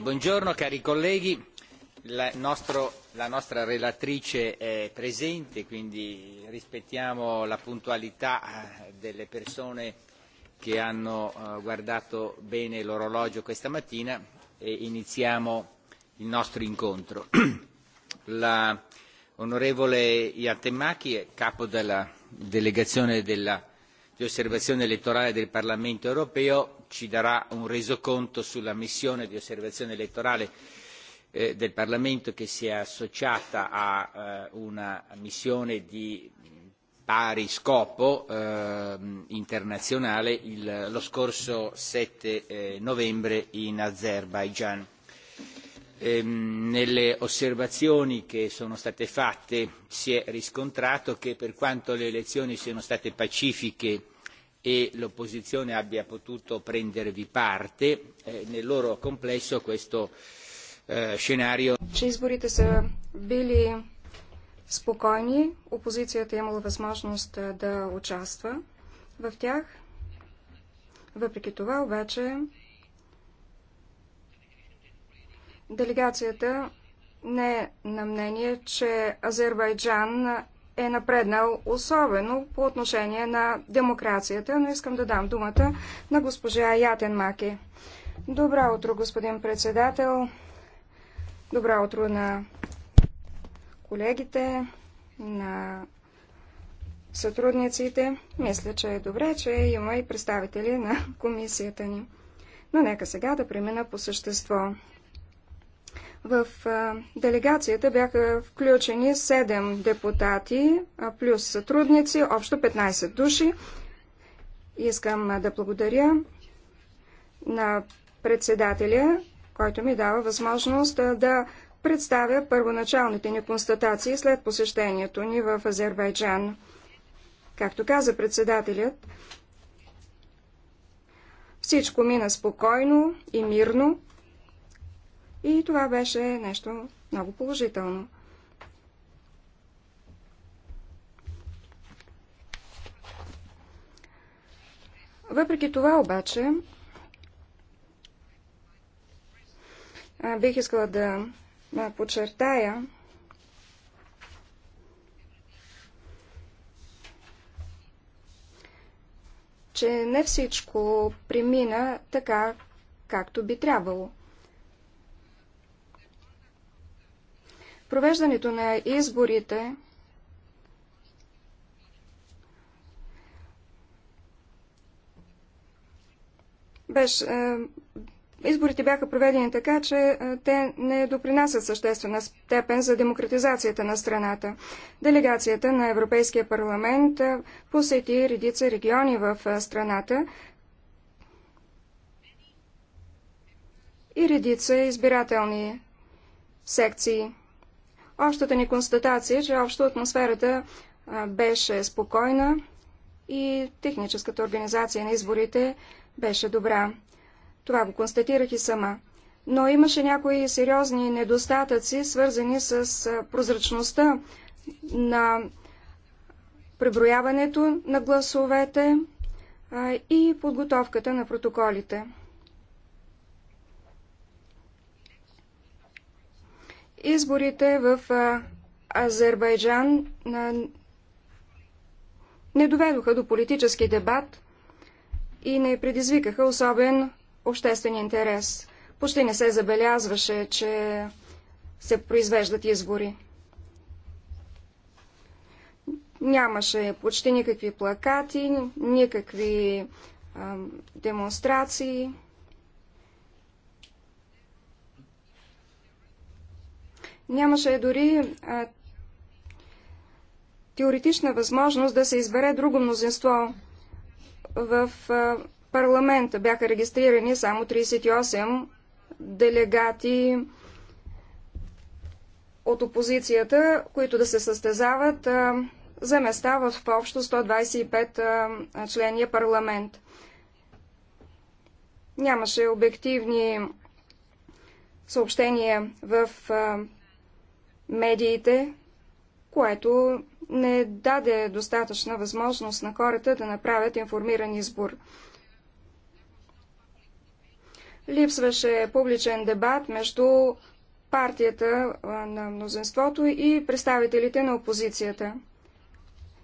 buongiorno cari colleghi. La, nostra relatrice è presente, quindi rispettiamo la puntualità delle persone che hanno guardato bene l'orologio questa mattina e iniziamo il nostro incontro. L'onorevole Iatemaki è capo della delegazione della di osservazione elettorale del Parlamento europeo ci darà un resoconto sulla missione di osservazione elettorale del Parlamento che si è associata a una missione di pari scopo internazionale lo scorso sette novembre in Azerbaijan nelle osservazioni che sono state fatte si è riscontrato che per quanto le elezioni siano state pacifiche e l'opposizione abbia potuto prendervi parte, nel loro complesso questo scenario. спокойни, опозицията е имала възможност да участва в тях. Въпреки това обаче Делегацията не е на мнение, че Азербайджан е напреднал, особено по отношение на демокрацията, но искам да дам думата на госпожа Ятен Маки. Добро утро, господин председател. Добро утро на колегите, на сътрудниците. Мисля, че е добре, че има и представители на комисията ни. Но нека сега да премина по същество. В делегацията бяха включени 7 депутати, плюс сътрудници, общо 15 души. Искам да благодаря на председателя, който ми дава възможност да представя първоначалните ни констатации след посещението ни в Азербайджан. Както каза председателят, всичко мина спокойно и мирно. И това беше нещо много положително. Въпреки това обаче, бих искала да подчертая, че не всичко премина така, както би трябвало. Провеждането на изборите беше, е, изборите бяха проведени така, че е, те не допринасят съществена степен за демократизацията на страната. Делегацията на Европейския парламент е, посети редица региони в страната и редица избирателни секции. Общата ни констатация, е, че общо атмосферата беше спокойна и техническата организация на изборите беше добра. Това го констатирах и сама. Но имаше някои сериозни недостатъци, свързани с прозрачността на преброяването на гласовете и подготовката на протоколите. Изборите в Азербайджан не доведоха до политически дебат и не предизвикаха особен обществен интерес. Почти не се забелязваше, че се произвеждат избори. Нямаше почти никакви плакати, никакви демонстрации. нямаше дори а, теоретична възможност да се избере друго мнозинство. В а, парламента бяха регистрирани само 38 делегати от опозицията, които да се състезават а, за места в общо 125 членния парламент. Нямаше обективни съобщения в а, медиите, което не даде достатъчна възможност на хората да направят информиран избор. Липсваше публичен дебат между партията на мнозинството и представителите на опозицията.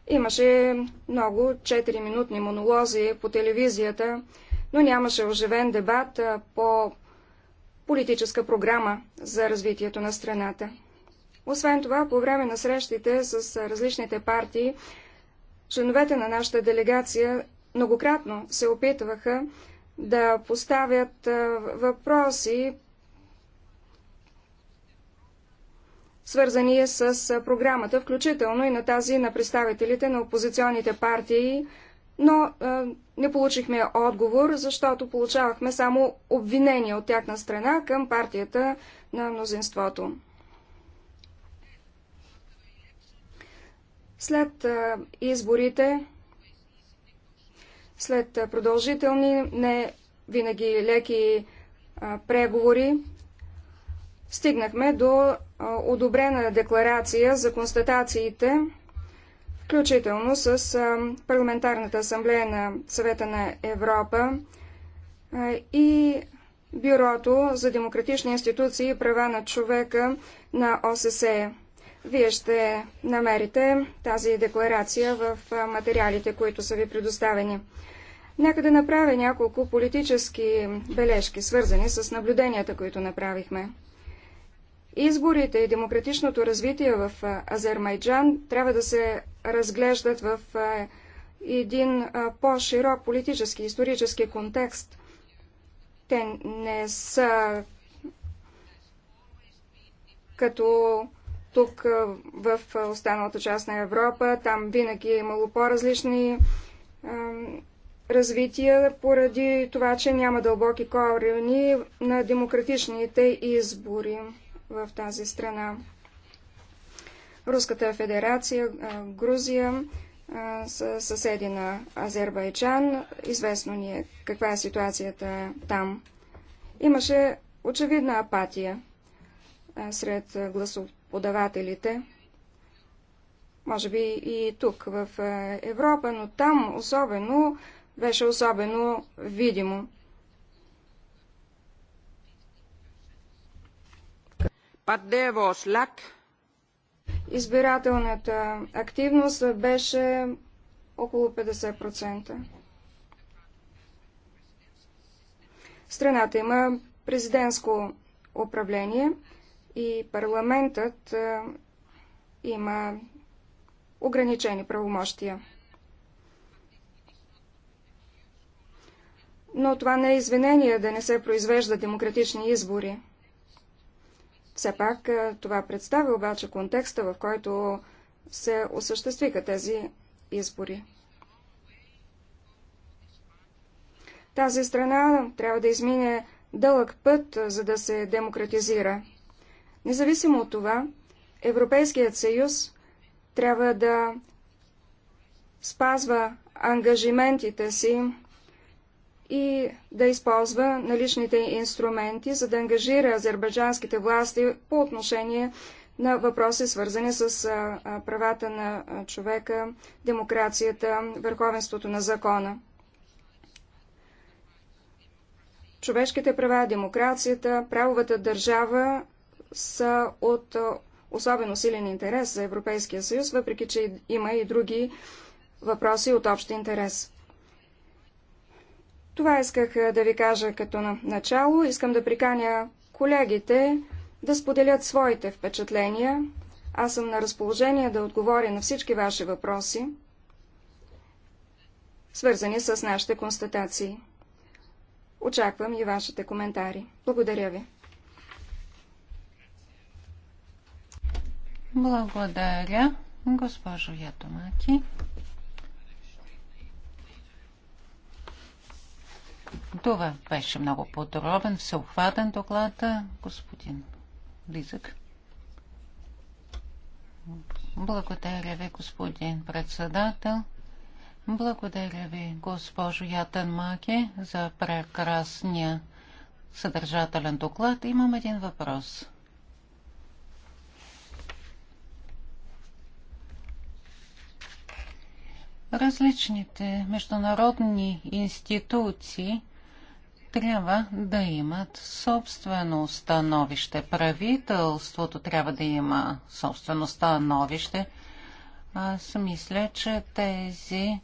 Имаше много 4-минутни монолози по телевизията, но нямаше оживен дебат по политическа програма за развитието на страната. Освен това, по време на срещите с различните партии, членовете на нашата делегация многократно се опитваха да поставят въпроси, свързани с програмата, включително и на тази на представителите на опозиционните партии, но е, не получихме отговор, защото получавахме само обвинения от тяхна страна към партията на мнозинството. След изборите, след продължителни, не винаги леки преговори, стигнахме до одобрена декларация за констатациите, включително с Парламентарната асамблея на Съвета на Европа и Бюрото за демократични институции и права на човека на ОССЕ. Вие ще намерите тази декларация в материалите, които са ви предоставени. Нека да направя няколко политически бележки, свързани с наблюденията, които направихме. Изборите и демократичното развитие в Азербайджан трябва да се разглеждат в един по-широк политически и исторически контекст. Те не са като тук в останалата част на Европа, там винаги е имало по-различни развития поради това, че няма дълбоки корени на демократичните избори в тази страна. Руската федерация, Грузия са съседи на Азербайджан. Известно ни е каква е ситуацията там. Имаше очевидна апатия сред гласовете подавателите. Може би и тук в е, Европа, но там особено беше особено видимо. Избирателната активност беше около 50%. Страната има президентско управление, и парламентът е, има ограничени правомощия. Но това не е извинение да не се произвежда демократични избори. Все пак е, това представя обаче контекста, в който се осъществиха тези избори. Тази страна трябва да измине дълъг път, за да се демократизира – Независимо от това, Европейският съюз трябва да спазва ангажиментите си и да използва наличните инструменти, за да ангажира азербайджанските власти по отношение на въпроси, свързани с правата на човека, демокрацията, върховенството на закона. Човешките права, демокрацията, правовата държава са от особено силен интерес за Европейския съюз, въпреки че има и други въпроси от общ интерес. Това исках да ви кажа като начало. Искам да приканя колегите да споделят своите впечатления. Аз съм на разположение да отговоря на всички ваши въпроси, свързани с нашите констатации. Очаквам и вашите коментари. Благодаря ви. Благодаря, госпожо Ятомаки. Това беше много подробен, всеобхватен доклад, господин Лизък. Благодаря ви, господин председател. Благодаря ви, госпожо Ятен Маки, за прекрасния съдържателен доклад. Имам един въпрос. Различните международни институции трябва да имат собствено становище. Правителството трябва да има собствено становище. Аз мисля, че тези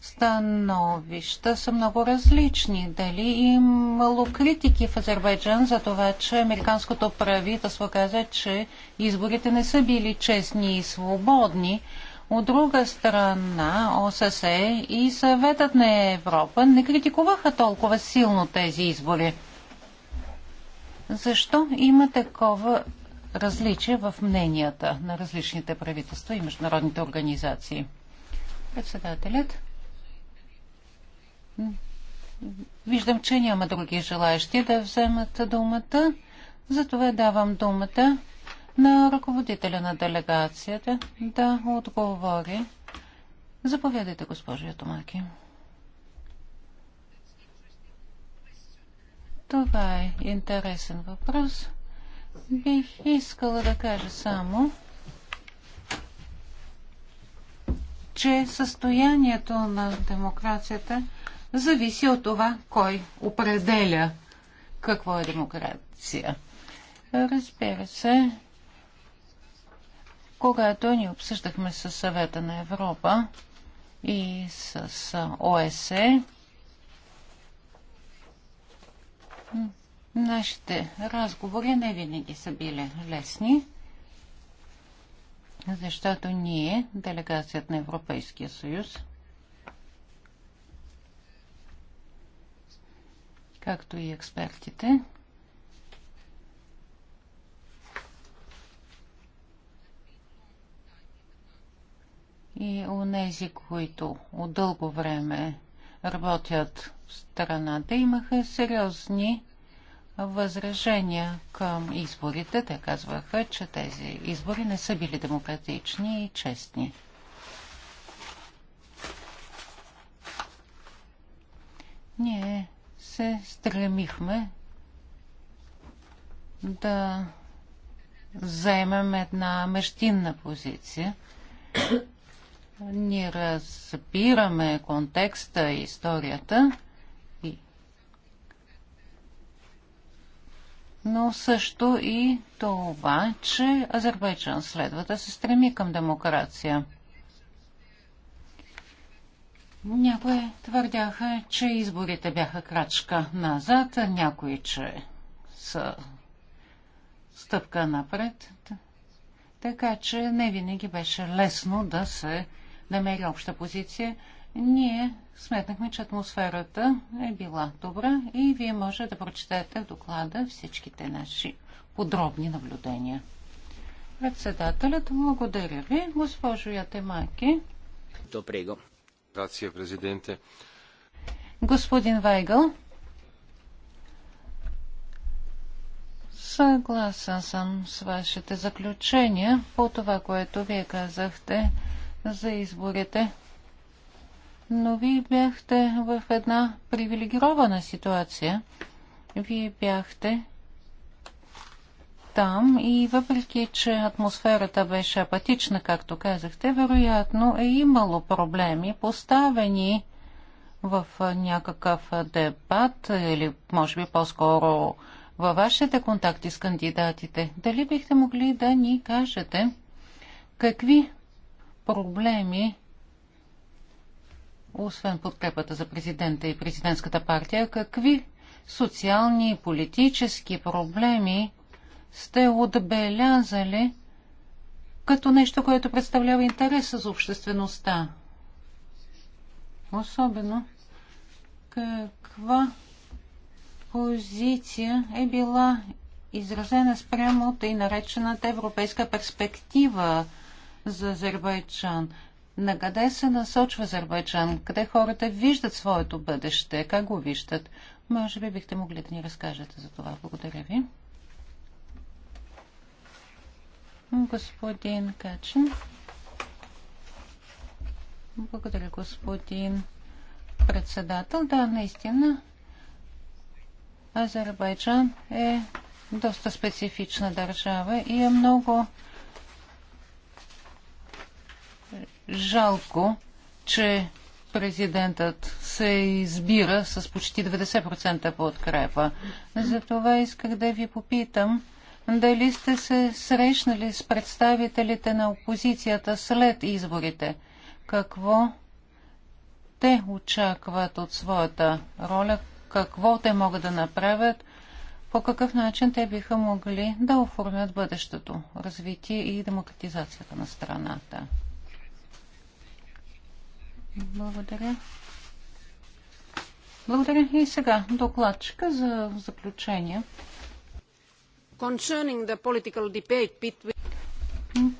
становища са много различни. Дали имало критики в Азербайджан за това, че американското правителство каза, че изборите не са били честни и свободни, от друга страна, ОССЕ и съветът на Европа не критикуваха толкова силно тези избори. Защо има такова различие в мненията на различните правителства и международните организации? Председателят. Виждам, че няма други желаящи да вземат думата. Затова давам думата на ръководителя на делегацията да отговори. Заповядайте, госпожо Томаки. Това е интересен въпрос. Бих искала да кажа само, че състоянието на демокрацията зависи от това, кой определя какво е демокрация. Разбира се, когато ни обсъждахме с съвета на Европа и с ОСЕ, нашите разговори не винаги са били лесни, защото ние, делегацията на Европейския съюз, както и експертите, и онези, които от дълго време работят в страната, имаха сериозни възражения към изборите. Те казваха, че тези избори не са били демократични и честни. Ние се стремихме да заемем една мещинна позиция ние разбираме контекста и историята, но също и това, че Азербайджан следва да се стреми към демокрация. Някои твърдяха, че изборите бяха крачка назад, някои, че са стъпка напред. Така че не винаги беше лесно да се намери обща позиция, ние сметнахме, че атмосферата е била добра и вие може да прочетете в доклада всичките наши подробни наблюдения. Председателят, благодаря ви, госпожо Ятемаки. го. Грация, президенте. Господин Вайгъл, съгласен съм с вашите заключения по това, което вие казахте за изборите. Но вие бяхте в една привилегирована ситуация. Вие бяхте там и въпреки, че атмосферата беше апатична, както казахте, вероятно е имало проблеми, поставени в някакъв дебат или може би по-скоро във вашите контакти с кандидатите. Дали бихте могли да ни кажете какви проблеми, освен подкрепата за президента и президентската партия, какви социални и политически проблеми сте отбелязали като нещо, което представлява интереса за обществеността? Особено каква позиция е била изразена спрямо от и наречената европейска перспектива за Азербайджан. На къде се насочва Азербайджан? Къде хората виждат своето бъдеще? Как го виждат? Може би бихте могли да ни разкажете за това. Благодаря ви. Господин Качин. Благодаря, господин председател. Да, наистина. Азербайджан е доста специфична държава и е много Жалко, че президентът се избира с почти 90% подкрепа. Затова исках да ви попитам дали сте се срещнали с представителите на опозицията след изборите. Какво те очакват от своята роля, какво те могат да направят, по какъв начин те биха могли да оформят бъдещето, развитие и демократизацията на страната. Благодаря. Благодаря. И сега докладчика за заключение. Between...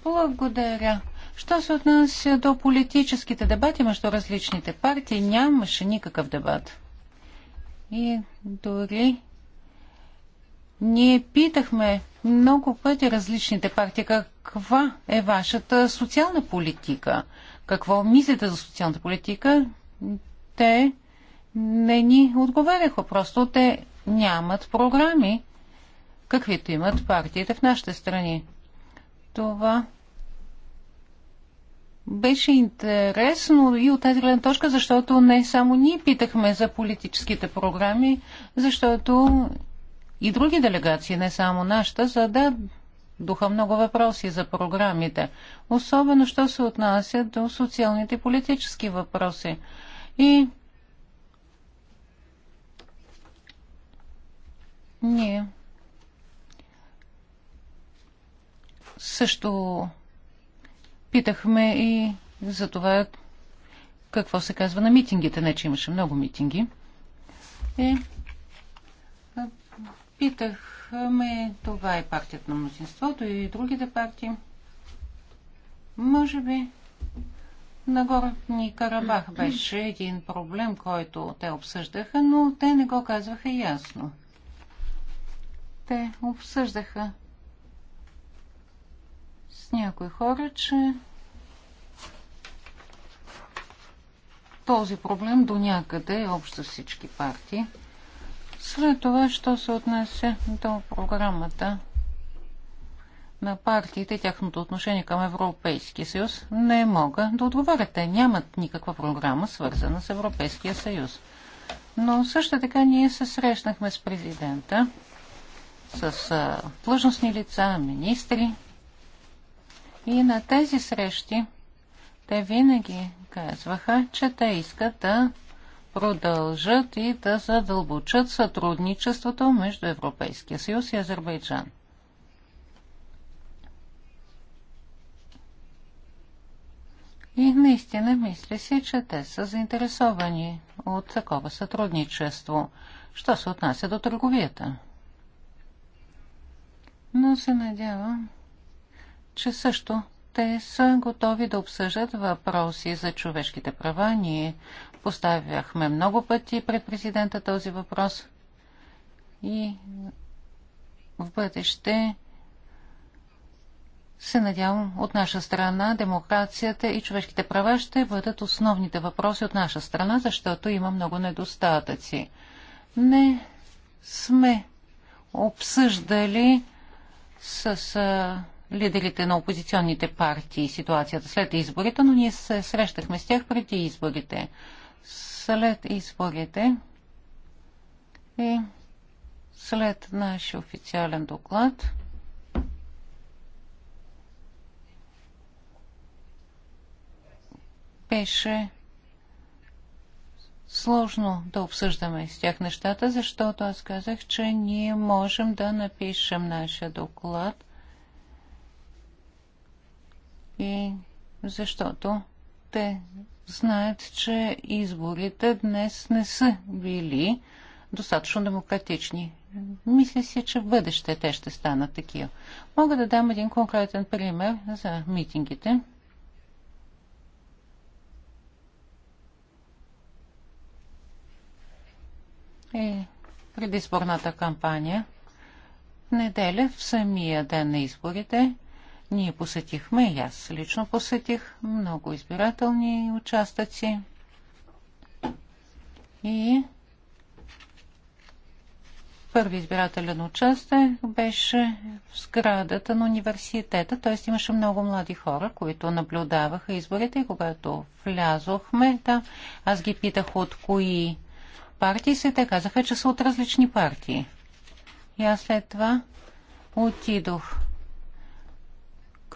Благодаря. Що се отнася до политическите дебати между различните партии, нямаше никакъв дебат. И дори ние питахме много пъти различните партии каква е вашата социална политика – какво мислите за социалната политика, те не ни отговаряха. Просто те нямат програми, каквито имат партиите в нашите страни. Това беше интересно и от тази гледна точка, защото не само ние питахме за политическите програми, защото и други делегации, не само нашата, за да духа много въпроси за програмите, особено що се отнася до социалните и политически въпроси. И ние също питахме и за това какво се казва на митингите. Не, че имаше много митинги. И питах Искахме, това е партията на мнозинството и другите партии. Може би ни Карабах беше един проблем, който те обсъждаха, но те не го казваха ясно. Те обсъждаха с някои хора, че този проблем до някъде е общо всички партии. След това, що се отнесе до програмата на партиите и тяхното отношение към Европейския съюз, не мога да отговоря. Те нямат никаква програма, свързана с Европейския съюз. Но също така ние се срещнахме с президента, с а, длъжностни лица, министри. И на тези срещи те винаги казваха, че те искат да продължат и да задълбочат сътрудничеството между Европейския съюз и Азербайджан. И наистина мисля си, че те са заинтересовани от такова сътрудничество, що се отнася до търговията. Но се надявам, че също те са готови да обсъждат въпроси за човешките права. Ние Поставяхме много пъти пред президента този въпрос и в бъдеще се надявам от наша страна демокрацията и човешките права ще бъдат основните въпроси от наша страна, защото има много недостатъци. Не сме обсъждали с а, лидерите на опозиционните партии ситуацията след изборите, но ние се срещахме с тях преди изборите след изборите и след наш официален доклад беше сложно да обсъждаме с тях нещата, защото аз казах, че ние можем да напишем нашия доклад и защото те знаят, че изборите днес не са били достатъчно демократични. Мисля си, че в бъдеще те ще станат такива. Мога да дам един конкретен пример за митингите. И е, предизборната кампания. В неделя, в самия ден на изборите, ние посетихме, и аз лично посетих много избирателни участъци. И първи избирателен участък беше в сградата на университета, т.е. имаше много млади хора, които наблюдаваха изборите и когато влязохме, да, аз ги питах от кои партии се, те казаха, че са от различни партии. И аз след това отидох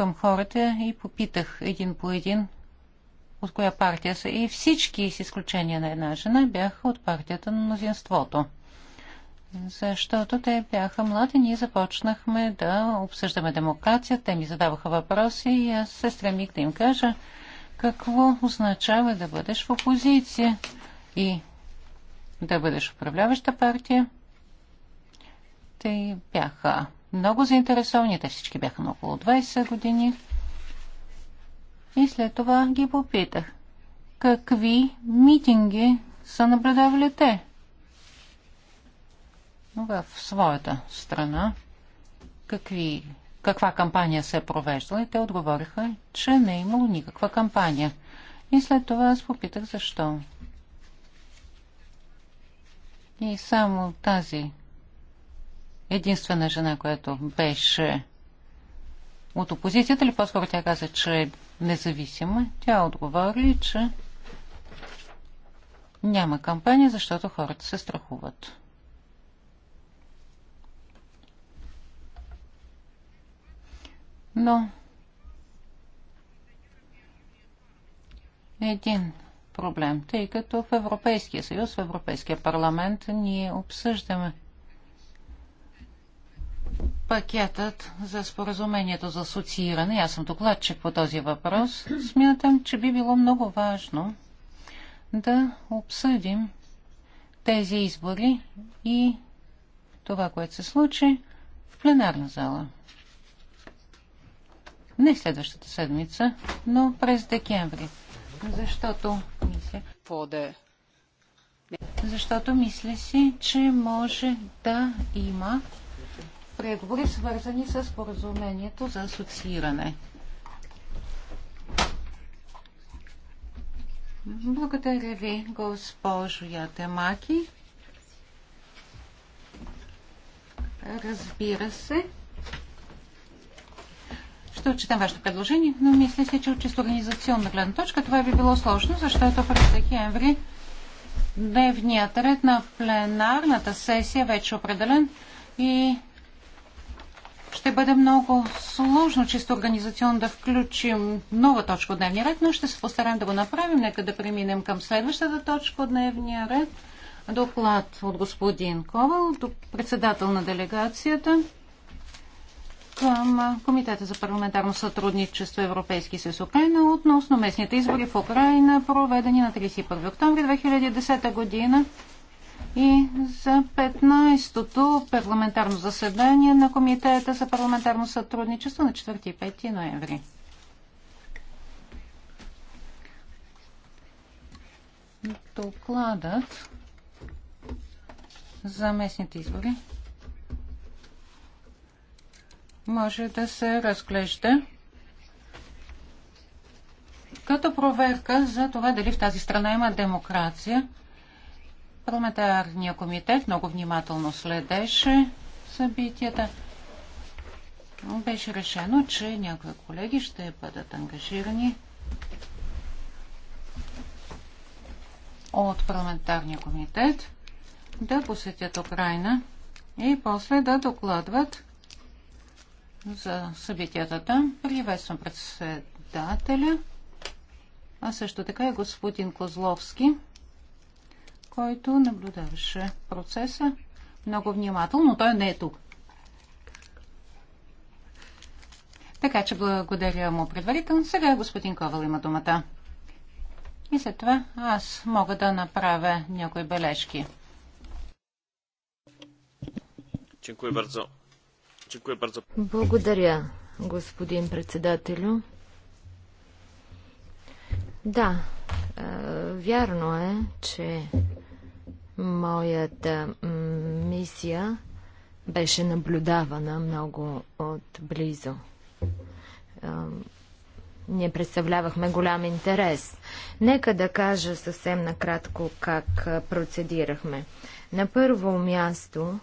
към хората и попитах един по един от коя партия са. И всички, с изключение на една жена, бяха от партията на мнозинството. Защото те бяха млади, ние започнахме да обсъждаме демокрация, те ми задаваха въпроси и аз се стремих да им кажа какво означава да бъдеш в опозиция и да бъдеш управляваща партия. Те бяха много заинтересовани. Те всички бяха на около 20 години. И след това ги попитах. Какви митинги са наблюдавали те? В своята страна. Какви, каква кампания се е провеждала? И те отговориха, че не е имало никаква кампания. И след това аз попитах защо. И само тази единствена жена, която беше от опозицията, или по-скоро тя каза, че е независима, тя отговори, че няма кампания, защото хората се страхуват. Но един проблем, тъй като в Европейския съюз, в Европейския парламент ние обсъждаме пакетът за споразумението за асоцииране, аз съм докладчик по този въпрос, смятам, че би било много важно да обсъдим тези избори и това, което се случи в пленарна зала. Не следващата седмица, но през декември. Защото мисля, защото мисля си, че може да има преговори, свързани с поразумението за асоцииране. Благодаря ви, госпожо Ятемаки. Разбира се. Ще отчитам вашето предложение, но мисля си, че от чисто организационна гледна точка това би било сложно, защото през декември дневният ред на пленарната сесия е вече определен и ще бъде много сложно чисто организационно да включим нова точка от дневния ред, но ще се постараем да го направим. Нека да преминем към следващата точка от дневния ред. Доклад от господин Ковал, председател на делегацията към Комитета за парламентарно сътрудничество Европейски съюз Украина относно местните избори в Украина, проведени на 31 октомври 2010 година и за 15-то парламентарно заседание на Комитета за парламентарно сътрудничество на 4 и 5 ноември. Докладът за местните избори може да се разглежда като проверка за това дали в тази страна има демокрация – Парламентарният комитет много внимателно следеше събитията. Беше решено, че някои колеги ще бъдат ангажирани от парламентарния комитет да посетят Украина и после да докладват за събитията там. Приветствам председателя, а също така и господин Козловски който наблюдаваше процеса много внимателно. Той не е тук. Така че благодаря му предварително. Сега господин Ковал има думата. И след това аз мога да направя някои бележки. Благодаря, господин председателю. Да, Вярно е, че моята мисия беше наблюдавана много отблизо. Ние представлявахме голям интерес. Нека да кажа съвсем накратко как процедирахме. На първо място,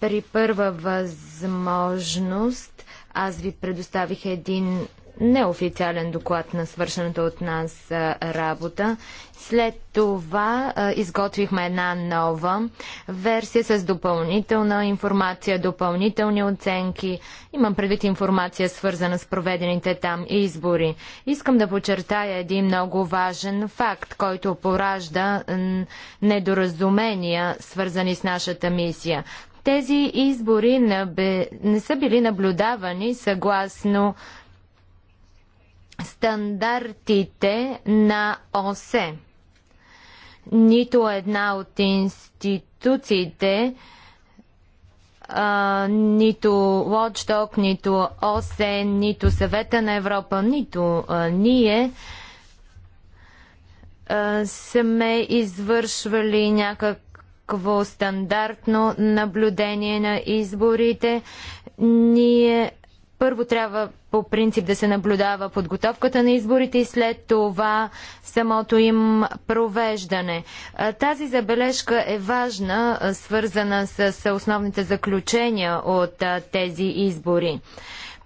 при първа възможност, аз ви предоставих един неофициален доклад на свършената от нас работа. След това изготвихме една нова версия с допълнителна информация, допълнителни оценки. Имам предвид информация, свързана с проведените там избори. Искам да подчертая един много важен факт, който поражда недоразумения, свързани с нашата мисия. Тези избори не са били наблюдавани съгласно стандартите на ОСЕ. Нито една от институциите, а, нито Watchdog, нито ОСЕ, нито Съвета на Европа, нито а, ние сме извършвали някакво стандартно наблюдение на изборите. Ние първо трябва по принцип да се наблюдава подготовката на изборите и след това самото им провеждане. Тази забележка е важна, свързана с основните заключения от тези избори.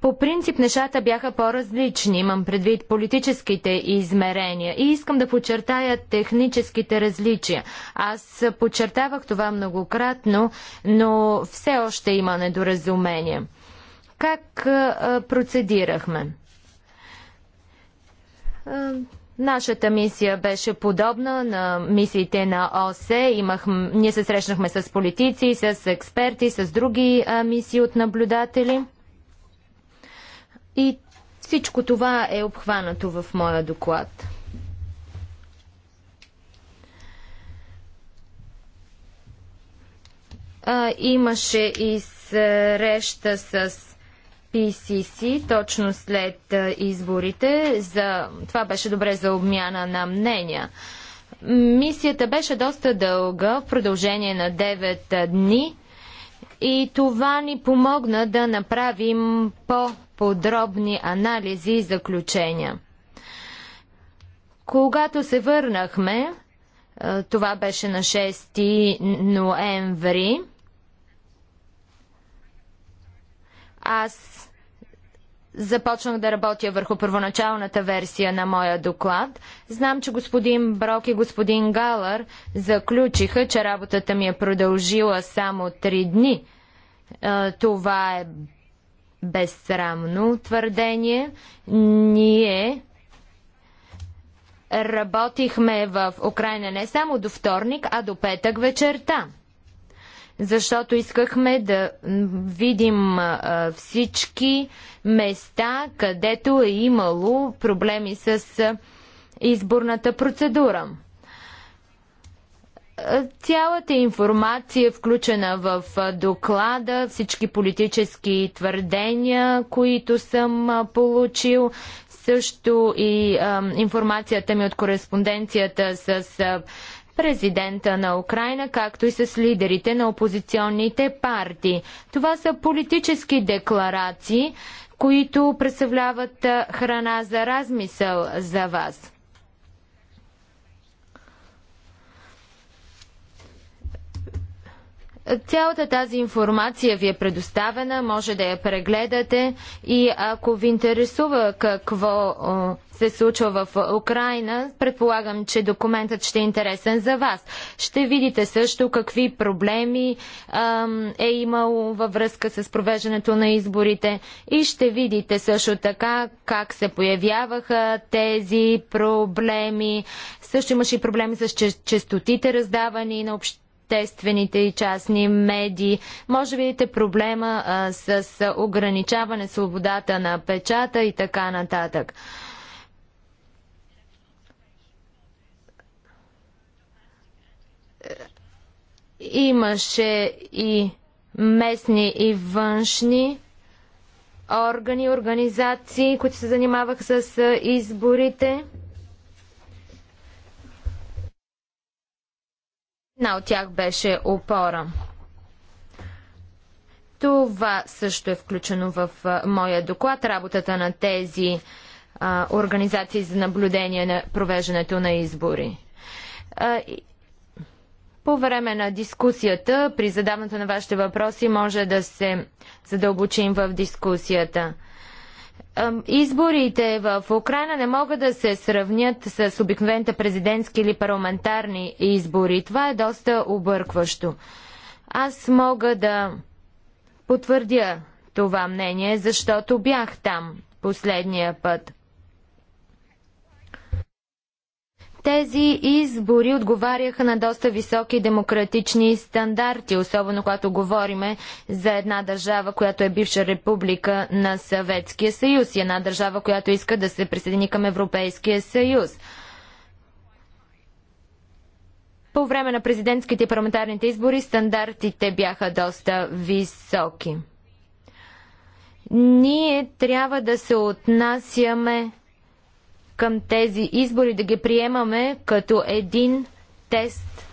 По принцип нещата бяха по-различни, имам предвид политическите измерения и искам да подчертая техническите различия. Аз подчертавах това многократно, но все още има недоразумение. Как процедирахме? Нашата мисия беше подобна на мисиите на ОСЕ. Имах, ние се срещнахме с политици, с експерти, с други а, мисии от наблюдатели. И всичко това е обхванато в моя доклад. А, имаше и среща с PCC точно след изборите. За... Това беше добре за обмяна на мнения. Мисията беше доста дълга, в продължение на 9 дни и това ни помогна да направим по-подробни анализи и заключения. Когато се върнахме, това беше на 6 ноември, Аз започнах да работя върху първоначалната версия на моя доклад. Знам, че господин Брок и господин Галър заключиха, че работата ми е продължила само три дни. Е, това е безсрамно твърдение. Ние работихме в Украина не само до вторник, а до петък вечерта защото искахме да видим всички места, където е имало проблеми с изборната процедура. Цялата информация е включена в доклада, всички политически твърдения, които съм получил, също и а, информацията ми от кореспонденцията с а, президента на Украина, както и с лидерите на опозиционните партии. Това са политически декларации, които представляват храна за размисъл за вас. Цялата тази информация ви е предоставена, може да я прегледате и ако ви интересува какво се случва в Украина, предполагам, че документът ще е интересен за вас. Ще видите също какви проблеми е имало във връзка с провеждането на изборите и ще видите също така как се появяваха тези проблеми. Също имаше и проблеми с честотите раздавани на общите обществените и частни медии. Може би видите проблема а, с ограничаване свободата на печата и така нататък. Имаше и местни и външни органи, организации, които се занимаваха с изборите. Една от тях беше опора. Това също е включено в моя доклад. Работата на тези а, организации за наблюдение на провеждането на избори. А, и... По време на дискусията, при задаването на вашите въпроси, може да се задълбочим в дискусията. Изборите в Украина не могат да се сравнят с обикновените президентски или парламентарни избори. Това е доста объркващо. Аз мога да потвърдя това мнение, защото бях там последния път. Тези избори отговаряха на доста високи демократични стандарти, особено когато говориме за една държава, която е бивша република на Съветския съюз и една държава, която иска да се присъедини към Европейския съюз. По време на президентските и парламентарните избори стандартите бяха доста високи. Ние трябва да се отнасяме към тези избори, да ги приемаме като един тест,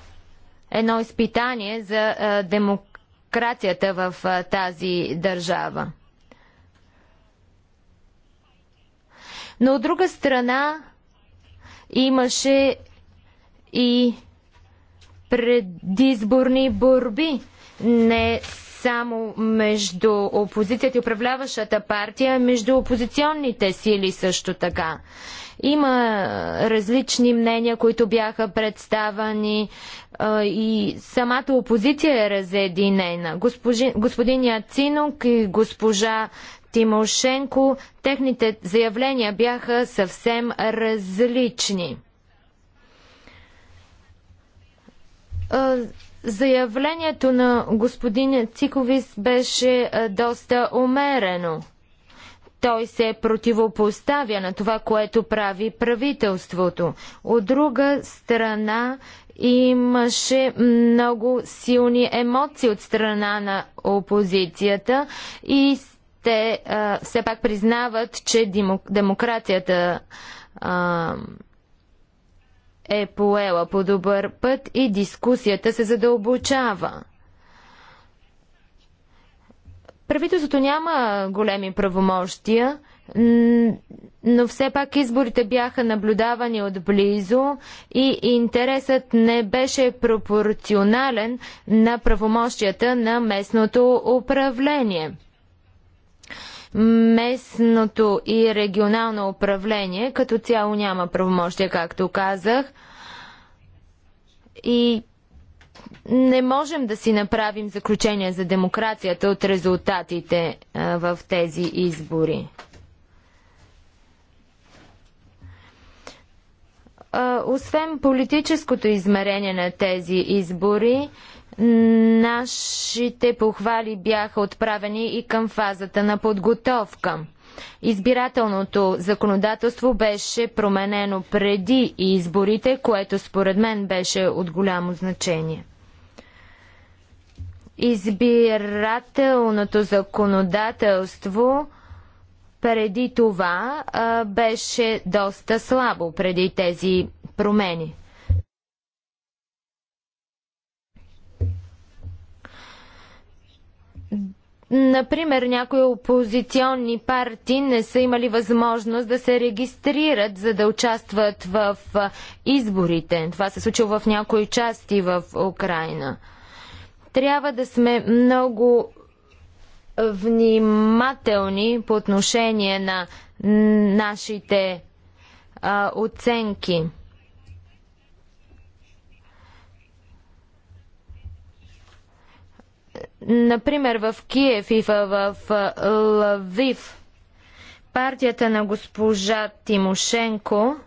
едно изпитание за демокрацията в тази държава. Но от друга страна имаше и предизборни борби. Не само между опозицията и управляващата партия, между опозиционните сили също така. Има различни мнения, които бяха представани и самата опозиция е разединена. господин Яцинок и госпожа Тимошенко, техните заявления бяха съвсем различни. Заявлението на господин Циковис беше доста умерено. Той се противопоставя на това, което прави правителството. От друга страна имаше много силни емоции от страна на опозицията и те а, все пак признават, че демокрацията а, е поела по добър път и дискусията се задълбочава. Правителството няма големи правомощия, но все пак изборите бяха наблюдавани отблизо и интересът не беше пропорционален на правомощията на местното управление. Местното и регионално управление като цяло няма правомощия, както казах. И не можем да си направим заключение за демокрацията от резултатите а, е, в тези избори. А, е, освен политическото измерение на тези избори, нашите похвали бяха отправени и към фазата на подготовка. Избирателното законодателство беше променено преди изборите, което според мен беше от голямо значение избирателното законодателство преди това а, беше доста слабо, преди тези промени. Например, някои опозиционни партии не са имали възможност да се регистрират, за да участват в изборите. Това се случило в някои части в Украина. Трябва да сме много внимателни по отношение на нашите а, оценки. Например, в Киев и в Лавив партията на госпожа Тимошенко –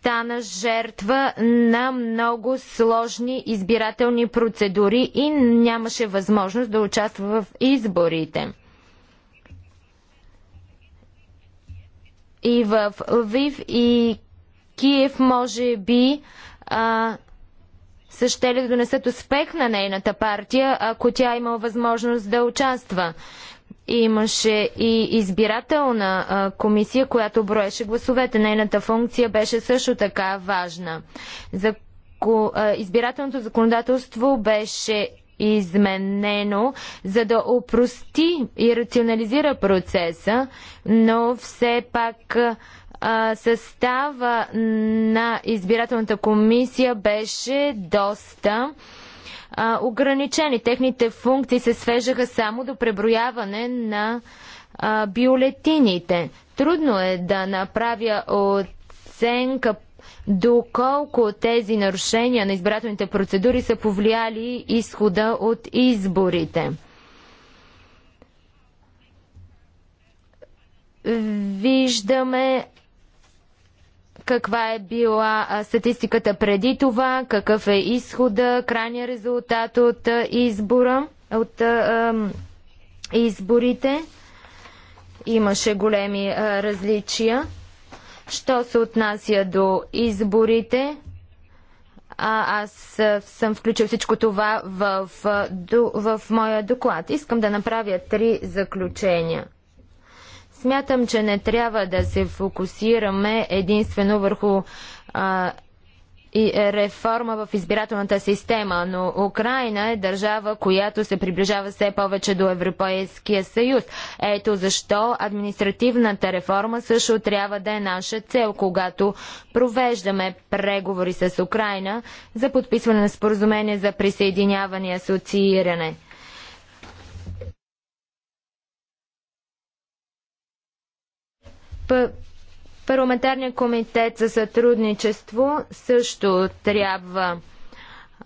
стана жертва на много сложни избирателни процедури и нямаше възможност да участва в изборите. И в Лвив и Киев може би а, са ще ли донесат успех на нейната партия, ако тя има възможност да участва имаше и избирателна а, комисия, която броеше гласовете. Нейната функция беше също така важна. За, ко, а, избирателното законодателство беше изменено, за да опрости и рационализира процеса, но все пак а, състава на избирателната комисия беше доста а, а, ограничени. Техните функции се свежаха само до преброяване на а, бюлетините. Трудно е да направя оценка доколко тези нарушения на избирателните процедури са повлияли изхода от изборите. Виждаме каква е била статистиката преди това, какъв е изхода, крайния резултат от избора, от изборите. Имаше големи различия. Що се отнася до изборите, а, аз съм включил всичко това в, в, в моя доклад. Искам да направя три заключения. Смятам, че не трябва да се фокусираме единствено върху а, и реформа в избирателната система, но Украина е държава, която се приближава все повече до Европейския съюз. Ето защо административната реформа също трябва да е наша цел, когато провеждаме преговори с Украина за подписване на споразумение за присъединяване и асоцииране. Парламентарният комитет за сътрудничество също трябва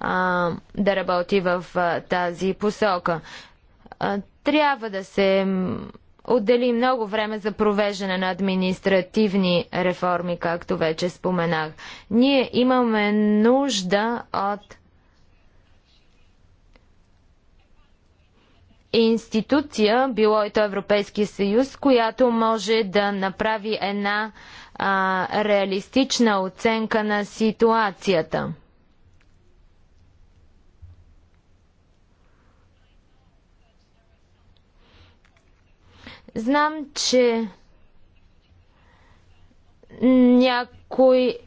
а, да работи в а, тази посока. А, трябва да се отдели много време за провеждане на административни реформи, както вече споменах. Ние имаме нужда от институция, било и то Европейския съюз, която може да направи една а, реалистична оценка на ситуацията. Знам, че някой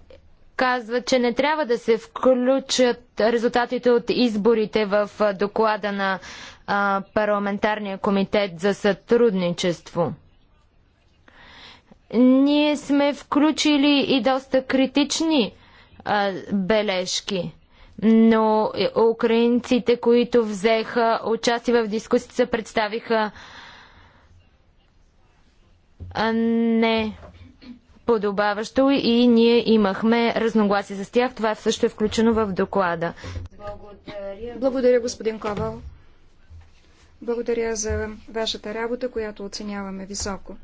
казва, че не трябва да се включат резултатите от изборите в доклада на а, парламентарния комитет за сътрудничество. Ние сме включили и доста критични а, бележки, но украинците, които взеха участие в дискусията, представиха а, не подобаващо и ние имахме разногласие с тях. Това също е включено в доклада. Благодаря. Благодаря, господин Ковал. Благодаря за вашата работа, която оценяваме високо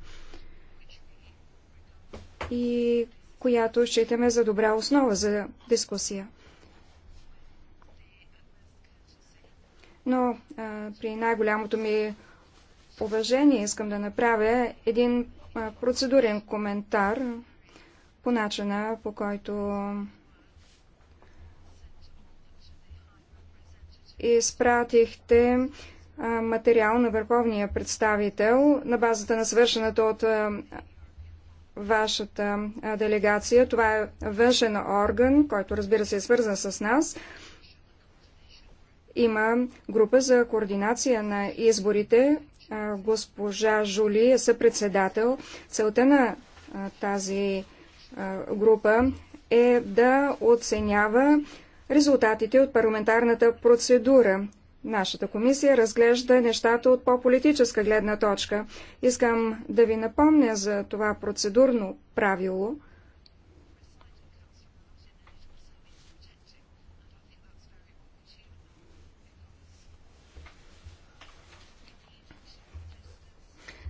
и която считаме за добра основа за дискусия. Но а, при най-голямото ми уважение искам да направя един а, процедурен коментар по начина, по който изпратихте материал на върховния представител на базата на свършената от вашата делегация. Това е външен орган, който разбира се е свързан с нас. Има група за координация на изборите. Госпожа Жули е съпредседател. Целта на тази група е да оценява резултатите от парламентарната процедура. Нашата комисия разглежда нещата от по-политическа гледна точка. Искам да ви напомня за това процедурно правило.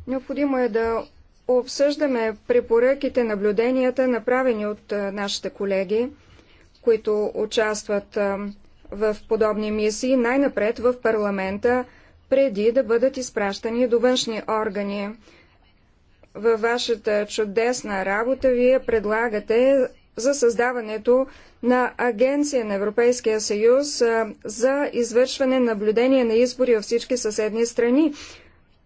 Необходимо е да обсъждаме препоръките, наблюденията, направени от нашите колеги, които участват в подобни мисии най-напред в парламента, преди да бъдат изпращани до външни органи. Във вашата чудесна работа вие предлагате за създаването на Агенция на Европейския съюз за извършване наблюдение на избори във всички съседни страни.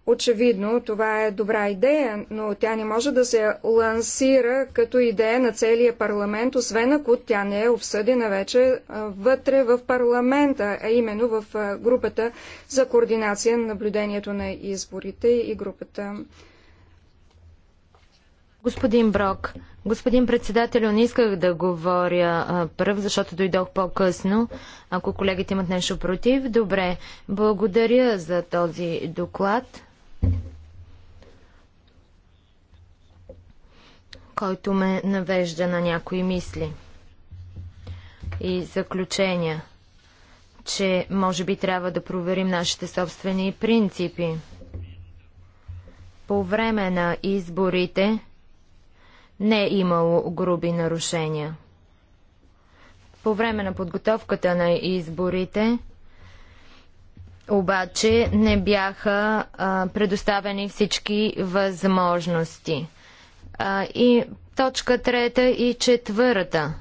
Очевидно, това е добра идея, но тя не може да се лансира като идея на целия парламент, освен ако тя не е обсъдена вече вътре в парламента, а именно в групата за координация на наблюдението на изборите и групата. Господин Брок, господин председател, не исках да говоря първ, защото дойдох по-късно. Ако колегите имат нещо против, добре. Благодаря за този доклад. който ме навежда на някои мисли и заключения, че може би трябва да проверим нашите собствени принципи. По време на изборите не е имало груби нарушения. По време на подготовката на изборите обаче не бяха а, предоставени всички възможности а, и точка трета и четвърта.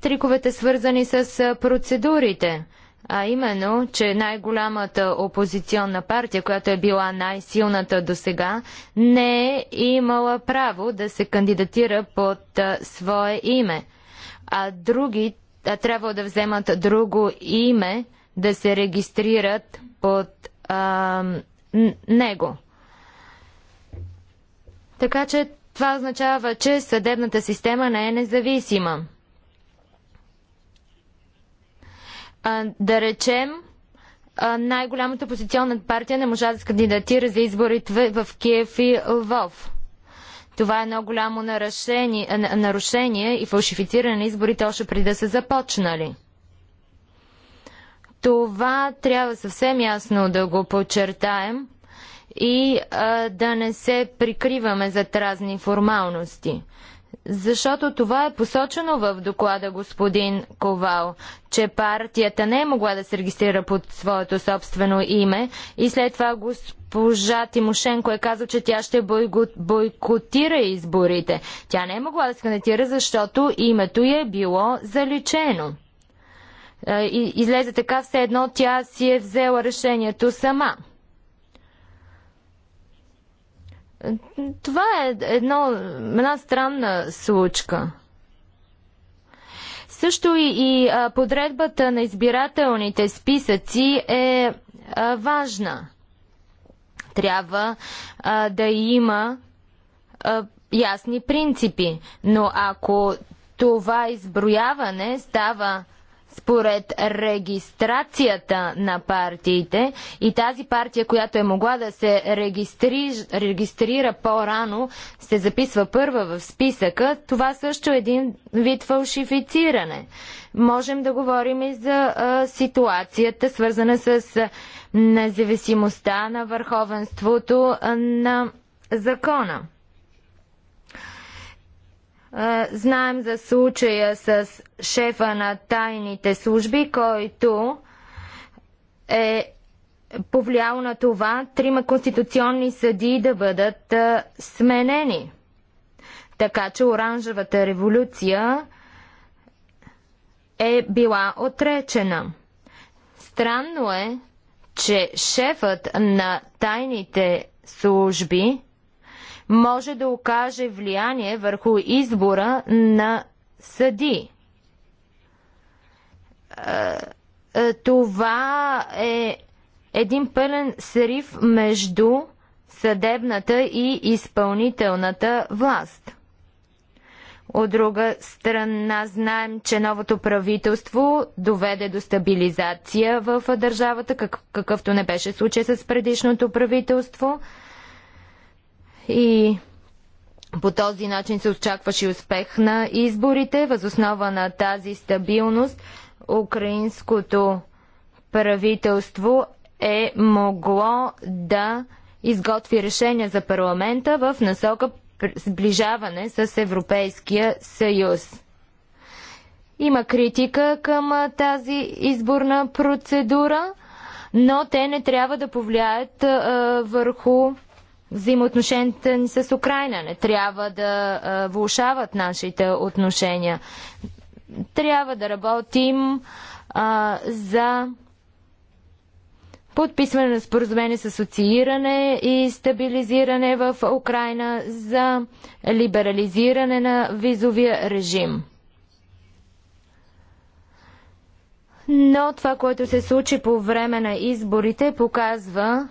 Триковете свързани с процедурите. А именно, че най-голямата опозиционна партия, която е била най-силната до сега, не е имала право да се кандидатира под а, свое име. А други а, трябва да вземат друго име, да се регистрират под а, него. Така че това означава, че съдебната система не е независима. А, да речем, най-голямата опозиционна партия не можа да се кандидатира за изборите в Киев и Лвов. Това е едно голямо нарушение и фалшифициране на изборите още преди да са започнали. Това трябва съвсем ясно да го подчертаем – и а, да не се прикриваме за разни формалности. Защото това е посочено в доклада господин Ковал, че партията не е могла да се регистрира под своето собствено име и след това госпожа Тимошенко е казал, че тя ще бойкотира изборите. Тя не е могла да се кандидатира, защото името й е било заличено. И, излезе така все едно тя си е взела решението сама. Това е едно, една странна случка. Също и, и а, подредбата на избирателните списъци е а, важна. Трябва а, да има а, ясни принципи, но ако това изброяване става според регистрацията на партиите и тази партия, която е могла да се регистри, регистрира по-рано, се записва първа в списъка, това също е един вид фалшифициране. Можем да говорим и за а, ситуацията, свързана с а, независимостта на върховенството а, на закона. Знаем за случая с шефа на тайните служби, който е повлиял на това трима конституционни съдии да бъдат сменени. Така че оранжевата революция е била отречена. Странно е, че шефът на тайните служби може да окаже влияние върху избора на съди. Е, е, това е един пълен срив между съдебната и изпълнителната власт. От друга страна, знаем, че новото правителство доведе до стабилизация в държавата, какъвто не беше случай с предишното правителство – и по този начин се очакваше успех на изборите. Възоснова на тази стабилност украинското правителство е могло да изготви решение за парламента в насока сближаване с Европейския съюз. Има критика към тази изборна процедура, но те не трябва да повлияят а, върху взаимоотношенията ни с Украина. Не трябва да а, влушават нашите отношения. Трябва да работим а, за подписване на споразумение с асоцииране и стабилизиране в Украина за либерализиране на визовия режим. Но това, което се случи по време на изборите, показва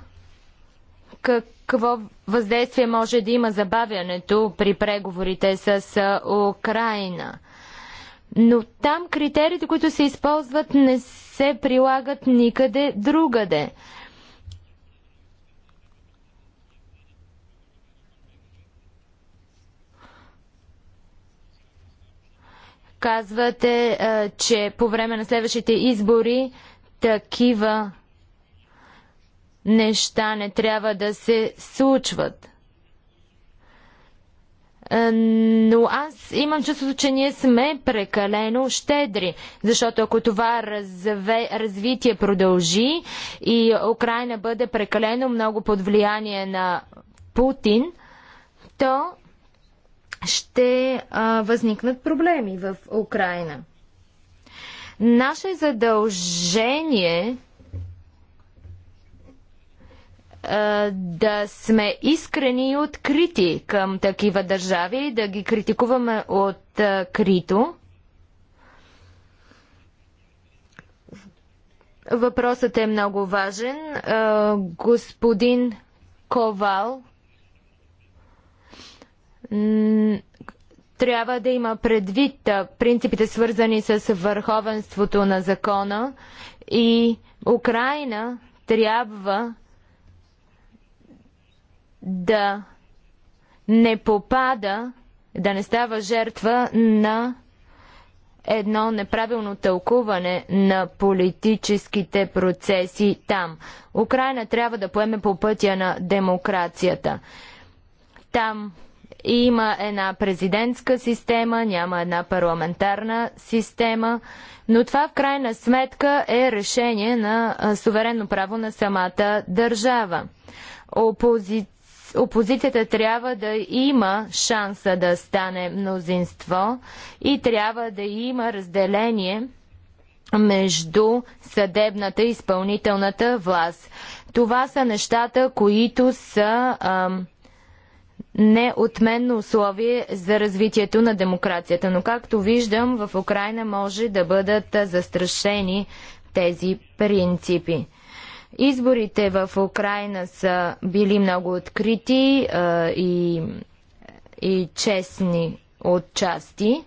как какво въздействие може да има забавянето при преговорите с Украина. Но там критериите, които се използват, не се прилагат никъде другаде. Казвате, че по време на следващите избори такива неща не трябва да се случват. Е, но аз имам чувството, че ние сме прекалено щедри, защото ако това разве, развитие продължи и Украина бъде прекалено много под влияние на Путин, то ще а, възникнат проблеми в Украина. Наше задължение е, да сме искрени и открити към такива държави, да ги критикуваме открито. Е, Въпросът е много важен. Е, господин Ковал трябва да има предвид принципите свързани с върховенството на закона и Украина трябва да не попада, да не става жертва на едно неправилно тълкуване на политическите процеси там. Украина трябва да поеме по пътя на демокрацията. Там има една президентска система, няма една парламентарна система, но това в крайна сметка е решение на суверенно право на самата държава. Опозиция опозицията трябва да има шанса да стане мнозинство и трябва да има разделение между съдебната и изпълнителната власт. Това са нещата, които са ам, неотменно условие за развитието на демокрацията. Но както виждам, в Украина може да бъдат застрашени тези принципи. Изборите в Украина са били много открити а, и, и честни от части,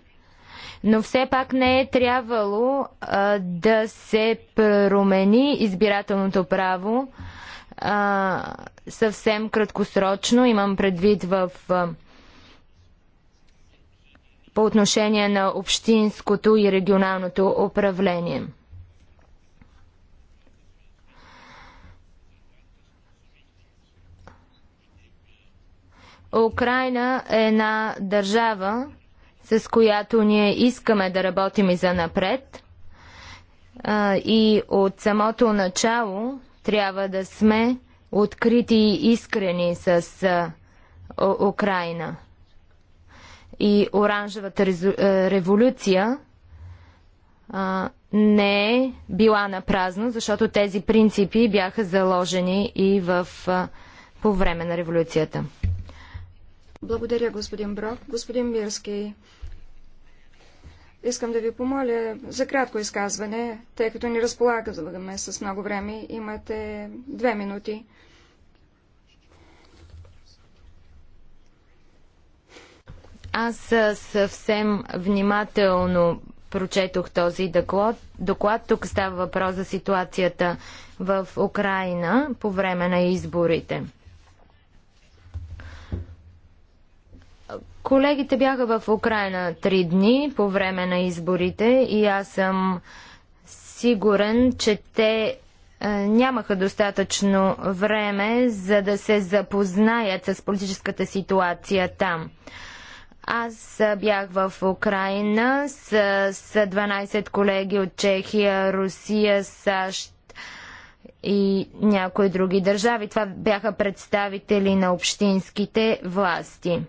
но все пак не е трябвало а, да се промени избирателното право а, съвсем краткосрочно. Имам предвид в. А, по отношение на общинското и регионалното управление. Украина е една държава, с която ние искаме да работим и за напред. И от самото начало трябва да сме открити и искрени с Украина. И оранжевата революция не е била на празно, защото тези принципи бяха заложени и в, по време на революцията. Благодаря, господин Брок. Господин Мирски, искам да ви помоля за кратко изказване, тъй като ни разполагаме с много време. Имате две минути. Аз съвсем внимателно прочетох този доклад. доклад. Тук става въпрос за ситуацията в Украина по време на изборите. Колегите бяха в Украина три дни по време на изборите и аз съм сигурен, че те е, нямаха достатъчно време, за да се запознаят с политическата ситуация там. Аз бях в Украина с, с 12 колеги от Чехия, Русия, САЩ и някои други държави. Това бяха представители на общинските власти.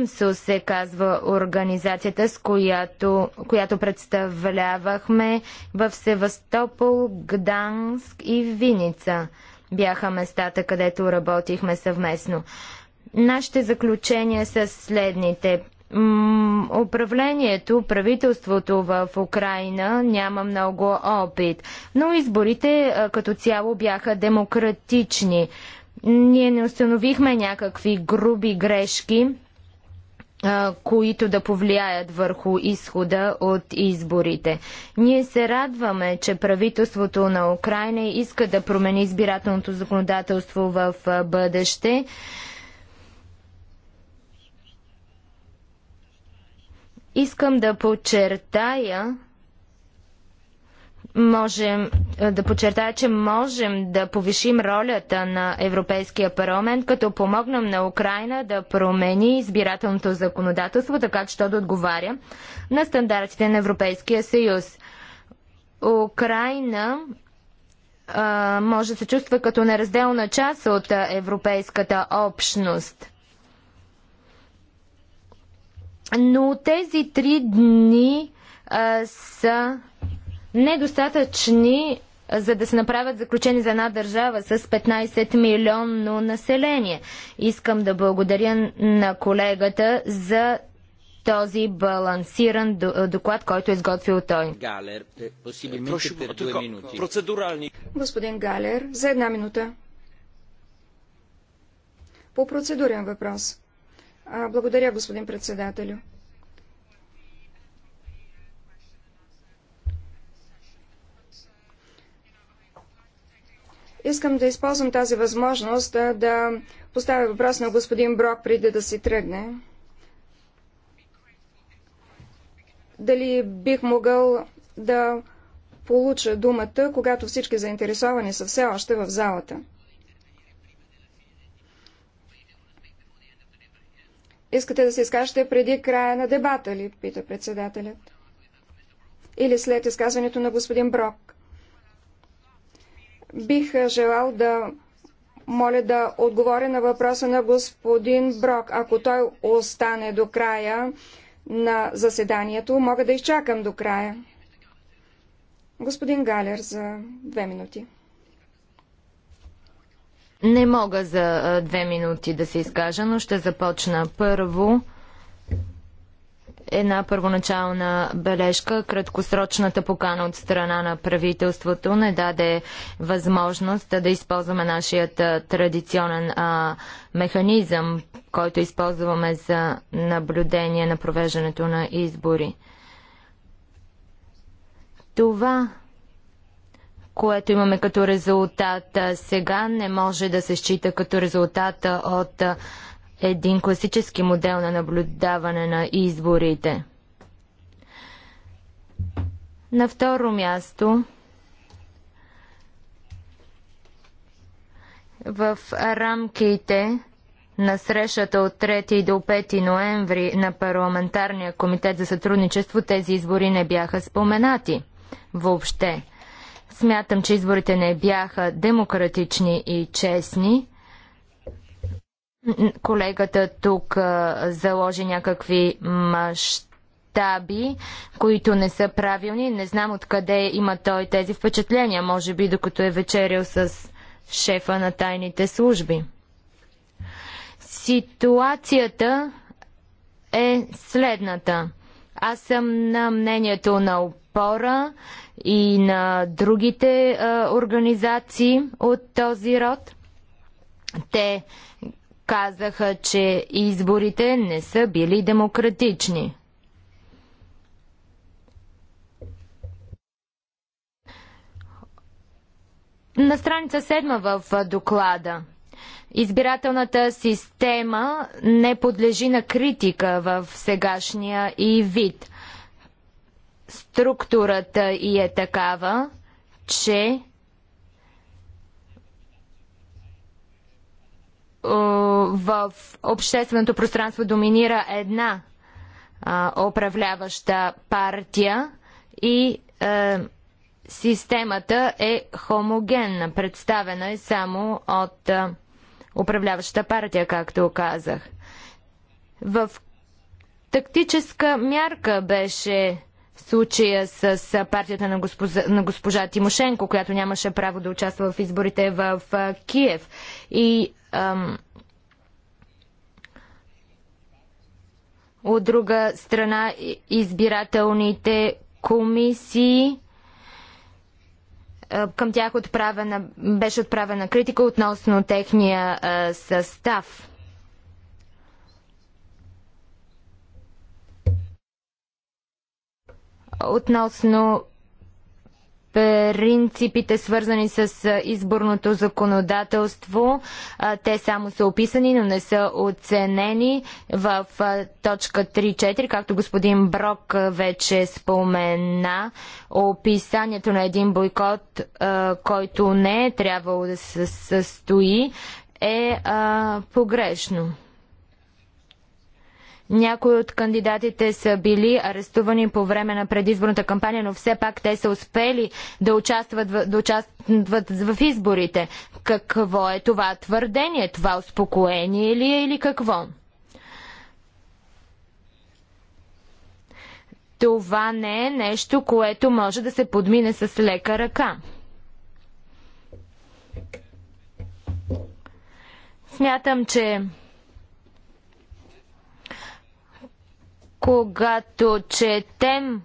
ЕМСО се казва организацията, с която, която представлявахме в Севастопол, Гданск и Виница. Бяха местата, където работихме съвместно. Нашите заключения са следните. управлението, правителството в Украина няма много опит, но изборите като цяло бяха демократични ние не установихме някакви груби грешки които да повлияят върху изхода от изборите. Ние се радваме, че правителството на Украина иска да промени избирателното законодателство в бъдеще. Искам да подчертая, можем е, да подчертая, че можем да повишим ролята на Европейския парламент, като помогнем на Украина да промени избирателното законодателство, така че то да отговаря на стандартите на Европейския съюз. Украина а, може да се чувства като неразделна част от европейската общност. Но тези три дни а, са недостатъчни, за да се направят заключени за една държава с 15 милионно население. Искам да благодаря на колегата за този балансиран доклад, който е изготвил той. Галер, е, процедурални... Господин Галер, за една минута. По процедурен въпрос. Благодаря, господин председателю. Искам да използвам тази възможност да, да поставя въпрос на господин Брок преди да си тръгне. Дали бих могъл да получа думата, когато всички заинтересовани са все още в залата? Искате да се изкажете преди края на дебата ли? пита председателят. Или след изказването на господин Брок. Бих желал да моля да отговоря на въпроса на господин Брок. Ако той остане до края на заседанието, мога да изчакам до края. Господин Галер за две минути. Не мога за две минути да се изкажа, но ще започна първо една първоначална бележка. Краткосрочната покана от страна на правителството не даде възможност да използваме нашият традиционен а, механизъм, който използваме за наблюдение на провеждането на избори. Това, което имаме като резултат сега, не може да се счита като резултат от един класически модел на наблюдаване на изборите. На второ място в рамките на срещата от 3 до 5 ноември на Парламентарния комитет за сътрудничество тези избори не бяха споменати въобще. Смятам, че изборите не бяха демократични и честни Колегата тук заложи някакви мащаби, които не са правилни. Не знам откъде има той тези впечатления. Може би докато е вечерял с шефа на тайните служби. Ситуацията е следната. Аз съм на мнението на опора и на другите а, организации от този род. Те казаха, че изборите не са били демократични. На страница 7 в доклада. Избирателната система не подлежи на критика в сегашния и вид. Структурата и е такава, че Е, в общественото пространство доминира една управляваща партия и е, системата е хомогенна, представена е само от е, управляващата партия, както казах. В тактическа мярка беше случая с партията на госпожа, на госпожа Тимошенко, която нямаше право да участва в изборите в Киев. И ам, от друга страна избирателните комисии към тях отправена, беше отправена критика относно техния а, състав. относно принципите, свързани с изборното законодателство. Те само са описани, но не са оценени в точка 3.4, както господин Брок вече спомена. Описанието на един бойкот, който не е трябвало да се състои, е погрешно. Някои от кандидатите са били арестувани по време на предизборната кампания, но все пак те са успели да участват в, да участват в изборите. Какво е това твърдение? Това успокоение ли е или какво? Това не е нещо, което може да се подмине с лека ръка. Смятам, че Когато четем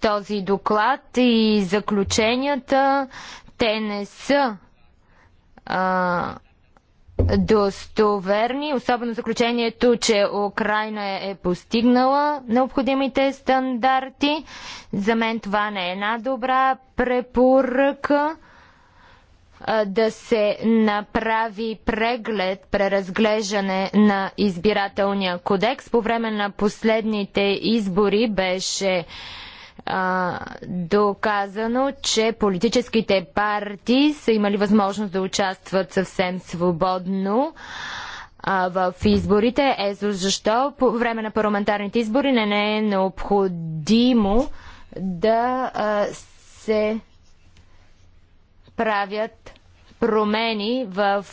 този доклад и заключенията, те не са а, достоверни, особено заключението, че Украина е постигнала необходимите стандарти. За мен това не е една добра препоръка да се направи преглед, преразглеждане на избирателния кодекс. По време на последните избори беше доказано, че политическите партии са имали възможност да участват съвсем свободно в изборите. Ето защо по време на парламентарните избори не, не е необходимо да се правят промени в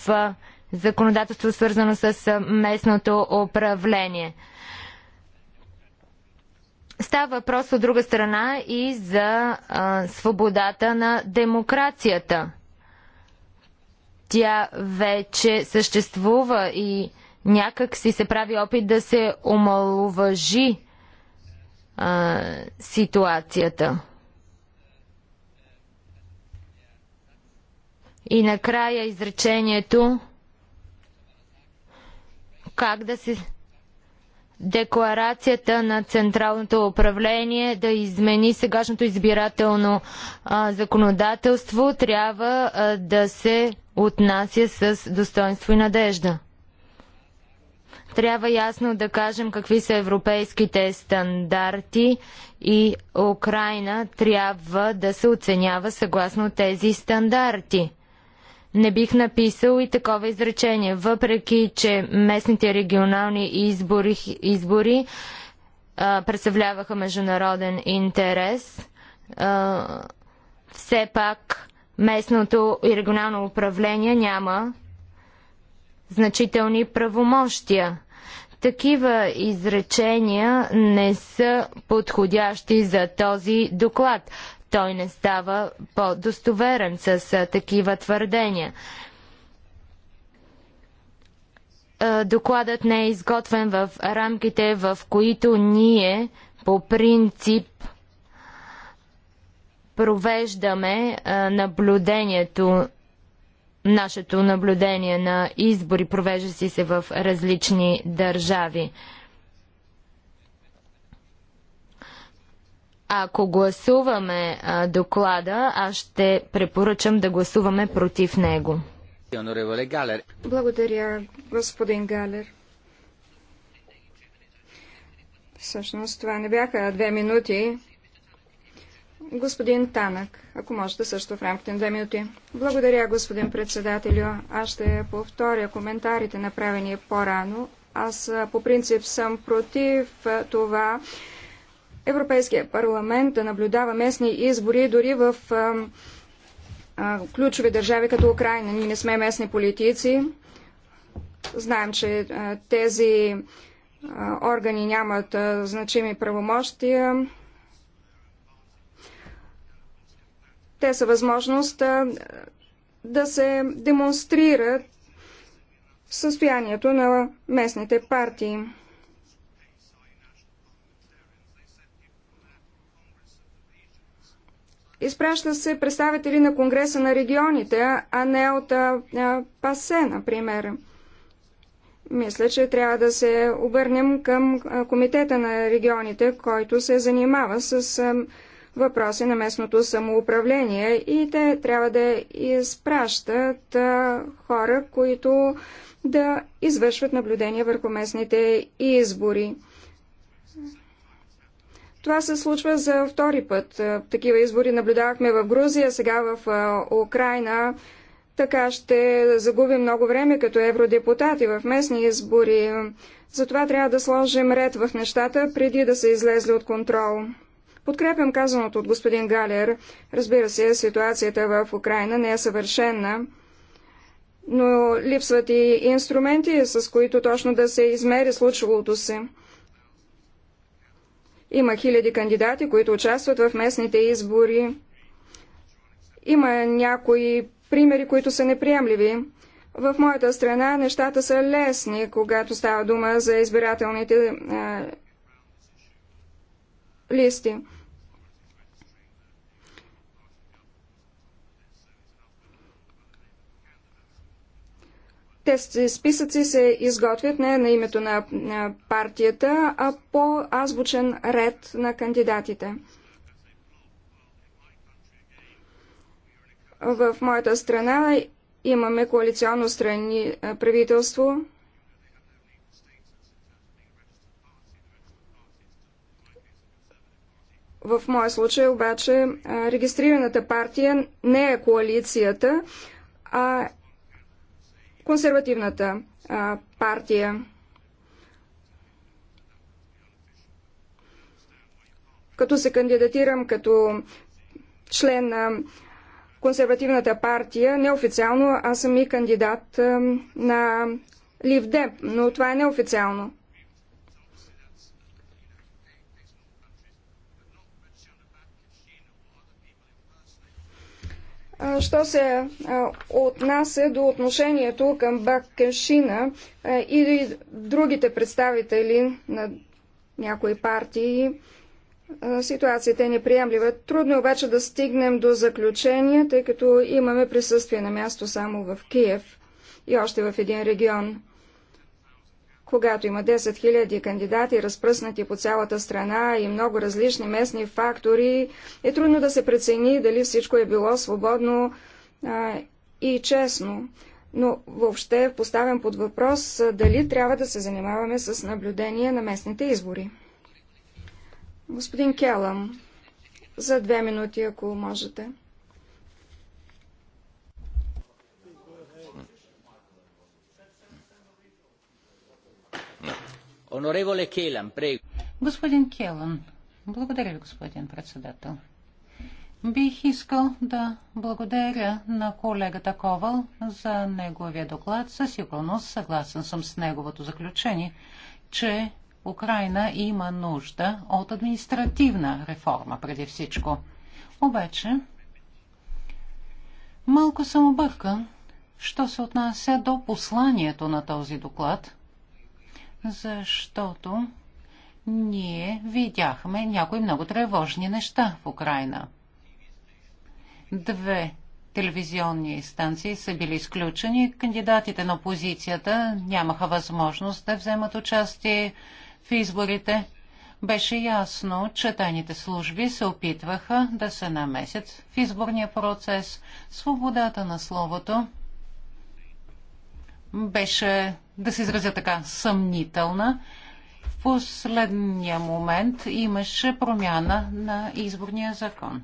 законодателство, свързано с местното управление. Става въпрос от друга страна и за а, свободата на демокрацията. Тя вече съществува и някак си се прави опит да се омалуважи а, ситуацията. И накрая изречението как да се декларацията на Централното управление да измени сегашното избирателно а, законодателство трябва а, да се отнася с достоинство и надежда. Трябва ясно да кажем какви са европейските стандарти и Украина трябва да се оценява съгласно тези стандарти не бих написал и такова изречение, въпреки че местните регионални избори, избори а, представляваха международен интерес. А, все пак местното и регионално управление няма значителни правомощия. Такива изречения не са подходящи за този доклад той не става по-достоверен с такива твърдения. Докладът не е изготвен в рамките, в които ние по принцип провеждаме наблюдението, нашето наблюдение на избори, провежда си се в различни държави. Ако гласуваме а, доклада, аз ще препоръчам да гласуваме против него. Благодаря, господин Галер. Всъщност това не бяха две минути. Господин Танък, ако можете също в рамките на две минути. Благодаря, господин председателю. Аз ще повторя коментарите, направени по-рано. Аз по принцип съм против това Европейския парламент да наблюдава местни избори дори в а, а, ключови държави като Украина. Ние не сме местни политици. Знаем, че а, тези органи нямат значими правомощия. Те са възможност да се демонстрират състоянието на местните партии. Изпраща се представители на Конгреса на регионите, а не от а, ПАСЕ, например. Мисля, че трябва да се обърнем към Комитета на регионите, който се занимава с въпроси на местното самоуправление и те трябва да изпращат хора, които да извършват наблюдения върху местните избори. Това се случва за втори път. Е, такива избори наблюдавахме в Грузия, сега в е, Украина. Така ще загубим много време като евродепутати в местни избори. Затова трябва да сложим ред в нещата, преди да се излезли от контрол. Подкрепям казаното от господин Галер. Разбира се, ситуацията в Украина не е съвършена, но липсват и инструменти, с които точно да се измери случилото се. Има хиляди кандидати, които участват в местните избори. Има някои примери, които са неприемливи. В моята страна нещата са лесни, когато става дума за избирателните а, листи. Те списъци се изготвят не на името на, на партията, а по азбучен ред на кандидатите. В моята страна имаме коалиционно страни правителство. В моя случай обаче регистрираната партия не е коалицията, а консервативната а, партия. Като се кандидатирам като член на консервативната партия, неофициално аз съм и кандидат а, на Ливдеп, но това е неофициално. Що се отнася до отношението към Бакеншина и другите представители на някои партии, ситуацията е неприемлива. Трудно е обаче да стигнем до заключения, тъй като имаме присъствие на място само в Киев и още в един регион. Когато има 10 000 кандидати, разпръснати по цялата страна и много различни местни фактори, е трудно да се прецени дали всичко е било свободно а, и честно. Но въобще поставям под въпрос дали трябва да се занимаваме с наблюдение на местните избори. Господин Келъм, за две минути, ако можете. господин Келан, благодаря ви, господин председател. Бих искал да благодаря на колегата Ковал за неговия доклад. Със сигурност съгласен съм с неговото заключение, че Украина има нужда от административна реформа преди всичко. Обаче, малко съм объркан, що се отнася до посланието на този доклад, защото ние видяхме някои много тревожни неща в Украина. Две телевизионни станции са били изключени. Кандидатите на опозицията нямаха възможност да вземат участие в изборите. Беше ясно, че тайните служби се опитваха да се намесят в изборния процес. Свободата на словото беше, да се изразя така, съмнителна. В последния момент имаше промяна на изборния закон.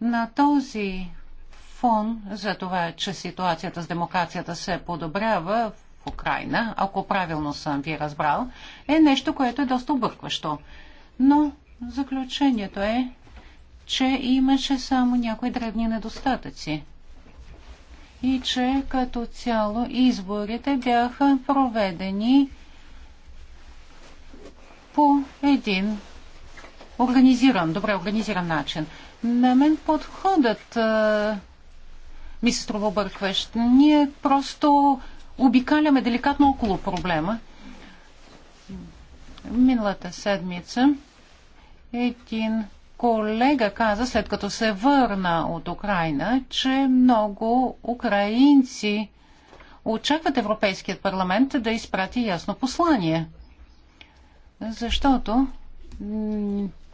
На този фон за това, че ситуацията с демокрацията се подобрява в Украина, ако правилно съм ви разбрал, е нещо, което е доста объркващо. Но заключението е, че имаше само някои древни недостатъци и че като цяло изборите бяха проведени по един организиран, добре организиран начин. На мен подходът ми се струва объркващ. Ние просто обикаляме деликатно около проблема. Миналата седмица един колега каза, след като се върна от Украина, че много украинци очакват Европейският парламент да изпрати ясно послание. Защото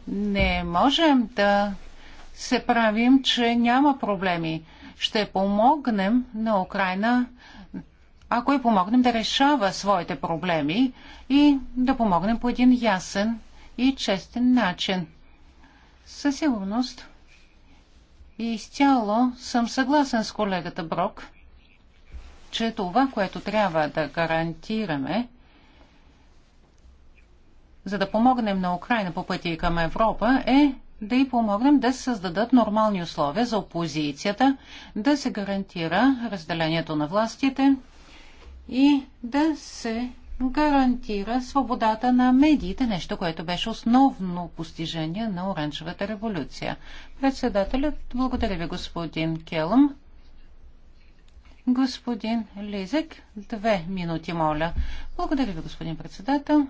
не можем да се правим, че няма проблеми. Ще помогнем на Украина, ако и помогнем да решава своите проблеми и да помогнем по един ясен и честен начин. Със сигурност и изцяло съм съгласен с колегата Брок, че това, което трябва да гарантираме, за да помогнем на Украина по пътя към Европа, е да й помогнем да създадат нормални условия за опозицията, да се гарантира разделението на властите и да се гарантира свободата на медиите, нещо, което беше основно постижение на Оранжевата революция. Председателят, благодаря ви, господин Келъм. Господин Лизек, две минути, моля. Благодаря ви, господин председател.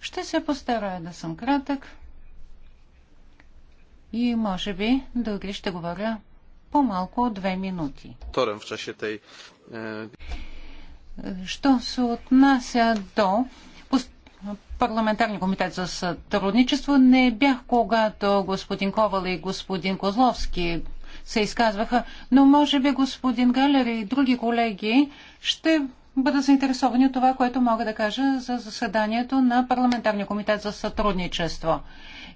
Ще се постарая да съм кратък и може би дори ще говоря по-малко от две минути. Торен в чашите. тъй. Е, Що се отнася до парламентарния комитет за сътрудничество, не бях когато господин Ковал и господин Козловски се изказваха, но може би господин Галер и други колеги ще бъдат заинтересовани от това, което мога да кажа за заседанието на парламентарния комитет за сътрудничество.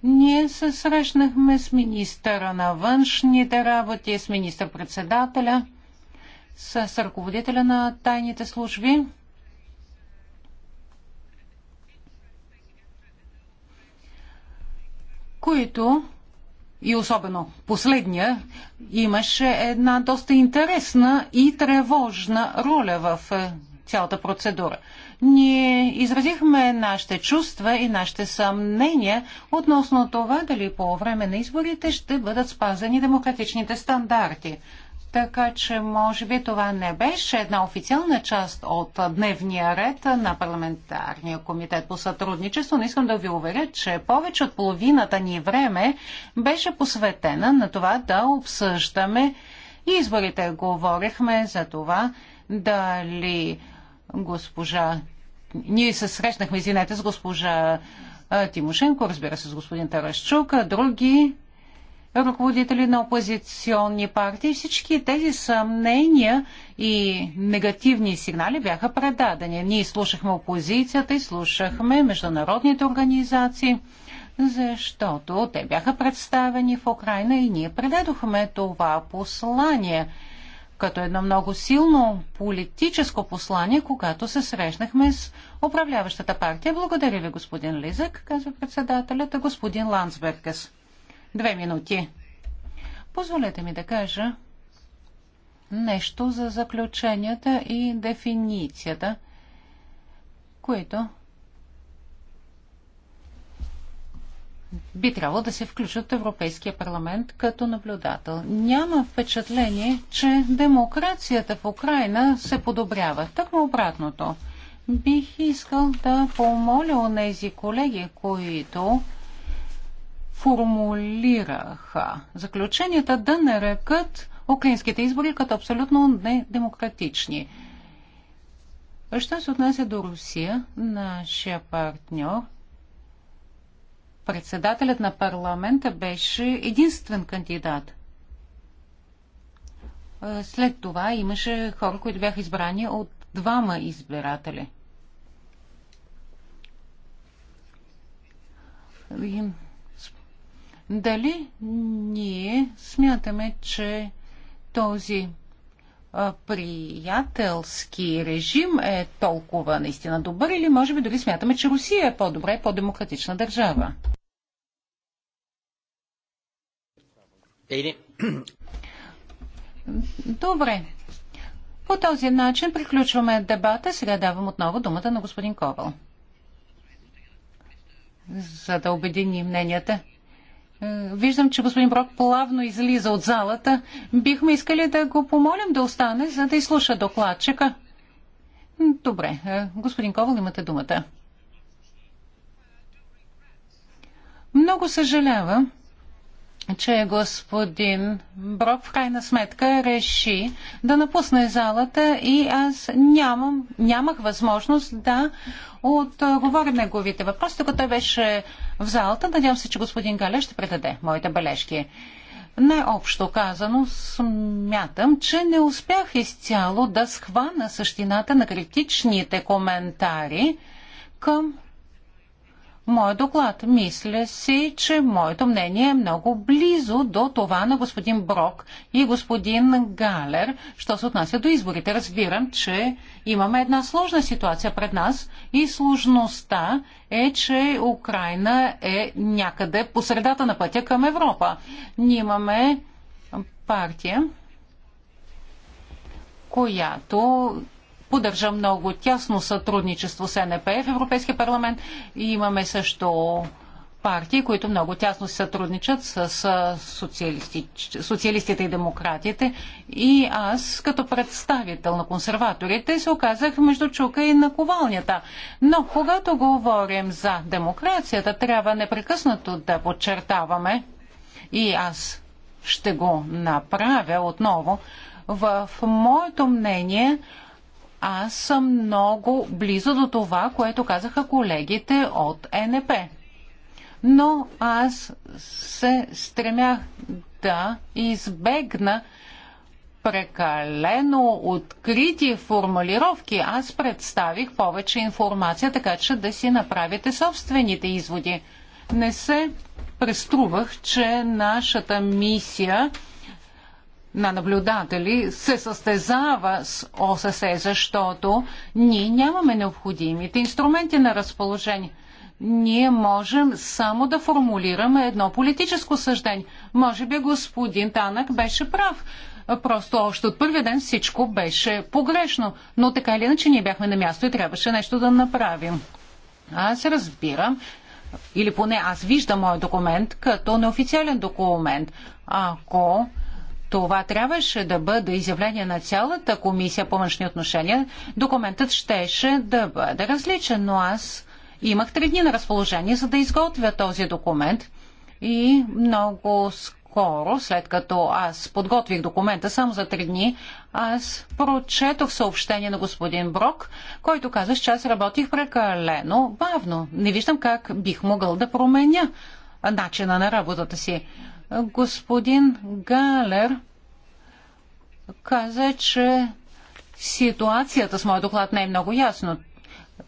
Ние се срещнахме с министъра на външните работи, с министър-председателя – с ръководителя на тайните служби. които и особено последния имаше една доста интересна и тревожна роля в е, цялата процедура. Ние изразихме нашите чувства и нашите съмнения относно това дали по време на изборите ще бъдат спазени демократичните стандарти. Така че, може би, това не беше една официална част от дневния ред на парламентарния комитет по сътрудничество, но искам да ви уверя, че повече от половината ни време беше посветена на това да обсъждаме изборите. Говорихме за това дали госпожа... Ние се срещнахме, извинете, с госпожа Тимошенко, разбира се, с господин Тарашчук, други ръководители на опозиционни партии. Всички тези съмнения и негативни сигнали бяха предадени. Ние слушахме опозицията и слушахме международните организации, защото те бяха представени в Украина и ние предадохме това послание като едно много силно политическо послание, когато се срещнахме с управляващата партия. Благодаря ви, господин Лизък, казва председателят, господин Ландсбергес. Две минути. Позволете ми да кажа нещо за заключенията и дефиницията, които би трябвало да се включат в Европейския парламент като наблюдател. Няма впечатление, че демокрацията в Украина се подобрява. му обратното. Бих искал да помоля нези колеги, които формулираха заключенията да нарекат украинските избори като абсолютно недемократични. Що се отнася до Русия, нашия партньор, председателят на парламента беше единствен кандидат. След това имаше хора, които бяха избрани от двама избиратели. Дали ние смятаме, че този приятелски режим е толкова наистина добър или може би дори смятаме, че Русия е по-добра и по-демократична държава? Или... Добре. По този начин приключваме дебата. Сега давам отново думата на господин Ковал. За да обедини мненията. Виждам, че господин Брок плавно излиза от залата. Бихме искали да го помолим да остане, за да изслуша докладчика. Добре. Е, господин Ковал, имате думата. Много съжалявам, че господин Брок в крайна сметка реши да напусне залата и аз нямам, нямах възможност да отговоря неговите въпроси, като той беше в залата. Надявам се, че господин Гале ще предаде моите бележки. Най-общо казано, смятам, че не успях изцяло да схвана същината на критичните коментари към моя доклад. Мисля си, че моето мнение е много близо до това на господин Брок и господин Галер, що се отнася до изборите. Разбирам, че имаме една сложна ситуация пред нас и сложността е, че Украина е някъде по средата на пътя към Европа. Ние имаме партия, която поддържа много тясно сътрудничество с НП е в Европейския парламент. И имаме също партии, които много тясно се сътрудничат с социалисти, социалистите и демократите. И аз, като представител на консерваторите, се оказах между чука и на ковалнята. Но когато говорим за демокрацията, трябва непрекъснато да подчертаваме, и аз ще го направя отново, в моето мнение, аз съм много близо до това, което казаха колегите от НП. Но аз се стремях да избегна прекалено открити формулировки. Аз представих повече информация, така че да си направите собствените изводи. Не се преструвах, че нашата мисия на наблюдатели се състезава с ОССЕ, защото ние нямаме необходимите инструменти на разположение. Ние можем само да формулираме едно политическо съждение. Може би господин Танък беше прав. Просто още от първия ден всичко беше погрешно. Но така или иначе ние бяхме на място и трябваше нещо да направим. Аз разбирам, или поне аз виждам моят документ като неофициален документ. Ако това трябваше да бъде изявление на цялата комисия по външни отношения. Документът щеше да бъде различен, но аз имах три дни на разположение, за да изготвя този документ. И много скоро, след като аз подготвих документа само за три дни, аз прочетох съобщение на господин Брок, който каза, че аз работих прекалено бавно. Не виждам как бих могъл да променя начина на работата си. Господин Галер каза, че ситуацията с моят доклад не е много ясно.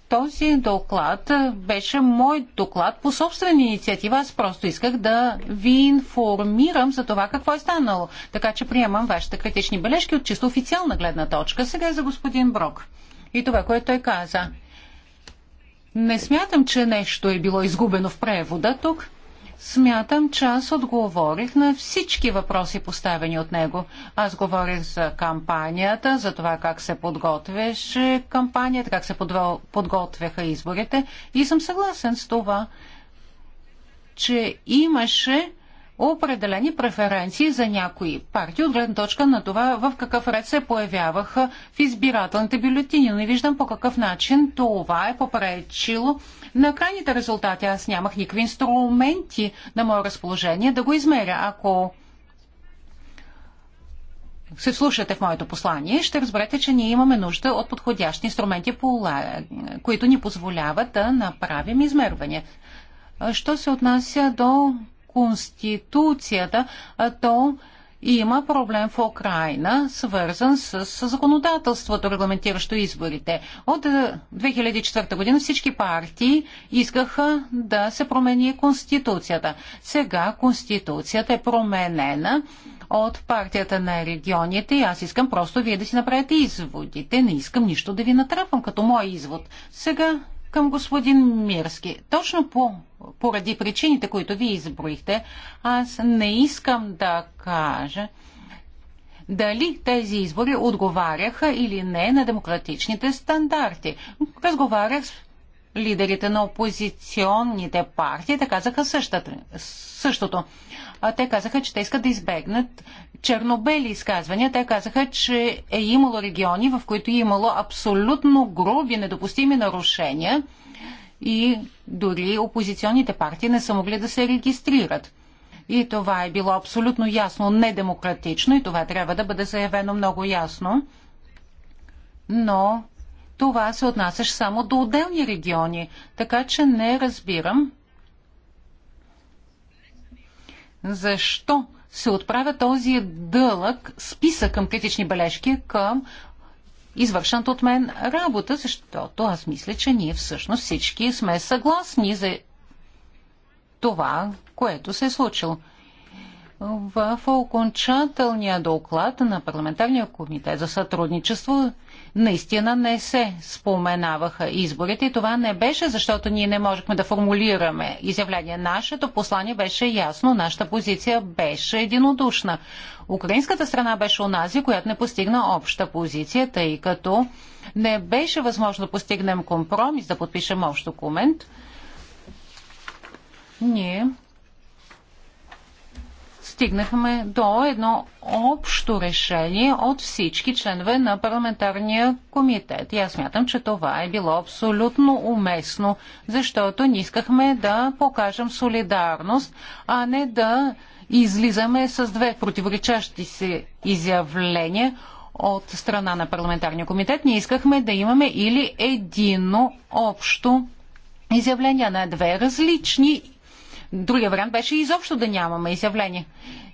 Този доклад беше мой доклад по собствена инициатива. Аз просто исках да ви информирам за това какво е станало. Така че приемам вашите критични бележки от чисто официална гледна точка. Сега е за господин Брок. И това, което той каза. Не смятам, че нещо е било изгубено в превода тук. Смятам, че аз отговорих на всички въпроси поставени от него. Аз говорих за кампанията, за това как се подготвяше кампанията, как се подготвяха изборите и съм съгласен с това, че имаше определени преференции за някои партии от гледна точка на това в какъв ред се появяваха в избирателните бюлетини. Не виждам по какъв начин това е попречило на крайните резултати. Аз нямах никакви инструменти на мое разположение да го измеря. Ако се слушате в моето послание, ще разберете, че ние имаме нужда от подходящи инструменти, които ни позволяват да направим измервания. Що се отнася до Конституцията, то има проблем в Украина, свързан с, законодателството, регламентиращо изборите. От 2004 е, година всички партии искаха да се промени Конституцията. Сега Конституцията е променена от партията на регионите и аз искам просто вие да си направите изводите. Не искам нищо да ви натрапвам като мой извод. Сега към господин Мирски. Точно по, поради причините, които вие изброихте, аз не искам да кажа дали тези избори отговаряха или не на демократичните стандарти. Разговарях с лидерите на опозиционните партии, те казаха същото. Те казаха, че те искат да избегнат чернобели изказвания. Те казаха, че е имало региони, в които е имало абсолютно груби, недопустими нарушения и дори опозиционните партии не са могли да се регистрират. И това е било абсолютно ясно недемократично и това трябва да бъде заявено много ясно. Но това се отнасяш само до отделни региони, така че не разбирам защо се отправя този дълъг списък към критични бележки към извършената от мен работа, защото аз мисля, че ние всъщност всички сме съгласни за това, което се е случило в окончателния доклад на Парламентарния комитет за сътрудничество наистина не се споменаваха изборите и това не беше, защото ние не можехме да формулираме изявление. Нашето послание беше ясно, нашата позиция беше единодушна. Украинската страна беше онази, която не постигна обща позиция, тъй като не беше възможно да постигнем компромис, да подпишем общ документ. Ние стигнахме до едно общо решение от всички членове на парламентарния комитет. И аз смятам, че това е било абсолютно уместно, защото не искахме да покажем солидарност, а не да излизаме с две противоречащи се изявления от страна на парламентарния комитет. Ние искахме да имаме или едино общо изявление на две различни Другия вариант беше изобщо да нямаме изявление.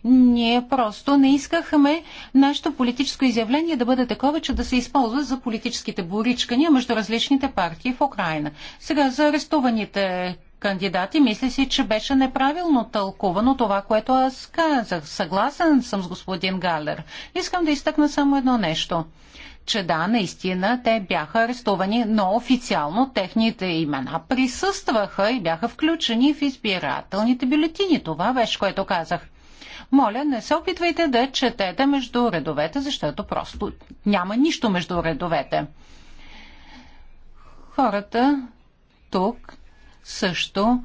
Ние просто не искахме нашето политическо изявление да бъде такова, че да се използва за политическите боричкания между различните партии в Украина. Сега за арестуваните кандидати, мисля си, че беше неправилно тълкувано това, което аз казах. Съгласен съм с господин Галер. Искам да изтъкна само едно нещо че да, наистина те бяха арестувани, но официално техните имена присъстваха и бяха включени в избирателните бюлетини. Това беше, което казах. Моля, не се опитвайте да четете между редовете, защото просто няма нищо между редовете. Хората тук също,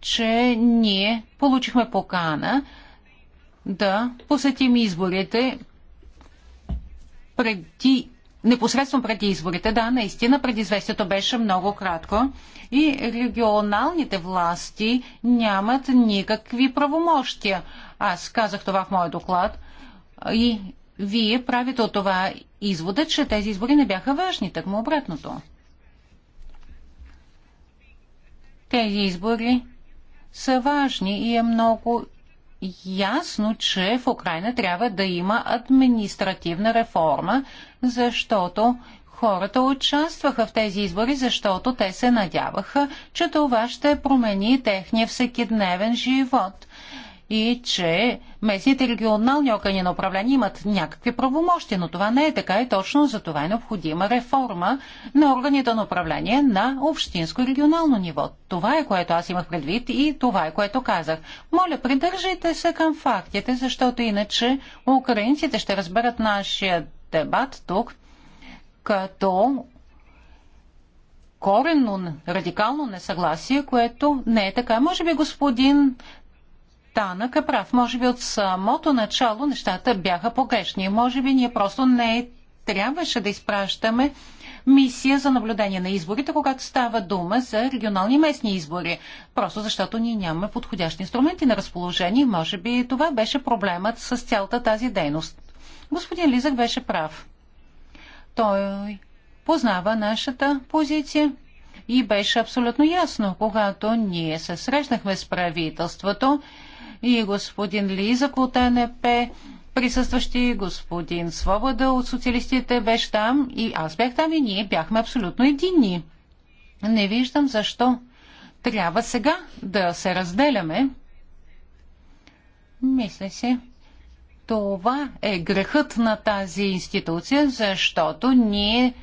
че ние получихме покана да посетим изборите преди непосредствено преди изборите. Да, наистина предизвестието беше много кратко и регионалните власти нямат никакви правомощия. Аз казах това в моя доклад и вие правите от това извода, че тези избори не бяха важни, так му обратното. Тези избори са важни и е много ясно, че в Украина трябва да има административна реформа, защото хората участваха в тези избори, защото те се надяваха, че това ще промени техния всекидневен живот и че местните регионални органи на управление имат някакви правомощи, но това не е така и точно за това е необходима реформа на органите на управление на общинско и регионално ниво. Това е което аз имах предвид и това е което казах. Моля, придържайте се към фактите, защото иначе украинците ще разберат нашия дебат тук, като коренно, радикално несъгласие, което не е така. Може би господин Танък е прав. Може би от самото начало нещата бяха погрешни. Може би ние просто не трябваше да изпращаме мисия за наблюдение на изборите, когато става дума за регионални местни избори. Просто защото ние нямаме подходящи инструменти на разположение. Може би това беше проблемът с цялата тази дейност. Господин Лизък беше прав. Той познава нашата позиция и беше абсолютно ясно, когато ние се срещнахме с правителството и господин Лизък от НП присъстващи господин Свобода от социалистите беше там и аз бях там и ние бяхме абсолютно единни. Не виждам защо трябва сега да се разделяме. Мисля си, това е грехът на тази институция, защото ние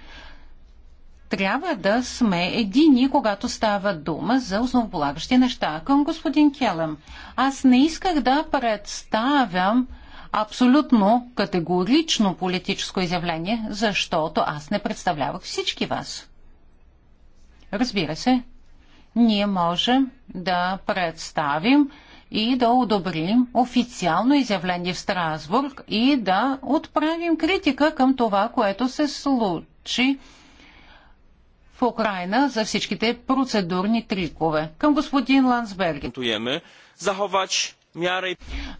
трябва да сме едини, когато става дума за основополагащи неща. Към господин Келем, аз не исках да представям абсолютно категорично политическо изявление, защото аз не представлявах всички вас. Разбира се, ние можем да представим и да одобрим официално изявление в Страсбург и да отправим критика към това, което се случи в Украина за всичките процедурни трикове. Към господин Лансберг.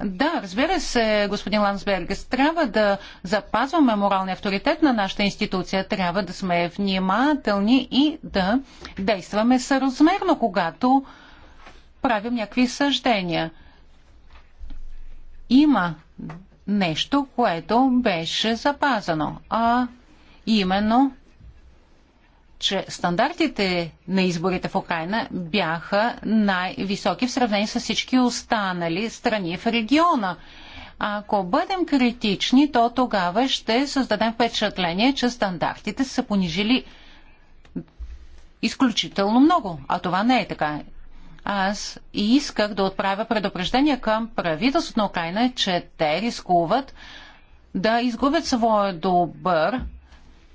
Да, разбира се, господин Лансберг, трябва да запазваме моралния авторитет на нашата институция, трябва да сме внимателни и да действаме съразмерно, когато правим някакви съждения. Има нещо, което беше запазено, а именно, че стандартите на изборите в Украина бяха най-високи в сравнение с всички останали страни в региона. Ако бъдем критични, то тогава ще създадем впечатление, че стандартите са понижили изключително много, а това не е така аз исках да отправя предупреждение към правителството на Украина, че те рискуват да изгубят своя добър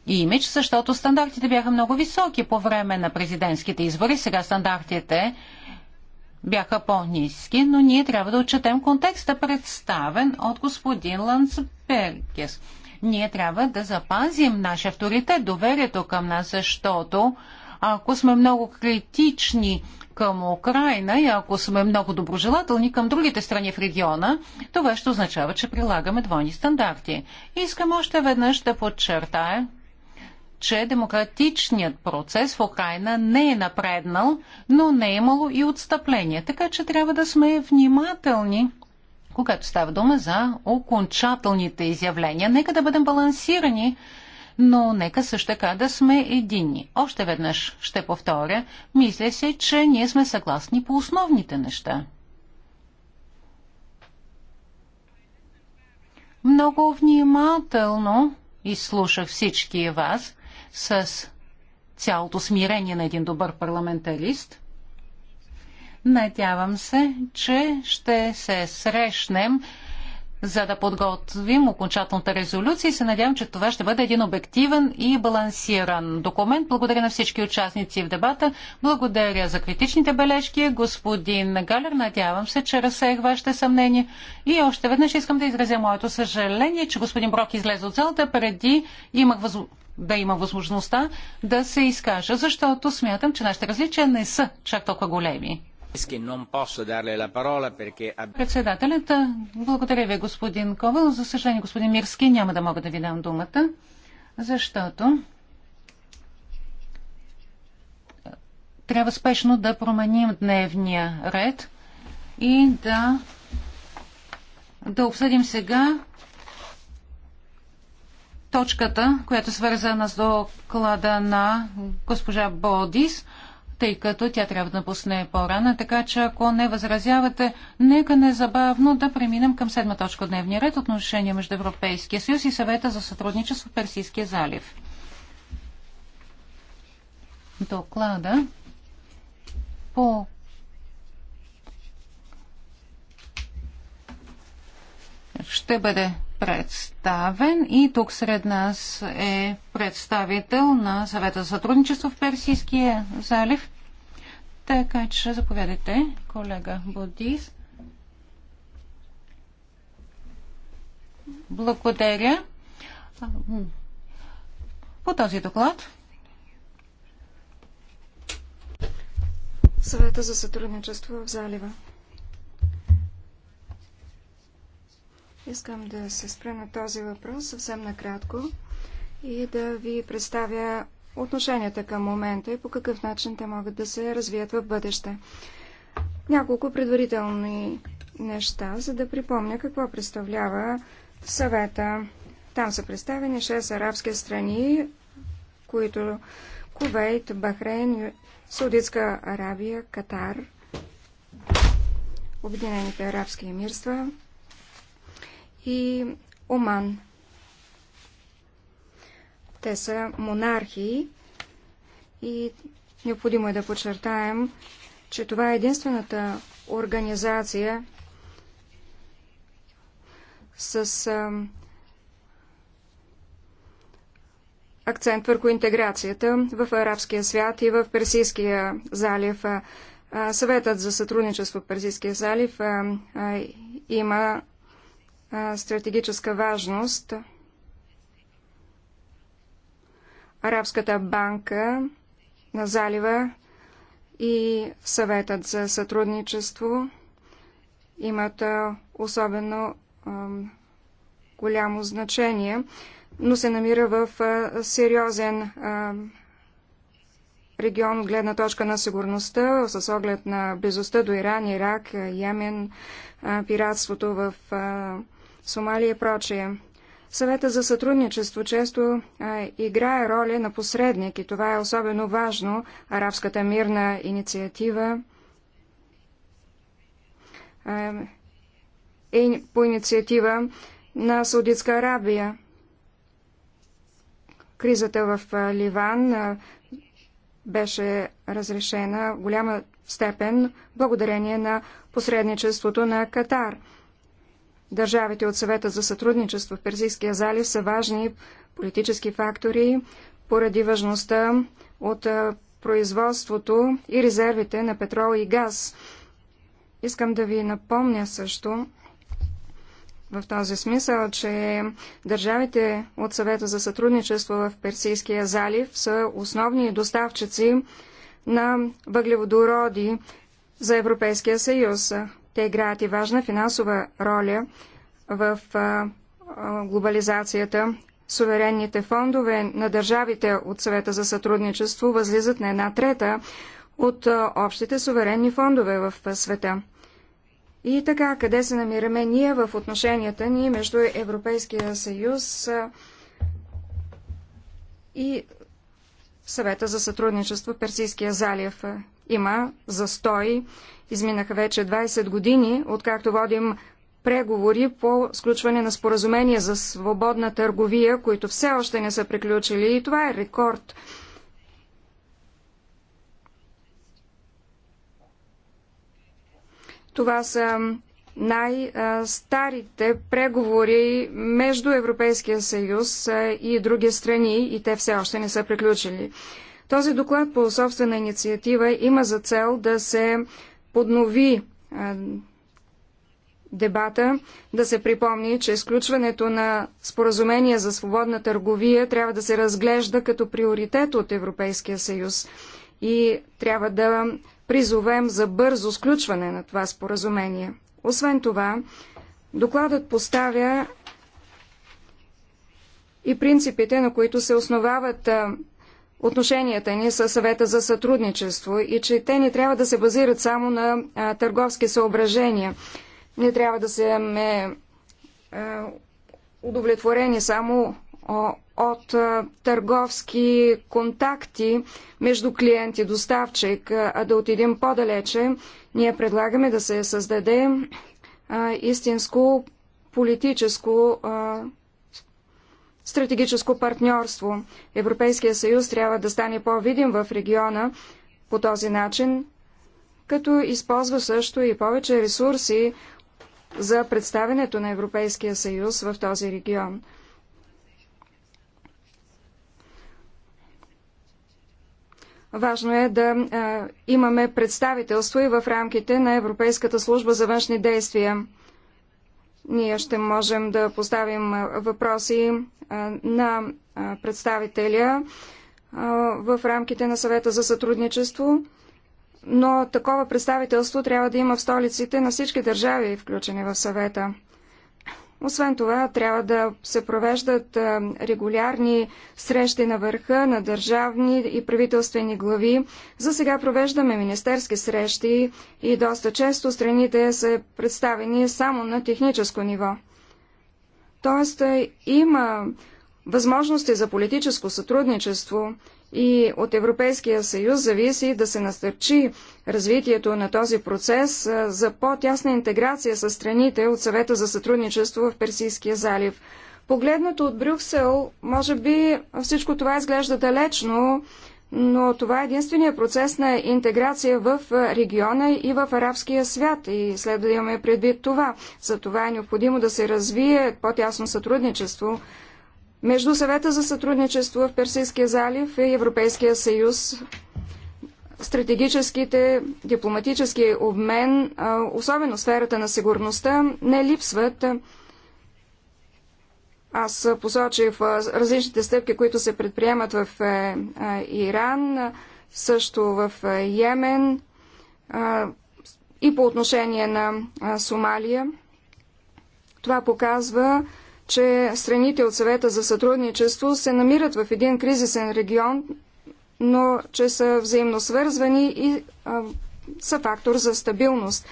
имидж, защото стандартите бяха много високи по време на президентските избори. Сега стандартите бяха по-низки, но ние трябва да отчетем контекста, представен от господин Ланцбергес. Ние трябва да запазим нашия авторитет, доверието към нас, защото ако сме много критични към Украина и ако сме много доброжелателни към другите страни в региона, това ще означава, че прилагаме двойни стандарти. Искам още веднъж да подчертая, че демократичният процес в Украина не е напреднал, но не е имало и отстъпление. Така че трябва да сме внимателни, когато става дума за окончателните изявления. Нека да бъдем балансирани но нека също така да сме единни. Още веднъж ще повторя, мисля се, че ние сме съгласни по основните неща. Много внимателно изслушах всички вас с цялото смирение на един добър парламентарист. Надявам се, че ще се срещнем за да подготвим окончателната резолюция и се надявам, че това ще бъде един обективен и балансиран документ. Благодаря на всички участници в дебата. Благодаря за критичните бележки. Господин Галер, надявам се, че разсеях вашите съмнения. И още веднъж искам да изразя моето съжаление, че господин Брок излезе от залата преди имах възм... да има възможността да се изкажа, защото смятам, че нашите различия не са чак толкова големи. Председателят, благодаря ви, господин Ковал. За съжаление, господин Мирски, няма да мога да ви дам думата, защото трябва спешно да променим дневния ред и да, да обсъдим сега точката, която е свързана с доклада на госпожа Бодис – тъй като тя трябва да напусне по-рано, така че ако не възразявате, нека незабавно да преминем към седма точка от дневния ред отношение между Европейския съюз и съвета за сътрудничество в Персийския залив. Доклада по ще бъде представен и тук сред нас е представител на съвета за сътрудничество в Персийския залив. Така че заповядайте, колега Бодис. Благодаря. По този доклад. Съвета за сътрудничество в залива. Искам да се спра на този въпрос съвсем накратко и да ви представя отношенията към момента и по какъв начин те могат да се развият в бъдеще. Няколко предварителни неща, за да припомня какво представлява съвета. Там са представени 6 арабски страни, които Кувейт, Бахрейн, Саудитска Арабия, Катар, Обединените арабски емирства, и Оман. Те са монархии и необходимо е да подчертаем, че това е единствената организация с а, акцент върху интеграцията в арабския свят и в Персийския залив. Съветът за сътрудничество в Персийския залив има стратегическа важност. Арабската банка на залива и съветът за сътрудничество имат особено голямо значение, но се намира в сериозен регион от гледна точка на сигурността, с оглед на близостта до Иран, Ирак, Йемен, пиратството в Сомалия и прочие. Съвета за сътрудничество често а, играе роля на посредник и това е особено важно. Арабската мирна инициатива а, е по инициатива на Саудитска Арабия. Кризата в Ливан а, беше разрешена в голяма степен благодарение на посредничеството на Катар – Държавите от съвета за сътрудничество в Персийския залив са важни политически фактори поради важността от производството и резервите на петрол и газ. Искам да ви напомня също в този смисъл, че държавите от съвета за сътрудничество в Персийския залив са основни доставчици на въглеводороди за Европейския съюз. Те играят и важна финансова роля в глобализацията. Суверенните фондове на държавите от Съвета за сътрудничество възлизат на една трета от общите суверенни фондове в света. И така, къде се намираме ние в отношенията ни между Европейския съюз и съвета за сътрудничество в Персийския залив има застой. Изминаха вече 20 години, откакто водим преговори по сключване на споразумения за свободна търговия, които все още не са приключили и това е рекорд. Това са най-старите преговори между Европейския съюз и други страни и те все още не са приключили. Този доклад по собствена инициатива има за цел да се поднови дебата, да се припомни, че изключването на споразумение за свободна търговия трябва да се разглежда като приоритет от Европейския съюз и трябва да призовем за бързо сключване на това споразумение. Освен това, докладът поставя и принципите, на които се основават отношенията ни с съвета за сътрудничество и че те не трябва да се базират само на а, търговски съображения. Не трябва да се ме, а, удовлетворени само а, от а, търговски контакти между клиент и доставчик, а, а да отидем по-далече. Ние предлагаме да се създаде а, истинско политическо а, стратегическо партньорство. Европейския съюз трябва да стане по-видим в региона по този начин, като използва също и повече ресурси за представенето на Европейския съюз в този регион. Важно е да а, имаме представителство и в рамките на Европейската служба за външни действия ние ще можем да поставим въпроси на представителя в рамките на съвета за сътрудничество, но такова представителство трябва да има в столиците на всички държави, включени в съвета. Освен това, трябва да се провеждат регулярни срещи на върха на държавни и правителствени глави. За сега провеждаме министерски срещи и доста често страните са представени само на техническо ниво. Тоест има възможности за политическо сътрудничество и от Европейския съюз зависи да се насърчи развитието на този процес за по-тясна интеграция с страните от съвета за сътрудничество в Персийския залив. Погледнато от Брюксел, може би всичко това изглежда далечно, но това е единствения процес на интеграция в региона и в арабския свят и следва да имаме предвид това. За това е необходимо да се развие по-тясно сътрудничество между съвета за сътрудничество в Персийския залив и Европейския съюз стратегическите дипломатически обмен, особено сферата на сигурността, не липсват. Аз посочих различните стъпки, които се предприемат в Иран, също в Йемен и по отношение на Сомалия. Това показва, че страните от съвета за сътрудничество се намират в един кризисен регион, но че са взаимно свързвани и а, са фактор за стабилност.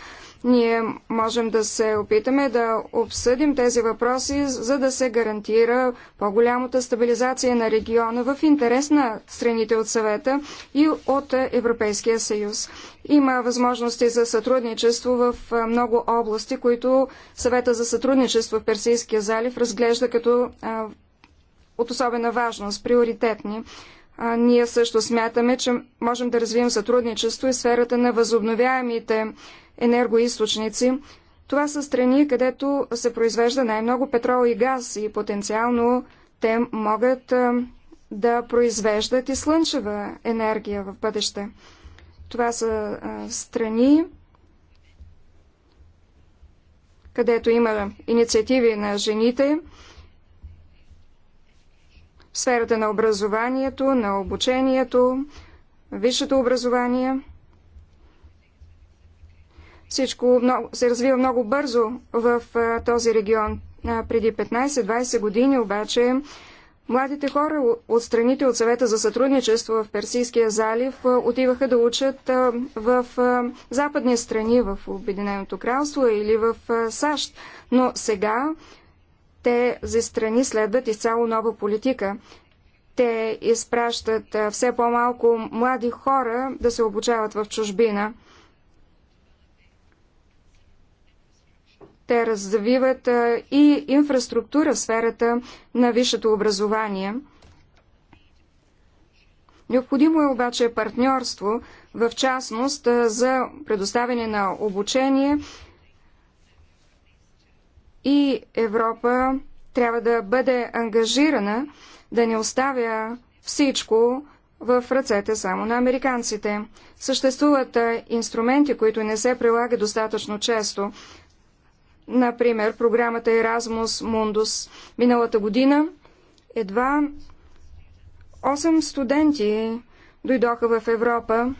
Ние можем да се опитаме да обсъдим тези въпроси, за да се гарантира по-голямата стабилизация на региона в интерес на страните от съвета и от Европейския съюз. Има възможности за сътрудничество в много области, които съвета за сътрудничество в Персийския залив разглежда като а, от особена важност, приоритетни. А, ние също смятаме, че можем да развием сътрудничество и сферата на възобновяемите енергоисточници. Това са страни, където се произвежда най-много петрол и газ и потенциално те могат да произвеждат и слънчева енергия в бъдеще. Това са страни, където има инициативи на жените в сферата на образованието, на обучението, висшето образование – всичко много, се развива много бързо в а, този регион. А, преди 15-20 години обаче младите хора от страните от съвета за сътрудничество в Персийския залив а, отиваха да учат а, в а, западни страни, в Обединеното кралство или в а, САЩ. Но сега те за страни следват изцяло нова политика. Те изпращат все по-малко млади хора да се обучават в чужбина – Те развиват и инфраструктура в сферата на висшето образование. Необходимо е обаче партньорство, в частност за предоставяне на обучение и Европа трябва да бъде ангажирана да не оставя всичко в ръцете само на американците. Съществуват инструменти, които не се прилагат достатъчно често. Например, програмата Erasmus Mundus миналата година едва 8 студенти дойдоха в Европа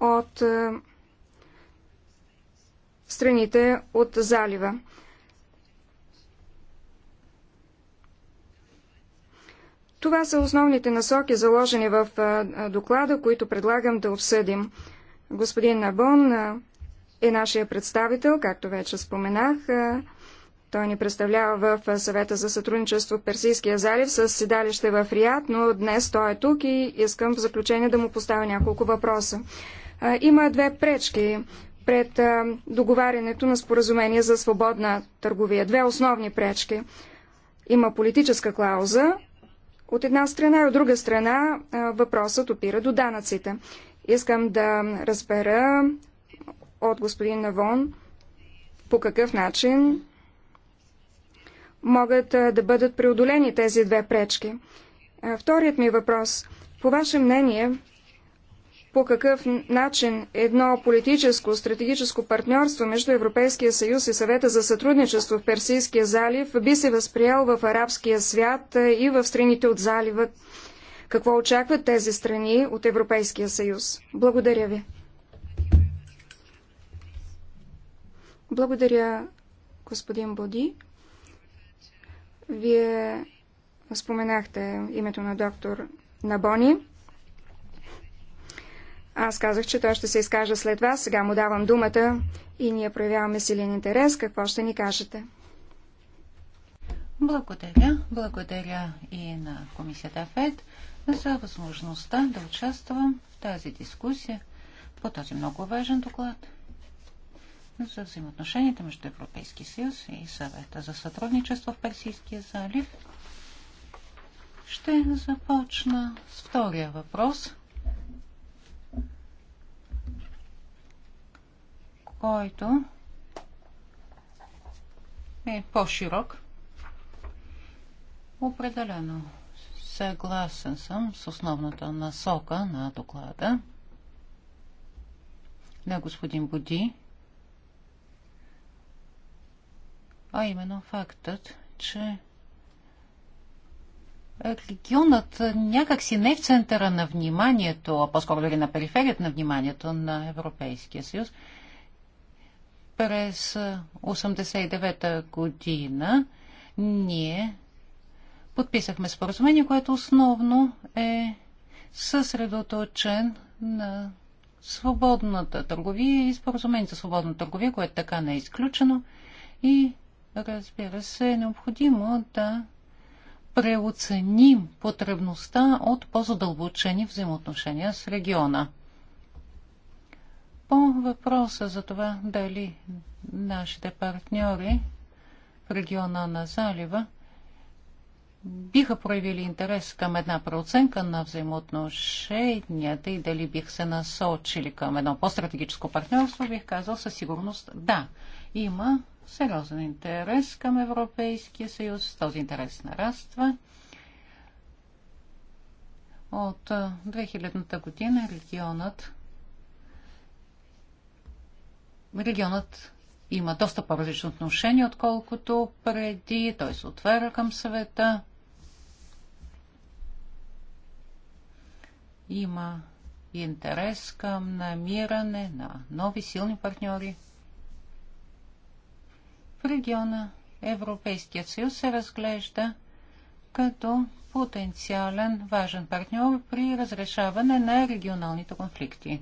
от е, страните от залива. Това са основните насоки, заложени в е, доклада, които предлагам да обсъдим. Господин Набон е, е нашия представител, както вече споменах. Той ни представлява в съвета за сътрудничество в Персийския залив с седалище в Риад, но днес той е тук и искам в заключение да му поставя няколко въпроса. Има две пречки пред договарянето на споразумение за свободна търговия. Две основни пречки. Има политическа клауза от една страна и от друга страна въпросът опира до данъците. Искам да разбера от господин Навон по какъв начин могат да бъдат преодолени тези две пречки. Вторият ми въпрос. По ваше мнение, по какъв начин едно политическо, стратегическо партньорство между Европейския съюз и съвета за сътрудничество в Персийския залив би се възприял в арабския свят и в страните от залива? Какво очакват тези страни от Европейския съюз? Благодаря ви. Благодаря, господин Боди. Вие споменахте името на доктор Набони. Аз казах, че той ще се изкаже след вас. Сега му давам думата и ние проявяваме силен интерес. Какво ще ни кажете? Благодаря. Благодаря и на комисията ФЕД за възможността да участвам в тази дискусия по този много важен доклад за взаимоотношенията между Европейски съюз и съвета за сътрудничество в Персийския залив. Ще започна с втория въпрос, който е по-широк. Определено съгласен съм с основната насока на доклада на господин Буди а именно фактът, че регионът някакси не е в центъра на вниманието, а по-скоро дори на периферията на вниманието на Европейския съюз. През 1989 година ние подписахме споразумение, което основно е съсредоточен на свободната търговия и споразумение за свободна търговия, което така не е изключено. И разбира се, е необходимо да преоценим потребността от по-задълбочени взаимоотношения с региона. По въпроса за това дали нашите партньори в региона на залива биха проявили интерес към една преоценка на взаимоотношенията и дали бих се насочили към едно по-стратегическо партньорство, бих казал със сигурност да. Има сериозен интерес към Европейския съюз. Този интерес нараства. От 2000-та година регионът регионът има доста по-различно отношение, отколкото преди. Той се отваря към света. Има интерес към намиране на нови силни партньори – региона Европейският съюз се разглежда като потенциален важен партньор при разрешаване на регионалните конфликти.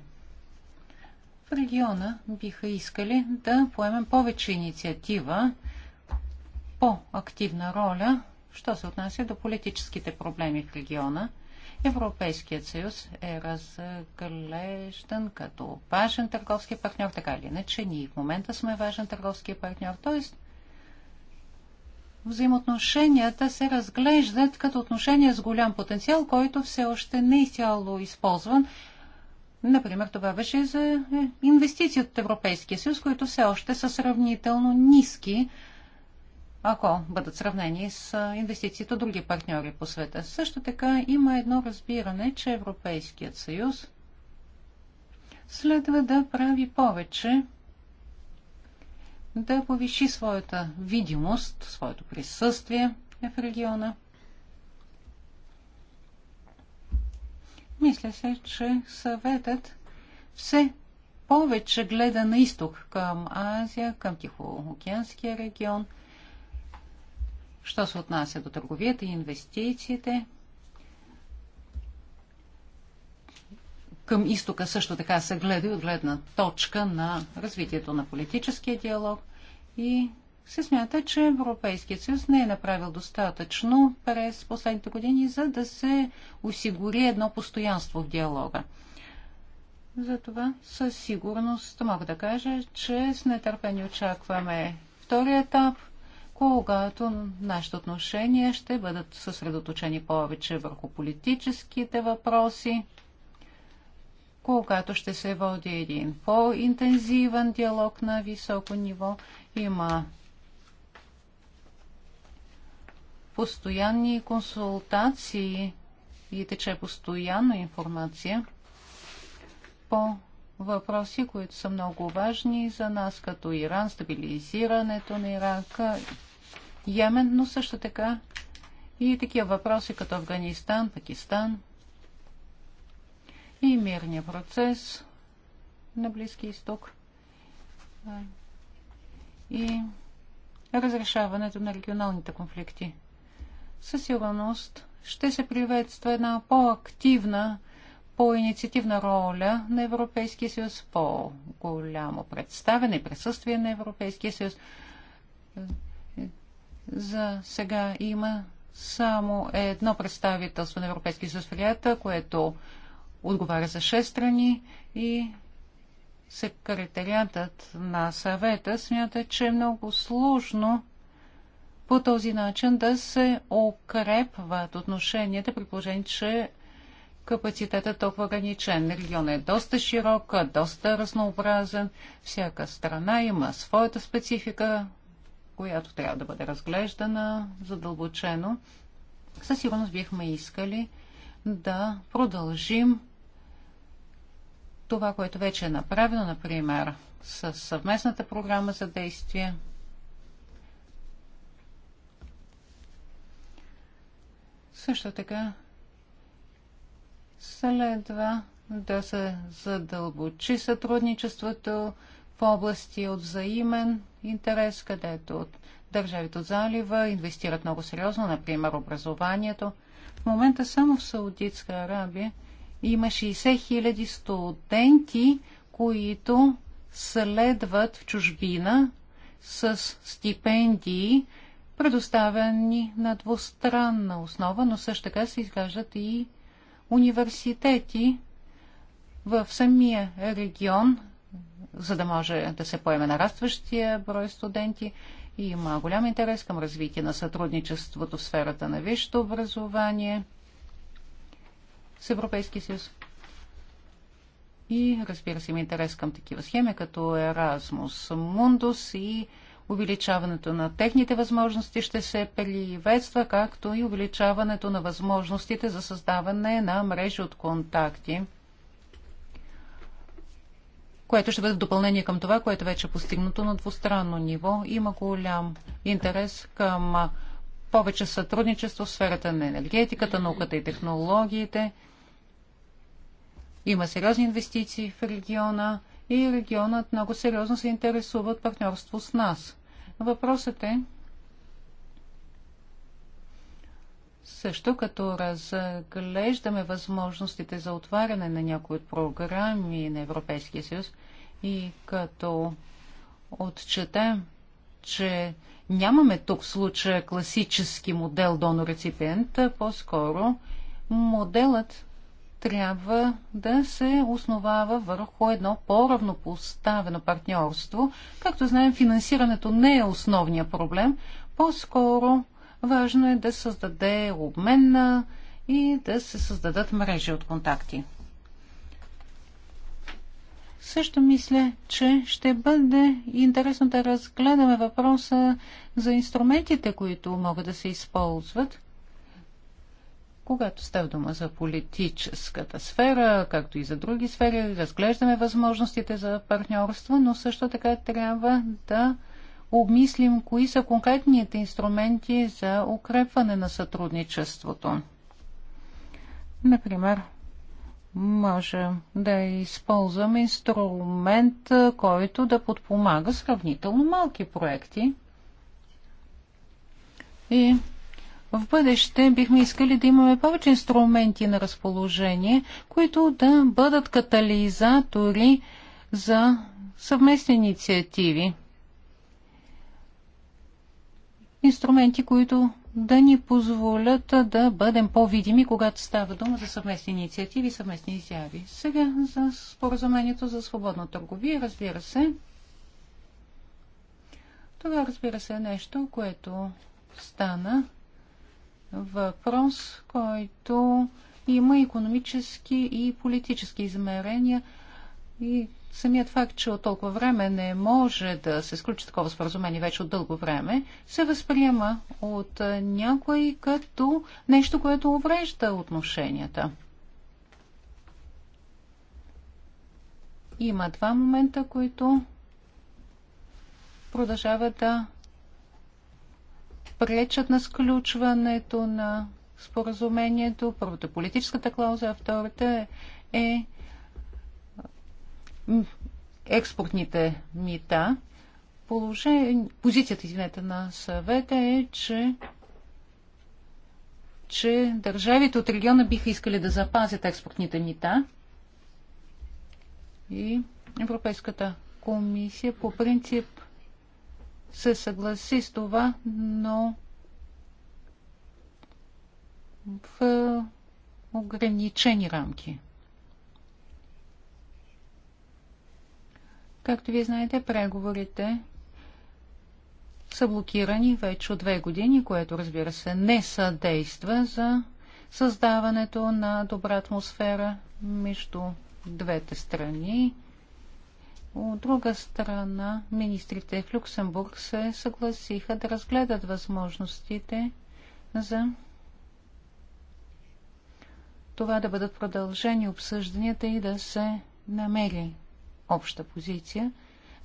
В региона биха искали да поемем повече инициатива, по-активна роля, що се отнася до политическите проблеми в региона – Европейският съюз е разглеждан като важен търговски партньор, така или иначе ние в момента сме важен търговски партньор, т.е. взаимоотношенията се разглеждат като отношения с голям потенциал, който все още не е изцяло използван. Например, това беше за е, инвестиции от Европейския съюз, които все още са сравнително ниски ако бъдат сравнени с инвестициите от други партньори по света. Също така има едно разбиране, че Европейският съюз следва да прави повече, да повиши своята видимост, своето присъствие в региона. Мисля се, че съветът все повече гледа на изток към Азия, към Тихоокеанския регион – Що се отнася до търговията и инвестициите, към изтока също така се гледа и от гледна точка на развитието на политическия диалог и се смята, че Европейският съюз не е направил достатъчно през последните години, за да се осигури едно постоянство в диалога. Затова със сигурност мога да кажа, че с нетърпение очакваме втория етап – когато нашите отношения ще бъдат съсредоточени повече върху политическите въпроси, когато ще се води един по-интензивен диалог на високо ниво, има постоянни консултации и тече постоянно информация по въпроси, които са много важни за нас, като Иран, стабилизирането на Ирака Йемен, но също така и такива въпроси като Афганистан, Пакистан и мирния процес на Близки изток и разрешаването на регионалните конфликти. Със сигурност ще се приветства една по-активна, по-инициативна роля на Европейския съюз, по-голямо представене и присъствие на Европейския съюз. За сега има само едно представителство на Европейски съюз в Лията, което отговаря за 6 страни и секретариатът на съвета смята, че е много сложно по този начин да се укрепват отношенията, при положение, че капацитетът е толкова ограничен. Регионът е доста широк, доста разнообразен. Всяка страна има своята специфика, която трябва да бъде разглеждана задълбочено, със сигурност бихме искали да продължим това, което вече е направено, например, с съвместната програма за действие. Също така следва да се задълбочи сътрудничеството в области от взаимен интерес, където от държавите от залива инвестират много сериозно, например образованието. В момента само в Саудитска Арабия има 60 хиляди студенти, които следват в чужбина с стипендии, предоставени на двустранна основа, но също така се изграждат и университети в самия регион за да може да се поеме нарастващия брой студенти. И има голям интерес към развитие на сътрудничеството в сферата на висшето образование с Европейския съюз. И разбира се, има интерес към такива схеми, като Erasmus Mundus и увеличаването на техните възможности ще се приветства, както и увеличаването на възможностите за създаване на мрежи от контакти – което ще бъде в допълнение към това, което вече е постигнато на двустранно ниво. Има голям интерес към повече сътрудничество в сферата на енергетиката, науката и технологиите. Има сериозни инвестиции в региона и регионът много сериозно се интересува от партньорство с нас. Въпросът е Също като разглеждаме възможностите за отваряне на някои от програми на Европейския съюз и като отчетем, че нямаме тук в случая класически модел донор-реципиент, по-скоро моделът трябва да се основава върху едно по-равнопоставено партньорство. Както знаем, финансирането не е основния проблем, по-скоро Важно е да създаде обменна и да се създадат мрежи от контакти. Също мисля, че ще бъде интересно да разгледаме въпроса за инструментите, които могат да се използват, когато става дума за политическата сфера, както и за други сфери, разглеждаме възможностите за партньорство, но също така трябва да обмислим кои са конкретните инструменти за укрепване на сътрудничеството. Например, може да използвам инструмент, който да подпомага сравнително малки проекти. И в бъдеще бихме искали да имаме повече инструменти на разположение, които да бъдат катализатори за съвместни инициативи инструменти, които да ни позволят да бъдем по-видими, когато става дума за съвместни инициативи и съвместни изяви. Сега за споразумението за свободна търговия, разбира се. Това, разбира се, е нещо, което стана въпрос, който има економически и политически измерения и самият факт, че от толкова време не може да се сключи такова споразумение вече от дълго време, се възприема от някой като нещо, което уврежда отношенията. Има два момента, които продължават да пречат на сключването на споразумението. Първото е политическата клауза, а втората е експортните мита, положение, позицията извинете, на съвета е, че че държавите от региона биха искали да запазят експортните мита и Европейската комисия по принцип се съгласи с това, но в ограничени рамки. Както ви знаете, преговорите са блокирани вече от две години, което разбира се не съдейства за създаването на добра атмосфера между двете страни. От друга страна, министрите в Люксембург се съгласиха да разгледат възможностите за това да бъдат продължени обсъжданията и да се намери обща позиция.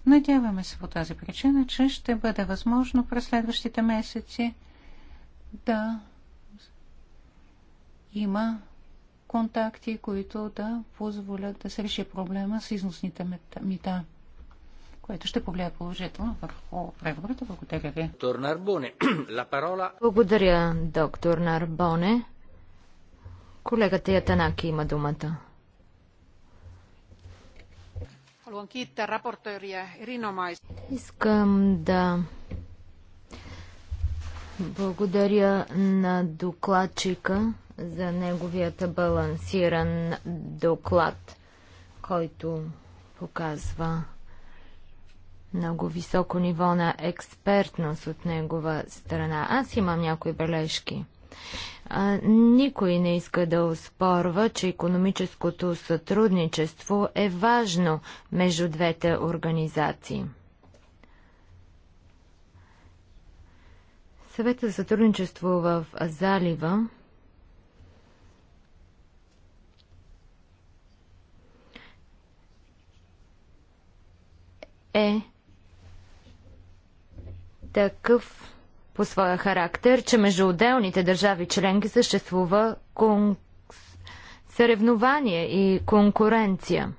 Надяваме се по тази причина, че ще бъде възможно през следващите месеци да има контакти, които да позволят да се реши проблема с износните мита, което ще повлияе положително върху преговорите. Благодаря ви. Благодаря, доктор Нарбоне. Колегата Ятанаки има думата. Haluan kiittää raportööriä erinomaisesti. Искам да благодаря на докладчика за неговият балансиран доклад, който показва много високо ниво на експертност от негова страна. Аз имам някои бележки. Никой не иска да оспорва, че економическото сътрудничество е важно между двете организации. Съветът за сътрудничество в залива е такъв по своя характер, че между отделните държави членки съществува кон... съревнование и конкуренция.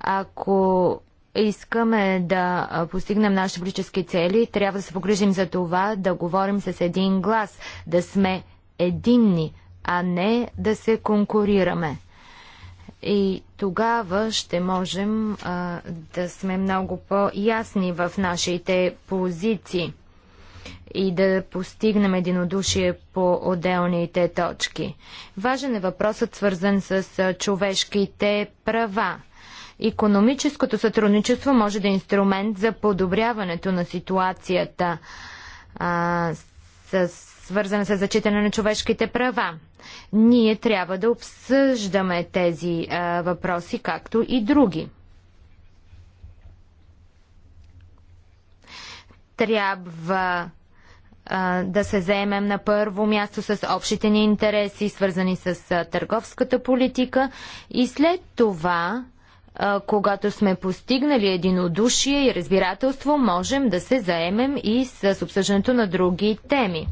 Ако искаме да постигнем нашите политически цели, трябва да се погрижим за това да говорим с един глас, да сме единни, а не да се конкурираме. И тогава ще можем а, да сме много по-ясни в нашите позиции и да постигнем единодушие по отделните точки. Важен е въпросът свързан с човешките права. Економическото сътрудничество може да е инструмент за подобряването на ситуацията, а, с, свързана с зачитане на човешките права. Ние трябва да обсъждаме тези а, въпроси, както и други. Трябва да се заемем на първо място с общите ни интереси, свързани с търговската политика и след това когато сме постигнали единодушие и разбирателство, можем да се заемем и с обсъждането на други теми.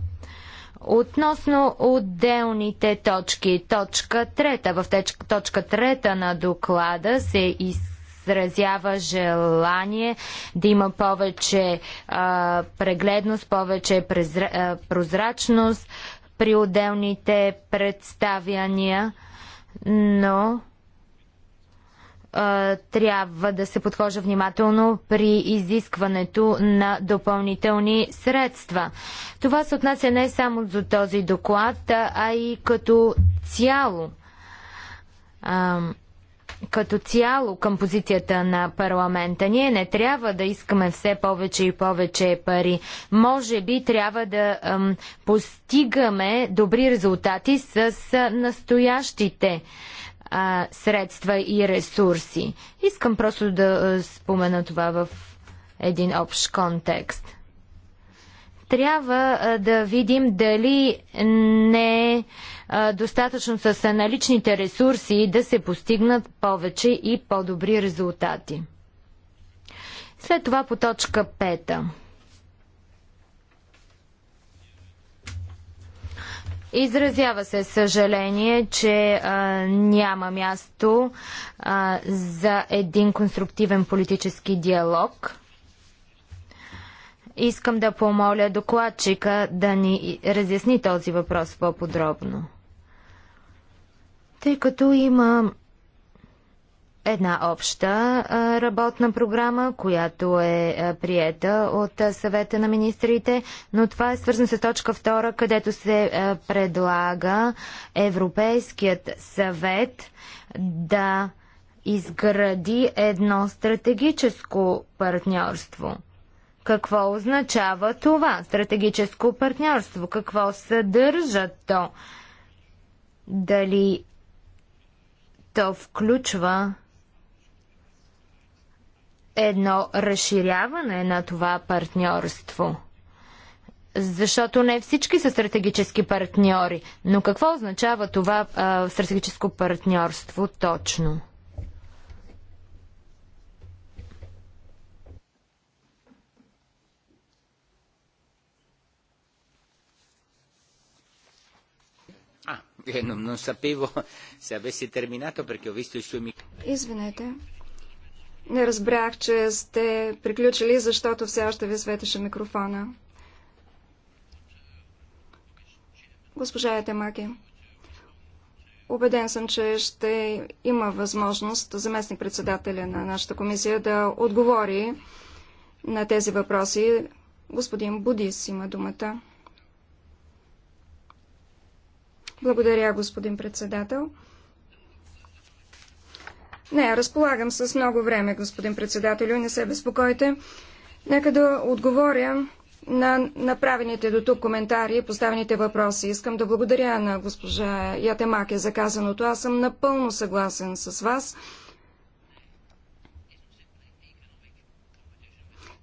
Относно отделните точки, точка трета, в точка трета на доклада се иска изразява желание да има повече а, прегледност, повече презра... а, прозрачност при отделните представяния, но а, трябва да се подхожа внимателно при изискването на допълнителни средства. Това се отнася не само за този доклад, а и като цяло. А, като цяло към позицията на парламента. Ние не трябва да искаме все повече и повече пари. Може би трябва да ем, постигаме добри резултати с настоящите а, средства и ресурси. Искам просто да е, спомена това в един общ контекст. Трябва да видим дали не е достатъчно с наличните ресурси да се постигнат повече и по-добри резултати. След това по точка 5. Изразява се съжаление, че а, няма място а, за един конструктивен политически диалог. Искам да помоля докладчика да ни разясни този въпрос по-подробно. Тъй като има една обща работна програма, която е приета от съвета на министрите, но това е свързано с точка 2, където се предлага Европейският съвет да изгради едно стратегическо партньорство – какво означава това? Стратегическо партньорство. Какво съдържа то? Дали то включва едно разширяване на това партньорство? Защото не всички са стратегически партньори. Но какво означава това а, стратегическо партньорство точно? Non, sapevo se avessi terminato perché ho visto il suo Извинете. Не разбрах, че сте приключили, защото все още ви светеше микрофона. Госпожа Етемаки, убеден съм, че ще има възможност заместник-председателя на нашата комисия да отговори на тези въпроси. Господин Будис има думата. Благодаря, господин председател. Не, разполагам с много време, господин председател, не се безпокойте. Нека да отговоря на направените до тук коментари и поставените въпроси. Искам да благодаря на госпожа Ятемаке за казаното. Аз съм напълно съгласен с вас.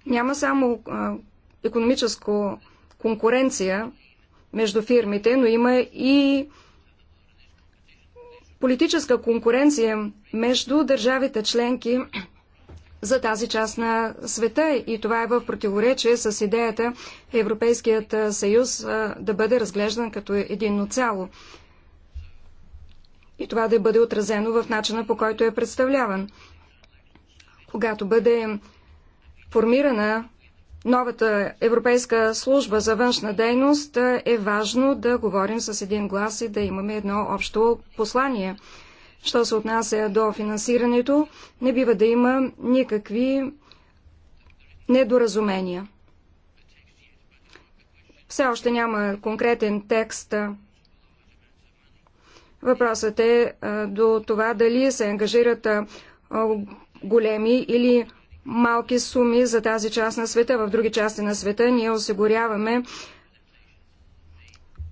Няма само а, економическо конкуренция между фирмите, но има и политическа конкуренция между държавите членки за тази част на света и това е в противоречие с идеята Европейският съюз да бъде разглеждан като единно цяло и това да бъде отразено в начина по който е представляван. Когато бъде формирана новата Европейска служба за външна дейност е, е важно да говорим с един глас и да имаме едно общо послание. Що се отнася до финансирането, не бива да има никакви недоразумения. Все още няма конкретен текст. Въпросът е до това дали се ангажират големи или малки суми за тази част на света. В други части на света ние осигуряваме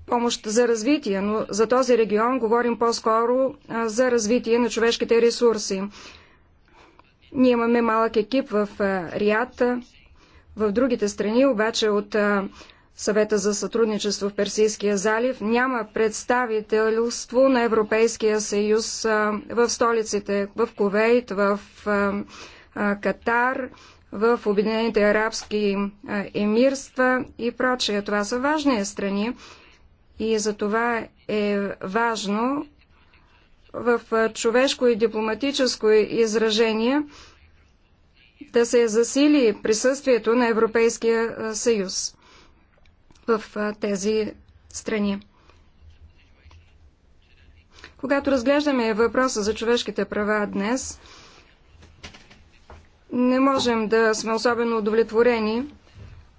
помощ за развитие, но за този регион говорим по-скоро за развитие на човешките ресурси. Ние имаме малък екип в Риад, в другите страни, обаче от съвета за сътрудничество в Персийския залив, няма представителство на Европейския съюз в столиците, в Ковейт, в Катар, в Обединените арабски емирства и прочее. Това са важни страни и за това е важно в човешко и дипломатическо изражение да се засили присъствието на Европейския съюз в тези страни. Когато разглеждаме въпроса за човешките права днес, не можем да сме особено удовлетворени.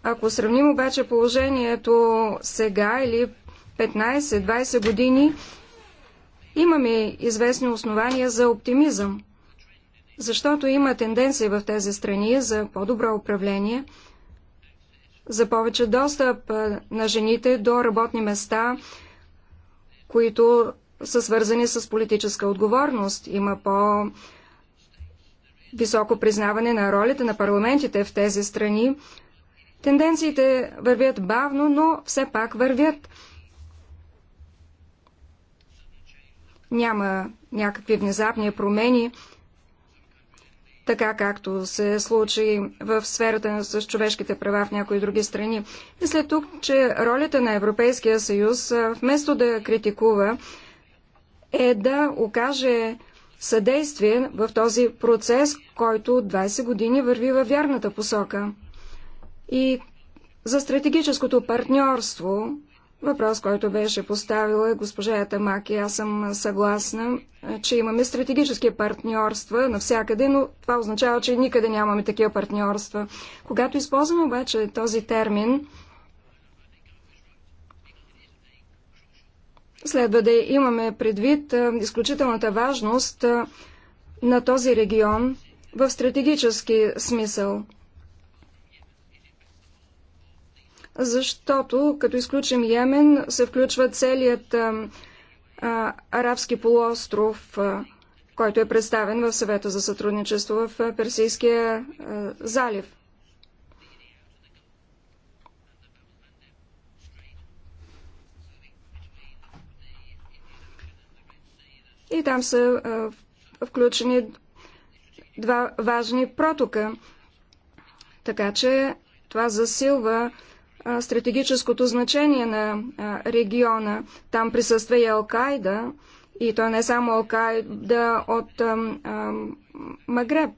Ако сравним обаче положението сега или 15-20 години, имаме известни основания за оптимизъм, защото има тенденции в тези страни за по-добро управление, за повече достъп на жените до работни места, които са свързани с политическа отговорност. Има по- високо признаване на ролята на парламентите в тези страни. Тенденциите вървят бавно, но все пак вървят. Няма някакви внезапни промени, така както се случи в сферата с човешките права в някои други страни. Мисля тук, че ролята на Европейския съюз, вместо да критикува, е да окаже съдействие в този процес, който от 20 години върви във вярната посока. И за стратегическото партньорство, въпрос, който беше поставила госпожа Ятамаки, аз съм съгласна, е, че имаме стратегически партньорства навсякъде, но това означава, че никъде нямаме такива партньорства. Когато използваме обаче този термин, Следва да имаме предвид изключителната важност на този регион в стратегически смисъл. Защото, като изключим Йемен, се включва целият а, арабски полуостров, а, който е представен в съвета за сътрудничество в Персийския а, залив. и там са а, включени два важни протока. Така че това засилва а, стратегическото значение на а, региона. Там присъства и Алкайда, и то не само Алкайда от Магреб.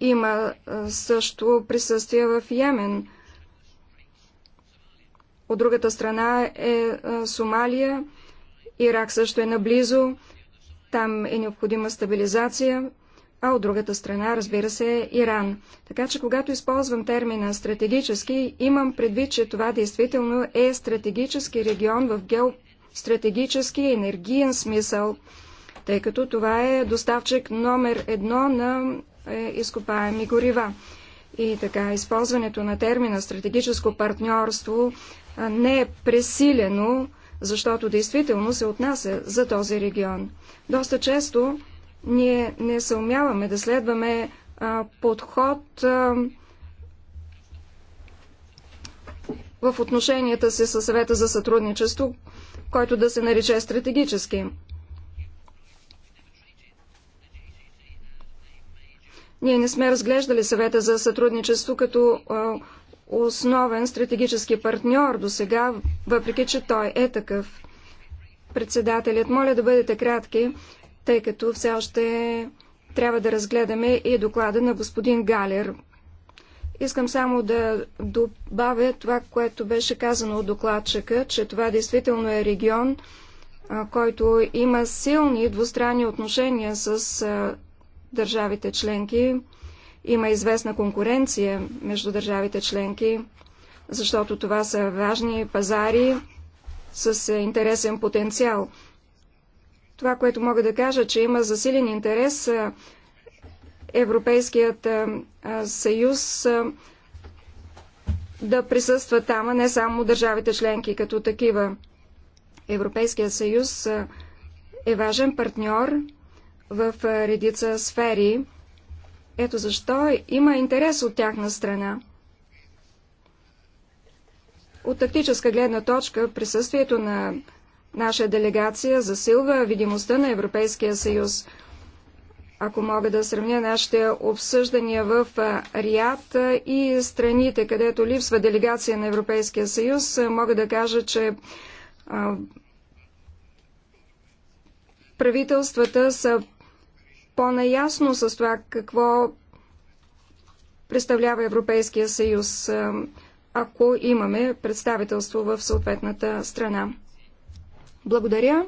Има също присъствие в Йемен. От другата страна е Сомалия Ирак също е наблизо. Там е необходима стабилизация, а от другата страна, разбира се, е Иран. Така че, когато използвам термина стратегически, имам предвид, че това действително е стратегически регион в геостратегически енергиен смисъл, тъй като това е доставчик номер едно на е, изкопаеми горива. И така, използването на термина стратегическо партньорство не е пресилено, защото действително се отнася за този регион. Доста често ние не съумяваме да следваме а, подход а, в отношенията си със съвета за сътрудничество, който да се нарече стратегически. Ние не сме разглеждали съвета за сътрудничество като а, основен стратегически партньор до сега, въпреки че той е такъв. Председателят, моля да бъдете кратки, тъй като все още трябва да разгледаме и доклада на господин Галер. Искам само да добавя това, което беше казано от докладчика, че това действително е регион, който има силни двустранни отношения с държавите членки има известна конкуренция между държавите членки, защото това са важни пазари с интересен потенциал. Това, което мога да кажа, че има засилен интерес Европейският съюз да присъства там, а не само държавите членки като такива. Европейският съюз е важен партньор в редица сфери ето защо има интерес от тяхна страна. От тактическа гледна точка присъствието на наша делегация засилва видимостта на Европейския съюз. Ако мога да сравня нашите обсъждания в Риад и страните, където липсва делегация на Европейския съюз, мога да кажа, че правителствата са по-наясно с това какво представлява Европейския съюз, ако имаме представителство в съответната страна. Благодаря.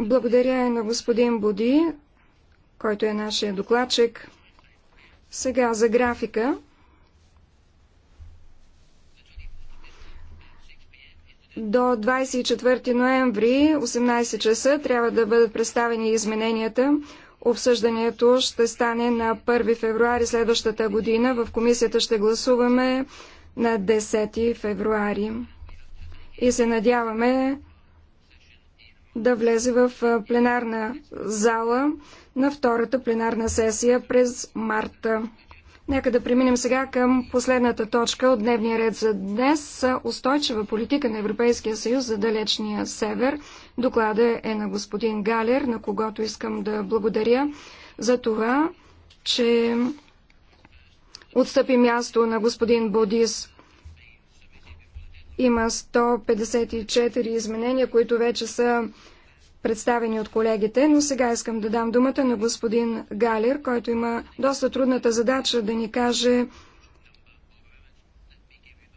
Благодаря и на господин Буди, който е нашия докладчик. Сега за графика. до 24 ноември, 18 часа, трябва да бъдат представени измененията. Обсъждането ще стане на 1 февруари следващата година. В комисията ще гласуваме на 10 февруари. И се надяваме да влезе в пленарна зала на втората пленарна сесия през марта. Нека да преминем сега към последната точка от дневния ред за днес. Устойчива политика на Европейския съюз за далечния север. Доклада е на господин Галер, на когото искам да благодаря за това, че отстъпи място на господин Бодис. Има 154 изменения, които вече са представени от колегите, но сега искам да дам думата на господин Галер, който има доста трудната задача да ни каже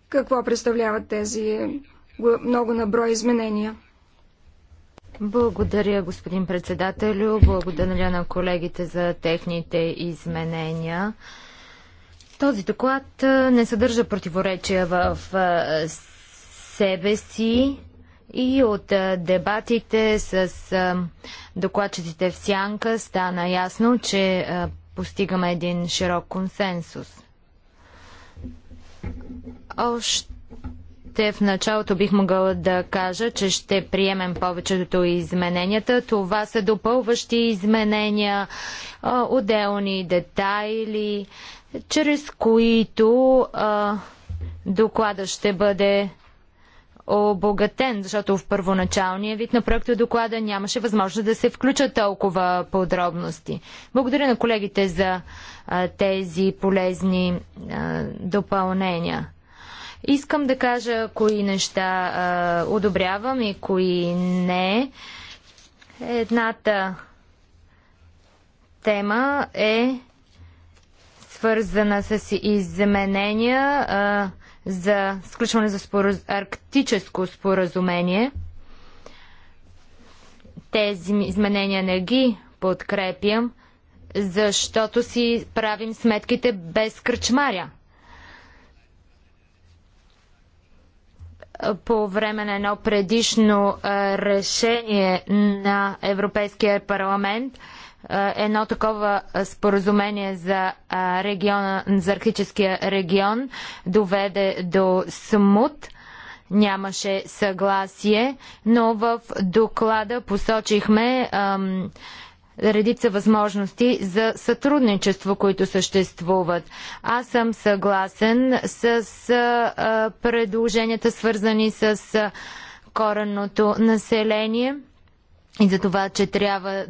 какво представляват тези много наброй изменения. Благодаря, господин председателю. Благодаря на колегите за техните изменения. Този доклад не съдържа противоречия в себе си. И от дебатите с докладчиците в Сянка стана ясно, че постигаме един широк консенсус. Още в началото бих могла да кажа, че ще приемем повечето измененията. Това са допълващи изменения, отделни детайли, чрез които доклада ще бъде обогатен, защото в първоначалния вид на проекта доклада нямаше възможност да се включат толкова подробности. Благодаря на колегите за а, тези полезни а, допълнения. Искам да кажа кои неща а, одобрявам и кои не. Едната тема е свързана с изменения. А, за сключване за спораз... арктическо споразумение. Тези изменения не ги подкрепям, защото си правим сметките без кръчмаря. по време на едно предишно решение на Европейския парламент е, едно такова е, споразумение за, е, региона, за архическия регион доведе до смут. Нямаше съгласие, но в доклада посочихме ам, редица възможности за сътрудничество, които съществуват. Аз съм съгласен с а, предложенията, свързани с коренното население и за това, че трябва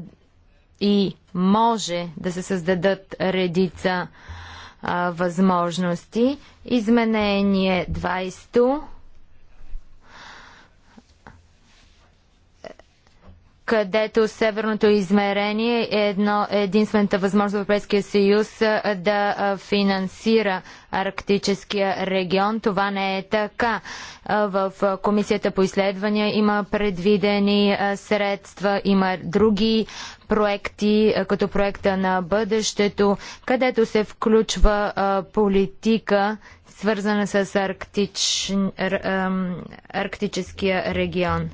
и може да се създадат редица а, възможности. Изменение 20 където северното измерение е едно, единствената възможност в Европейския съюз да финансира арктическия регион. Това не е така. В Комисията по изследвания има предвидени средства, има други проекти, като проекта на бъдещето, където се включва политика, свързана с арктич... арктическия регион.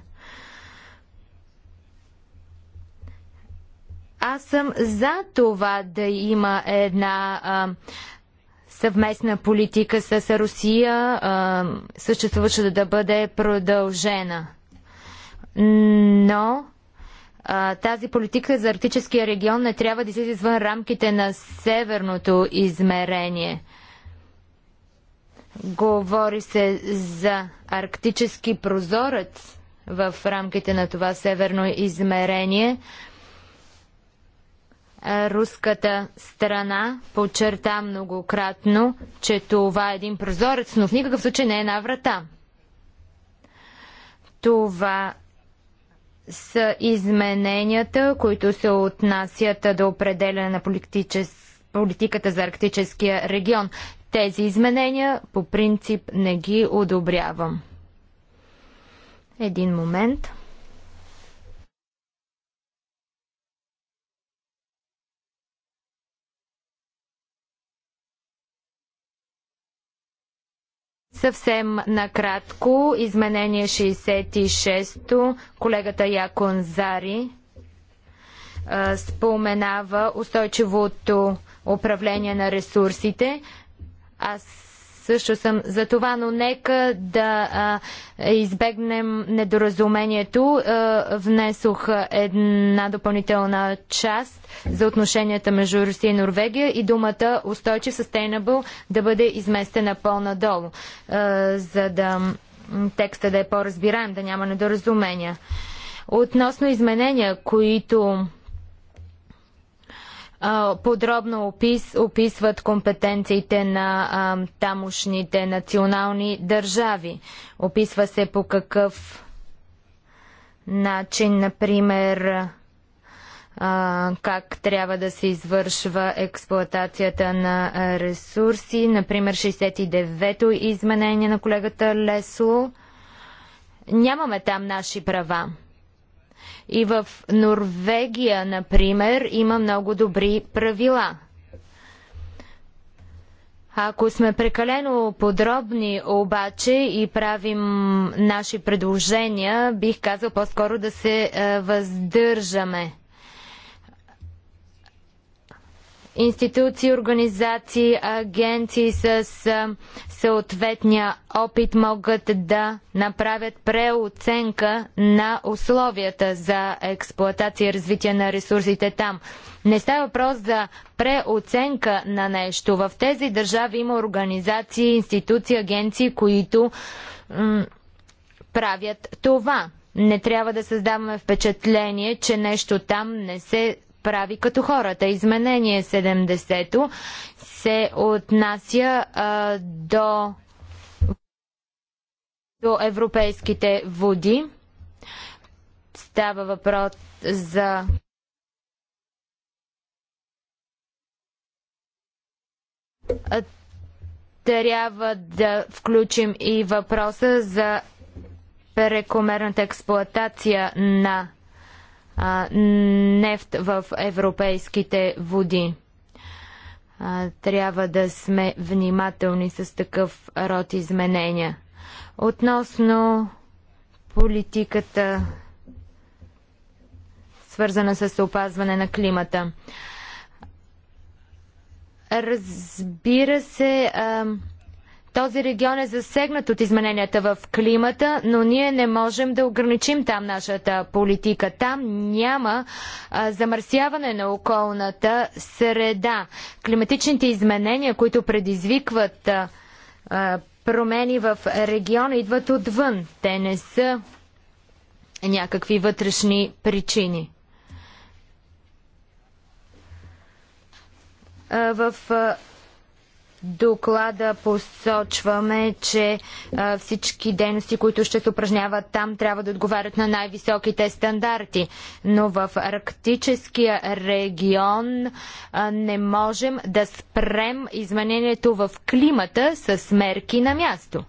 Аз съм за това да има една а, съвместна политика с Русия, а, съществуваща да бъде продължена. Но а, тази политика за Арктическия регион не трябва да се извън рамките на северното измерение. Говори се за арктически прозорец в рамките на това северно измерение руската страна подчерта многократно, че това е един прозорец, но в никакъв случай не е една врата. Това са измененията, които се отнасят до определяне на политичес... политиката за арктическия регион. Тези изменения по принцип не ги одобрявам. Един момент. Съвсем накратко, изменение 66-то, колегата Якон Зари споменава устойчивото управление на ресурсите. Аз също съм за това, но нека да а, избегнем недоразумението. А, внесох една допълнителна част за отношенията между Русия и Норвегия и думата устойчив sustainable да бъде изместена по-надолу, за да текста да е по-разбираем, да няма недоразумения. Относно изменения, които подробно опис, описват компетенциите на а, тамошните национални държави. Описва се по какъв начин, например, а, как трябва да се извършва експлоатацията на ресурси. Например, 69-то изменение на колегата Лесо. Нямаме там наши права. И в Норвегия, например, има много добри правила. Ако сме прекалено подробни обаче и правим наши предложения, бих казал по-скоро да се е, въздържаме. институции, организации, агенции с съответния опит могат да направят преоценка на условията за експлоатация и развитие на ресурсите там. Не става въпрос за преоценка на нещо. В тези държави има организации, институции, агенции, които правят това. Не трябва да създаваме впечатление, че нещо там не се прави като хората. Изменение 70-то се отнася а, до, до европейските води. Става въпрос за трябва да включим и въпроса за прекомерната експлоатация на нефт в европейските води. трябва да сме внимателни с такъв род изменения. Относно политиката, свързана с опазване на климата. Разбира се, а, този регион е засегнат от измененията в климата, но ние не можем да ограничим там нашата политика. Там няма а, замърсяване на околната среда. Климатичните изменения, които предизвикват а, промени в региона, идват отвън. Те не са някакви вътрешни причини. А, в а, доклада посочваме, че а, всички дейности, които ще се упражняват там, трябва да отговарят на най-високите стандарти. Но в арктическия регион а, не можем да спрем изменението в климата с мерки на място.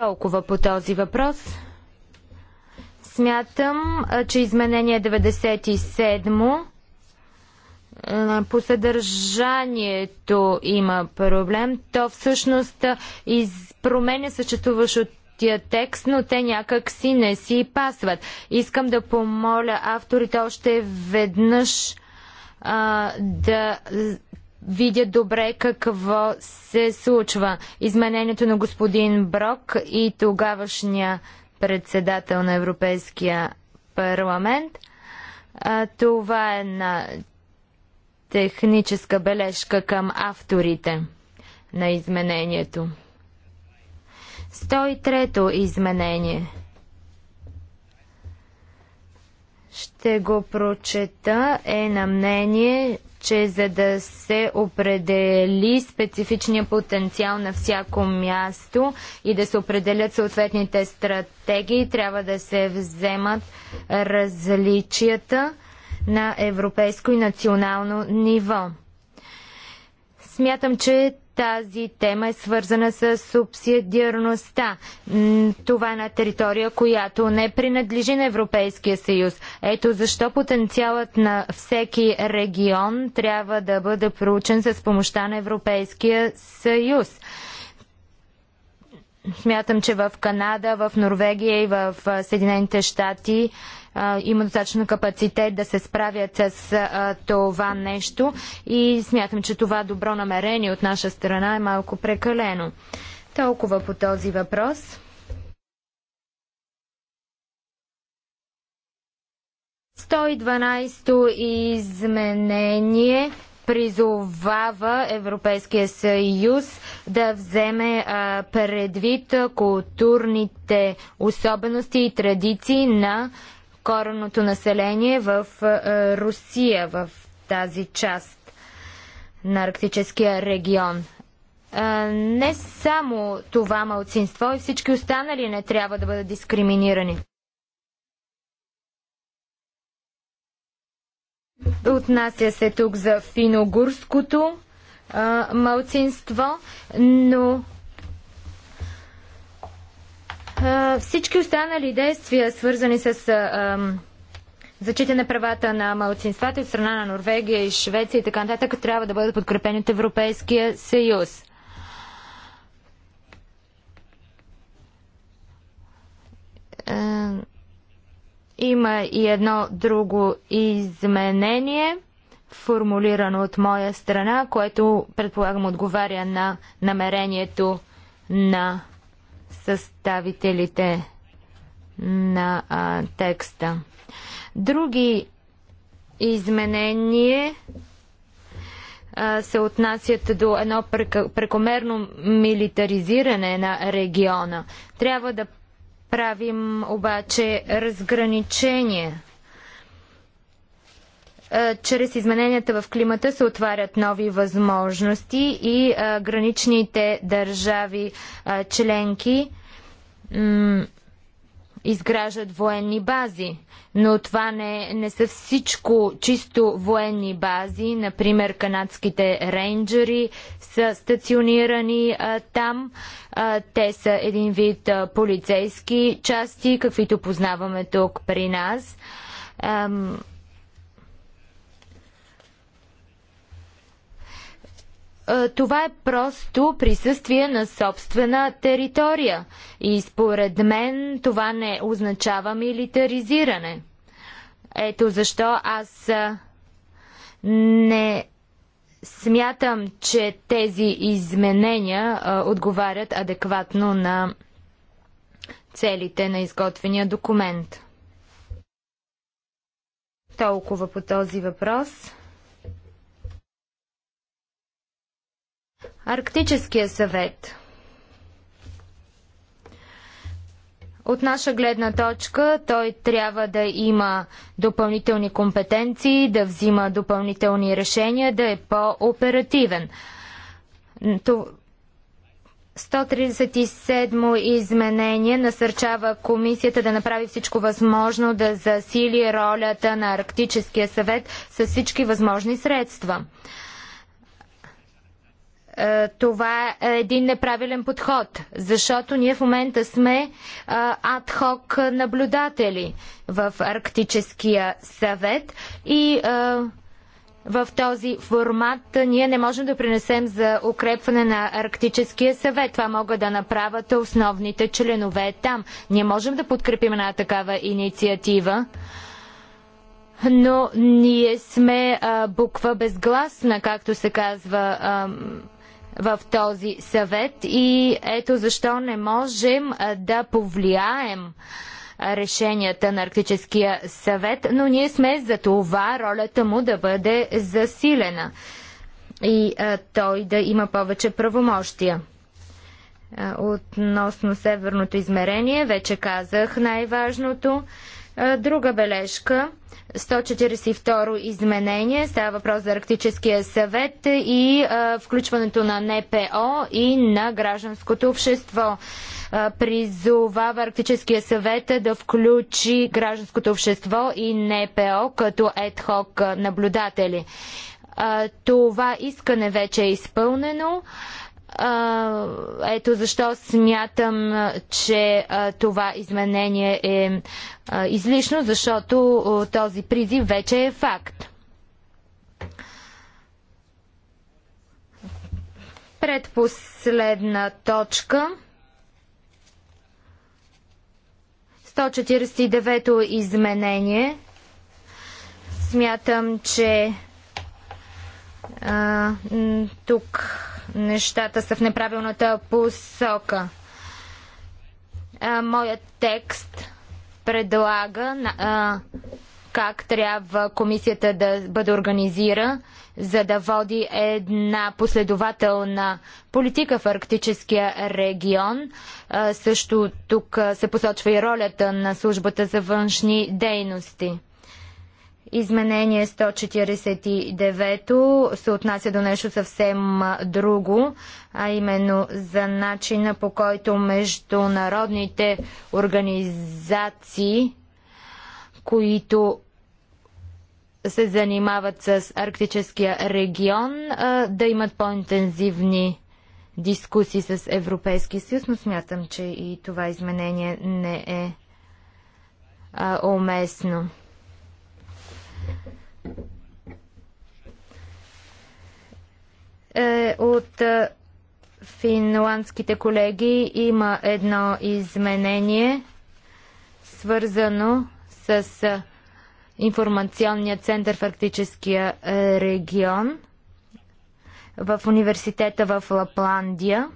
Толкова по този въпрос. Смятам, че изменение 97 по съдържанието има проблем. То всъщност из... променя съществуващия текст, но те някак си не си пасват. Искам да помоля авторите още веднъж а, да видят добре какво се случва. Изменението на господин Брок и тогавашния председател на Европейския парламент. А, това е на техническа бележка към авторите на изменението. 103-то изменение – Ще го прочета е на мнение, че за да се определи специфичния потенциал на всяко място и да се определят съответните стратегии, трябва да се вземат различията на европейско и национално ниво. Смятам, че тази тема е свързана с субсидиарността. Това е на територия, която не принадлежи на Европейския съюз. Ето защо потенциалът на всеки регион трябва да бъде проучен с помощта на Европейския съюз. Смятам, че в Канада, в Норвегия и в Съединените щати има достатъчно капацитет да се справят с а, това нещо и смятам, че това добро намерение от наша страна е малко прекалено. Толкова по този въпрос. Сто и изменение призовава Европейския съюз да вземе а, предвид културните особености и традиции на коренното население в е, е, Русия, в тази част на арктическия регион. Е, не само това малцинство и всички останали не трябва да бъдат дискриминирани. Отнася се тук за финогурското малцинство, но всички останали действия, свързани с зачитане правата на малцинствата от страна на Норвегия и Швеция и така нататък, трябва да бъдат подкрепени от Европейския съюз. Има и едно друго изменение, формулирано от моя страна, което предполагам отговаря на намерението на съставителите на а, текста. Други изменения а, се отнасят до едно прекомерно милитаризиране на региона. Трябва да правим обаче разграничение чрез измененията в климата се отварят нови възможности и граничните държави членки изграждат военни бази. Но това не, не са всичко чисто военни бази. Например, канадските рейнджери са стационирани а, там. А, те са един вид а, полицейски части, каквито познаваме тук при нас. Ам, Е, това е просто присъствие на собствена територия. И според мен това не означава милитаризиране. Ето защо аз е, не смятам, че тези изменения е, отговарят адекватно на целите на изготвения документ. Толкова по този въпрос. Арктическия съвет. От наша гледна точка той трябва да има допълнителни компетенции, да взима допълнителни решения, да е по-оперативен. 137 изменение насърчава комисията да направи всичко възможно да засили ролята на Арктическия съвет с всички възможни средства. Е, това е един неправилен подход, защото ние в момента сме е, адхок наблюдатели в Арктическия съвет и е, в този формат ние не можем да принесем за укрепване на Арктическия съвет. Това могат да направят основните членове там. Ние можем да подкрепим една такава инициатива но ние сме а, буква безгласна, както се казва. А, в този съвет и ето защо не можем да повлияем решенията на Арктическия съвет, но ние сме за това ролята му да бъде засилена и а, той да има повече правомощия. Относно северното измерение, вече казах най-важното. Друга бележка, 142 изменение, става въпрос за Арктическия съвет и а, включването на НПО и на гражданското общество. А, призовава Арктическия съвет да включи гражданското общество и НПО като едхок наблюдатели. А, това искане вече е изпълнено. А, ето защо смятам, че а, това изменение е а, излишно, защото този призив вече е факт. Предпоследна точка. 149-то изменение. Смятам, че тук нещата са в неправилната посока. Моят текст предлага а, как трябва комисията да бъде организира, за да води една последователна политика в арктическия регион. А, също тук се посочва и ролята на службата за външни дейности. Изменение 149 се отнася до нещо съвсем друго, а именно за начина по който международните организации, които се занимават с арктическия регион, да имат по-интензивни дискусии с Европейския съюз, но смятам, че и това изменение не е уместно. Е, от е, финландските колеги има едно изменение, свързано с е, информационния център в Арктическия е, регион в университета в Лапландия.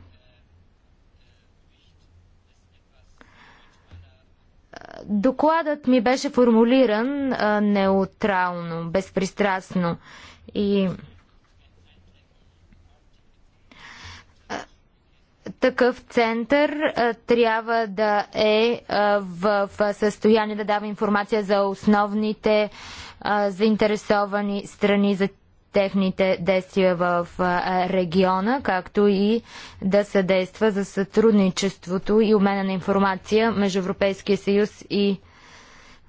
Докладът ми беше формулиран а, неутрално, безпристрастно и такъв център а, трябва да е а, в, в състояние да дава информация за основните а, заинтересовани страни, за техните действия в региона, както и да съдейства за сътрудничеството и обмена на информация между Европейския съюз и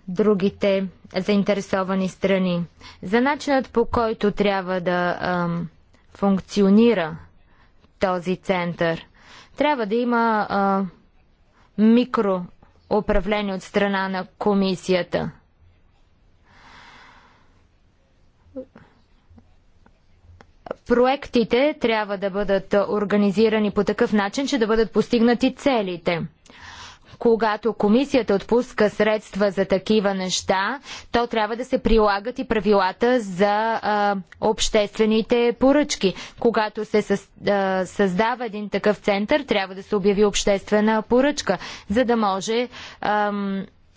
другите заинтересовани страни. За начинът по който трябва да ам, функционира този център, трябва да има а, микроуправление от страна на комисията. проектите трябва да бъдат организирани по такъв начин, че да бъдат постигнати целите. Когато комисията отпуска средства за такива неща, то трябва да се прилагат и правилата за а, обществените поръчки. Когато се със, а, създава един такъв център, трябва да се обяви обществена поръчка, за да може а,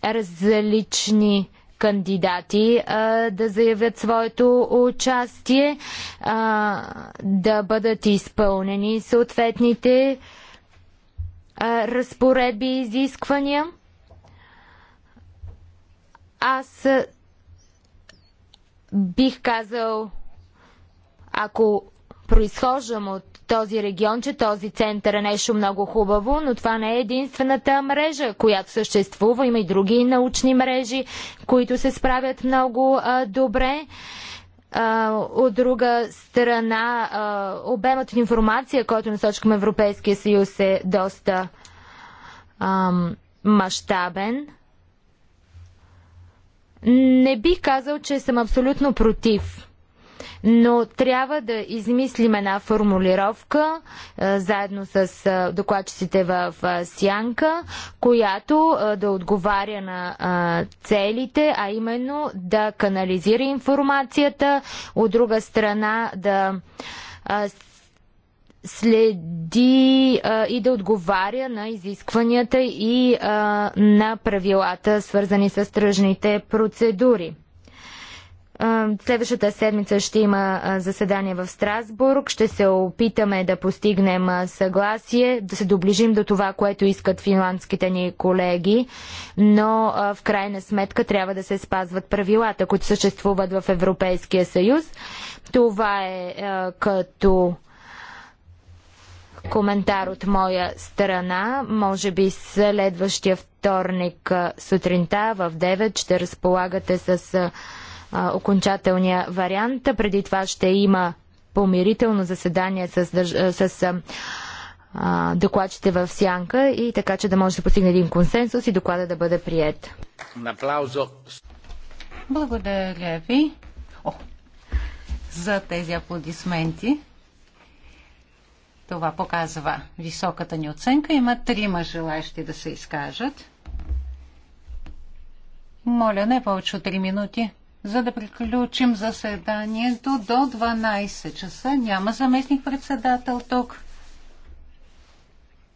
различни а, кандидати а, да заявят своето участие, а, да бъдат изпълнени съответните а, разпоредби и изисквания. Аз бих казал, ако произхождам от този регион, че този център е нещо много хубаво, но това не е единствената мрежа, която съществува. Има и други научни мрежи, които се справят много а, добре. А, от друга страна, а, обемът от информация, който насочи към Европейския съюз е доста мащабен. Не бих казал, че съм абсолютно против но трябва да измислим една формулировка е, заедно с е, докладчиците в е, Сянка, която да отговаря на целите, а именно да канализира информацията, от друга страна да следи а, и да отговаря на изискванията и а, на правилата, свързани с тръжните процедури. Следващата седмица ще има заседание в Страсбург. Ще се опитаме да постигнем съгласие, да се доближим до това, което искат финландските ни колеги, но в крайна сметка трябва да се спазват правилата, които съществуват в Европейския съюз. Това е като коментар от моя страна. Може би следващия вторник сутринта в 9 ще разполагате с а, окончателния вариант. Преди това ще има помирително заседание с, с а, докладчите в сянка и така, че да може да постигне един консенсус и доклада да бъде прият. Благодаря ви О, за тези аплодисменти. Това показва високата ни оценка. Има трима желаящи да се изкажат. Моля, не повече от 3 минути за да приключим заседанието до 12 часа. Няма заместник председател тук,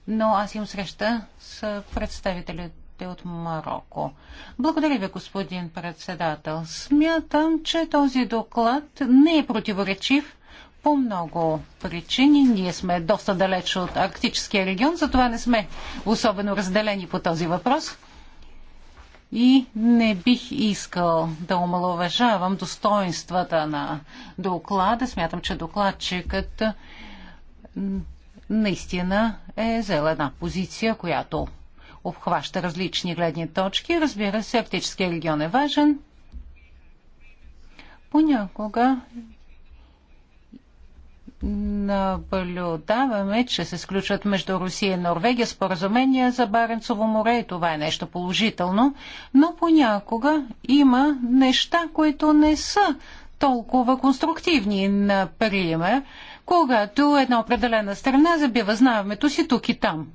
но аз им среща с представителите от Марокко. Благодаря ви, господин председател. Смятам, че този доклад не е противоречив по много причини. Ние сме доста далеч от арктическия регион, затова не сме особено разделени по този въпрос и не бих искал да омалуважавам достоинствата на доклада. Смятам, че докладчикът наистина е взела една позиция, която обхваща различни гледни точки. Разбира се, Арктическия регион е важен. Понякога наблюдаваме, че се сключват между Русия и Норвегия споразумения за Баренцово море и това е нещо положително, но понякога има неща, които не са толкова конструктивни. Например, когато една определена страна забива знамето си тук и там.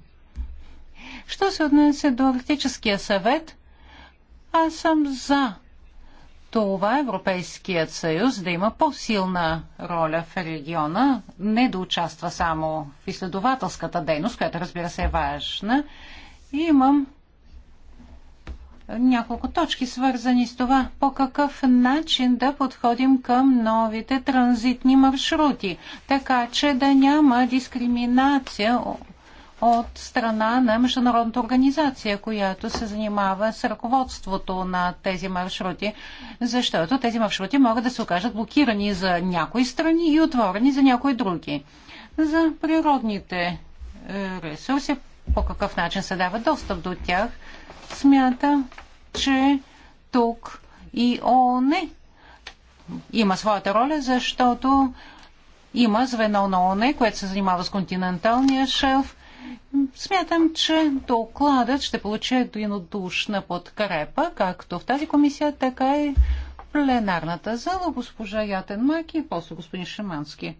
Що се отнесе до Арктическия съвет, аз съм за това Европейският съюз да има по-силна роля в региона, не да участва само в изследователската дейност, която разбира се е важна. И имам няколко точки свързани с това по какъв начин да подходим към новите транзитни маршрути, така че да няма дискриминация от страна на международната организация, която се занимава с ръководството на тези маршрути, защото тези маршрути могат да се окажат блокирани за някои страни и отворени за някои други. За природните е, ресурси, по какъв начин се дава достъп до тях, смята, че тук и ООН има своята роля, защото има звено на ОНЕ, което се занимава с континенталния шелф Смятам, че докладът ще получи единодушна подкрепа, както в тази комисия, така и в пленарната зала, госпожа Ятен Маки и после господин Шимански.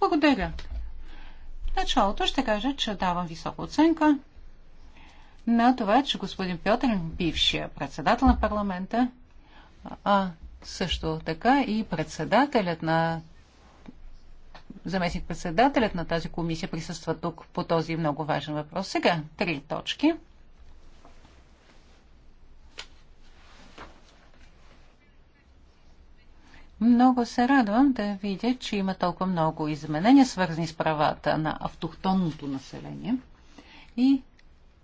Благодаря. В началото ще кажа, че давам висока оценка на това, че господин Петър, бившия председател на парламента, а също така и председателят на заместник-председателят на тази комисия присъства тук по този много важен въпрос. Сега три точки. Много се радвам да видя, че има толкова много изменения, свързани с правата на автохтонното население. И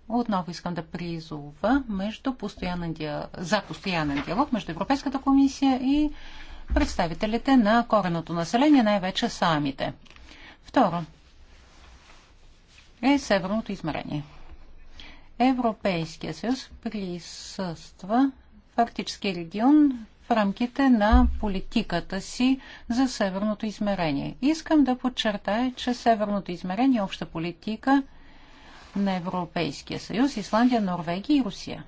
отново искам да призова между постоянен диалог, за постоянен диалог между Европейската комисия и представителите на кореното население, най-вече самите. Второ е северното измерение. Европейския съюз присъства фактически регион в рамките на политиката си за северното измерение. Искам да подчертая, че северното измерение е обща политика на Европейския съюз, Исландия, Норвегия и Русия.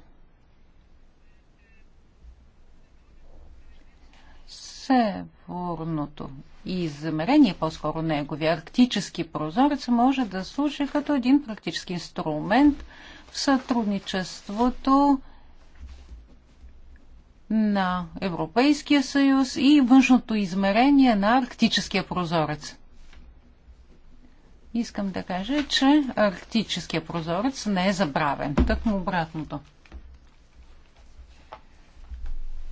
северното измерение, по-скоро неговия арктически прозорец, може да служи като един практически инструмент в сътрудничеството на Европейския съюз и външното измерение на арктическия прозорец. Искам да кажа, че арктическия прозорец не е забравен. Тъкмо обратното.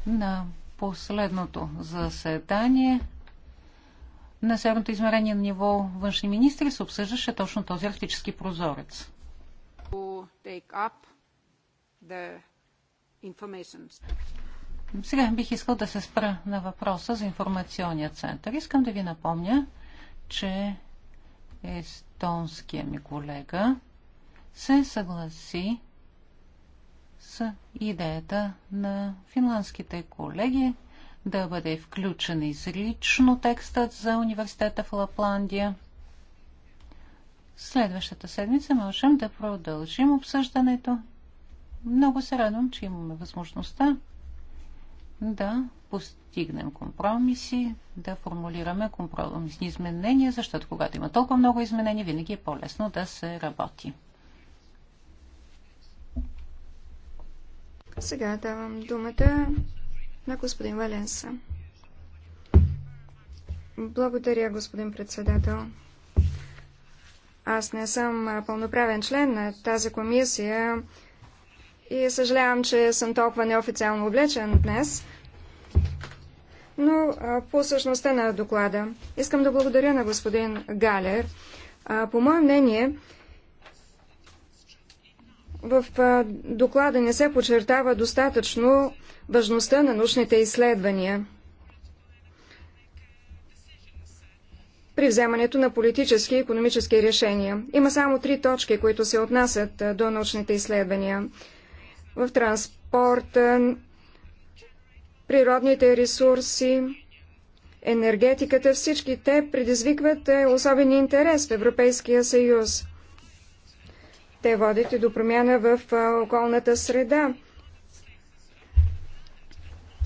На последното заседание на Северното измерение на ниво външни министри се обсъждаше точно този арктически прозорец. Сега бих искал да се спра на въпроса за информационния център. Искам да ви напомня, че естонския ми колега се съгласи с идеята на финландските колеги да бъде включен изрично текстът за университета в Лапландия. Следващата седмица можем да продължим обсъждането. Много се радвам, че имаме възможността да постигнем компромиси, да формулираме компромисни изменения, защото когато има толкова много изменения, винаги е по-лесно да се работи. Сега давам думата на господин Валенса. Благодаря, господин председател. Аз не съм пълноправен член на тази комисия и съжалявам, че съм толкова неофициално облечен днес. Но по същността на доклада искам да благодаря на господин Галер. По мое мнение, в доклада не се подчертава достатъчно важността на научните изследвания при вземането на политически и економически решения. Има само три точки, които се отнасят до научните изследвания. В транспорт, природните ресурси, енергетиката, всички те предизвикват особен интерес в Европейския съюз. Те водят и до промяна в околната среда.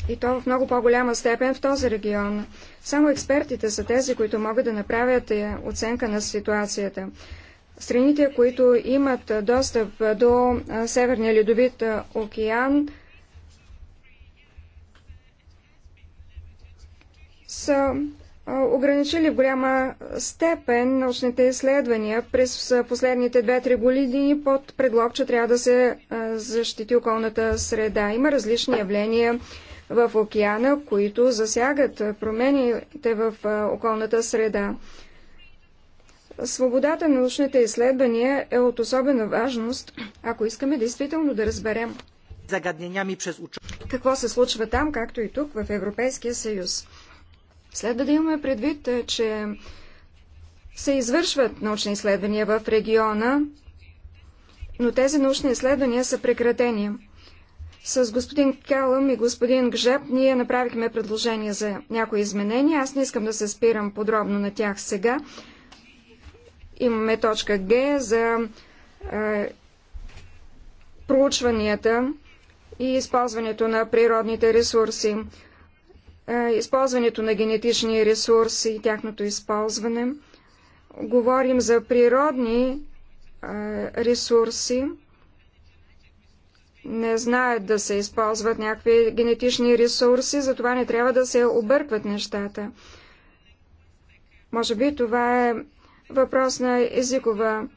И то в много по-голяма степен в този регион. Само експертите са тези, които могат да направят е, оценка на ситуацията. Страните, които имат достъп до Северния ледовит океан, са ограничили в голяма степен научните изследвания през последните 2-3 години под предлог, че трябва да се защити околната среда. Има различни явления в океана, които засягат промените в околната среда. Свободата на научните изследвания е от особена важност, ако искаме действително да разберем какво се случва там, както и тук в Европейския съюз. Следва да имаме предвид, е, че се извършват научни изследвания в региона, но тези научни изследвания са прекратени. С господин Келъм и господин Гжеп ние направихме предложение за някои изменения. Аз не искам да се спирам подробно на тях сега. Имаме точка Г за е, проучванията и използването на природните ресурси. Е, използването на генетични ресурси и тяхното използване. Говорим за природни е, ресурси. Не знаят да се използват някакви генетични ресурси, затова не трябва да се объркват нещата. Може би това е въпрос на езикова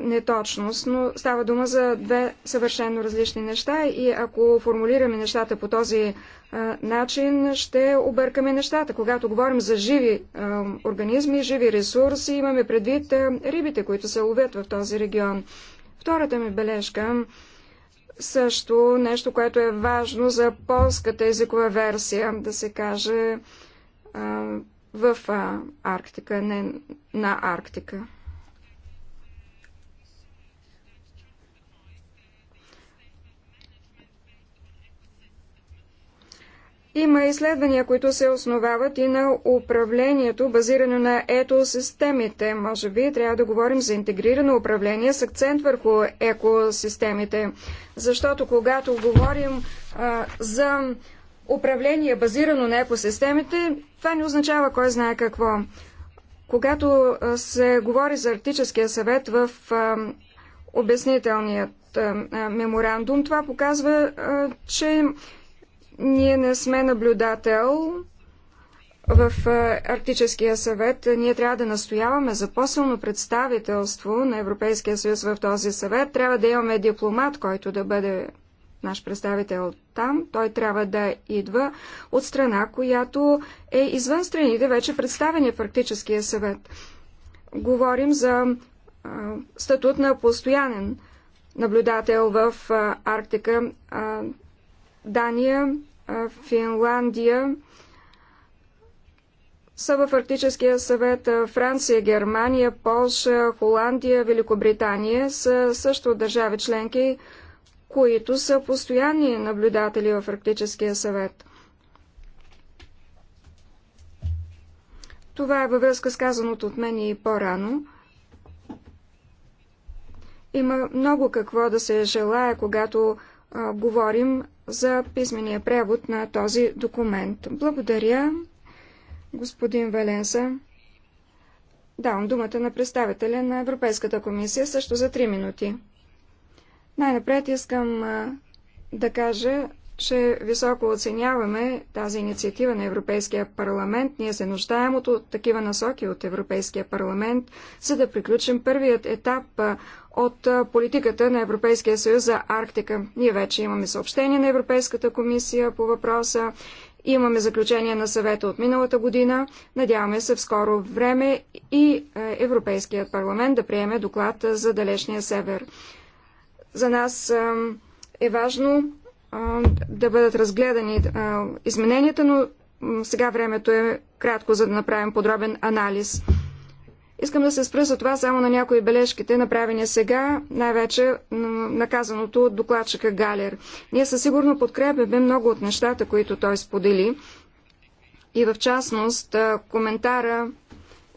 неточност, но става дума за две съвършено различни неща и ако формулираме нещата по този начин, ще объркаме нещата. Когато говорим за живи организми, живи ресурси, имаме предвид рибите, които се ловят в този регион. Втората ми бележка също нещо, което е важно за полската езикова версия, да се каже в Арктика, не на Арктика. Има изследвания, които се основават и на управлението, базирано на екосистемите. Може би трябва да говорим за интегрирано управление с акцент върху екосистемите. Защото когато говорим а, за управление, базирано на екосистемите, това не означава кой знае какво. Когато се говори за Арктическия съвет в а, обяснителният а, меморандум, това показва, а, че ние не сме наблюдател в е, Арктическия съвет. Ние трябва да настояваме за по-силно представителство на Европейския съюз в този съвет. Трябва да имаме дипломат, който да бъде наш представител там, той трябва да идва от страна, която е извън страните, вече представени в Арктическия съвет. Говорим за е, статут на постоянен наблюдател в е, Арктика. Дания, Финландия са в Арктическия съвет. Франция, Германия, Полша, Холандия, Великобритания са също държави членки, които са постоянни наблюдатели в Арктическия съвет. Това е във връзка с казаното от мен и по-рано. Има много какво да се желая, когато а, говорим за писмения превод на този документ. Благодаря, господин Валенса. Давам думата на представителя на Европейската комисия също за 3 минути. Най-напред искам да кажа, че високо оценяваме тази инициатива на Европейския парламент. Ние се нуждаем от, от такива насоки от Европейския парламент, за да приключим първият етап от политиката на Европейския съюз за Арктика. Ние вече имаме съобщение на Европейската комисия по въпроса. Имаме заключение на съвета от миналата година. Надяваме се в скоро време и е, Европейският парламент да приеме доклад за далечния север. За нас е важно да бъдат разгледани измененията, но сега времето е кратко, за да направим подробен анализ. Искам да се спра за това само на някои бележките, направени сега, най-вече наказаното от докладчика Галер. Ние със сигурно подкрепяме много от нещата, които той сподели. И в частност коментара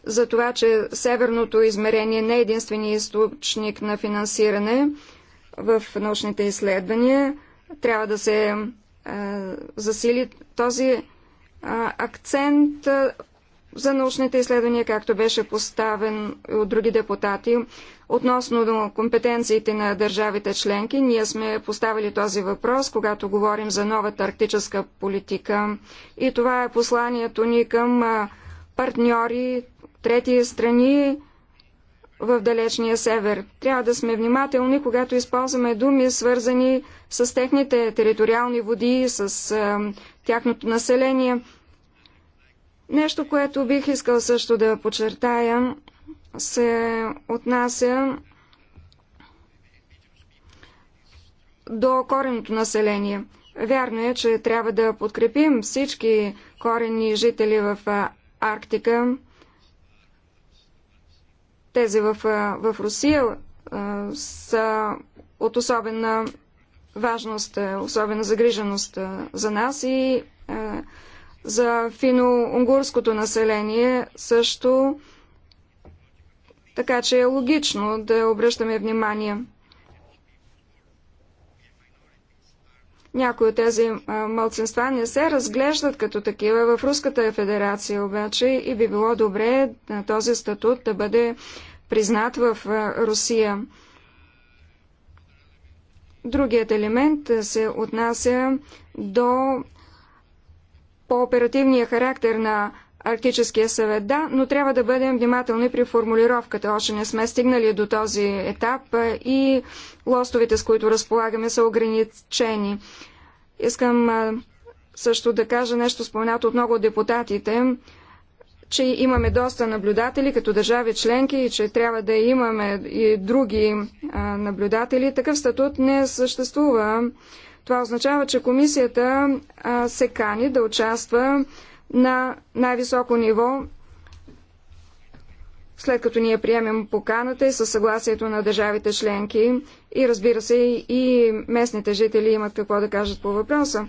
за това, че северното измерение не е единствения източник на финансиране в научните изследвания – трябва да се е, засили този е, акцент е, за научните изследвания, както беше поставен от други депутати. Относно компетенциите на държавите членки, ние сме поставили този въпрос, когато говорим за новата арктическа политика. И това е посланието ни към партньори, трети страни, в далечния север. Трябва да сме внимателни, когато използваме думи, свързани с техните териториални води, с а, тяхното население. Нещо, което бих искал също да подчертая, се отнася до кореното население. Вярно е, че трябва да подкрепим всички корени жители в Арктика, тези в, в Русия са от особена важност, е, особена загриженост за нас и за фино-унгурското население също. Така че е логично да обръщаме внимание. Някои от тези мълцинства не се разглеждат като такива в Руската федерация обаче и би било добре на този статут да бъде признат в Русия. Другият елемент се отнася до по-оперативния характер на Арктическия съвет, да, но трябва да бъдем внимателни при формулировката. Още не сме стигнали до този етап и лостовите, с които разполагаме, са ограничени. Искам също да кажа нещо споменато от много от депутатите, че имаме доста наблюдатели като държави членки и че трябва да имаме и други наблюдатели. Такъв статут не съществува. Това означава, че комисията се кани да участва на най-високо ниво, след като ние приемем поканата и със съгласието на държавите членки и разбира се и местните жители имат какво да кажат по въпроса.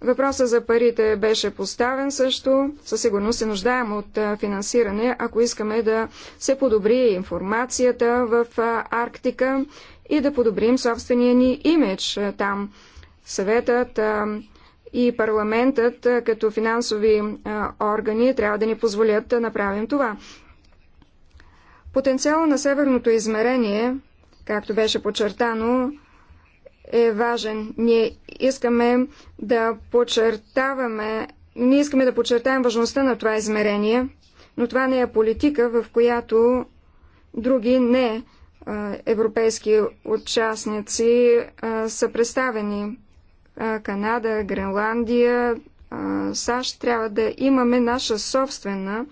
Въпроса за парите беше поставен също. Със сигурност се нуждаем от финансиране, ако искаме да се подобри информацията в Арктика и да подобрим собствения ни имидж там. Съветът и парламентът като финансови органи трябва да ни позволят да направим това. Потенциал на северното измерение, както беше подчертано, е важен. Ние искаме да подчертаваме, ние искаме да подчертаем важността на това измерение, но това не е политика, в която други не европейски участници са представени. Канада, Гренландия, САЩ трябва да имаме наша собствена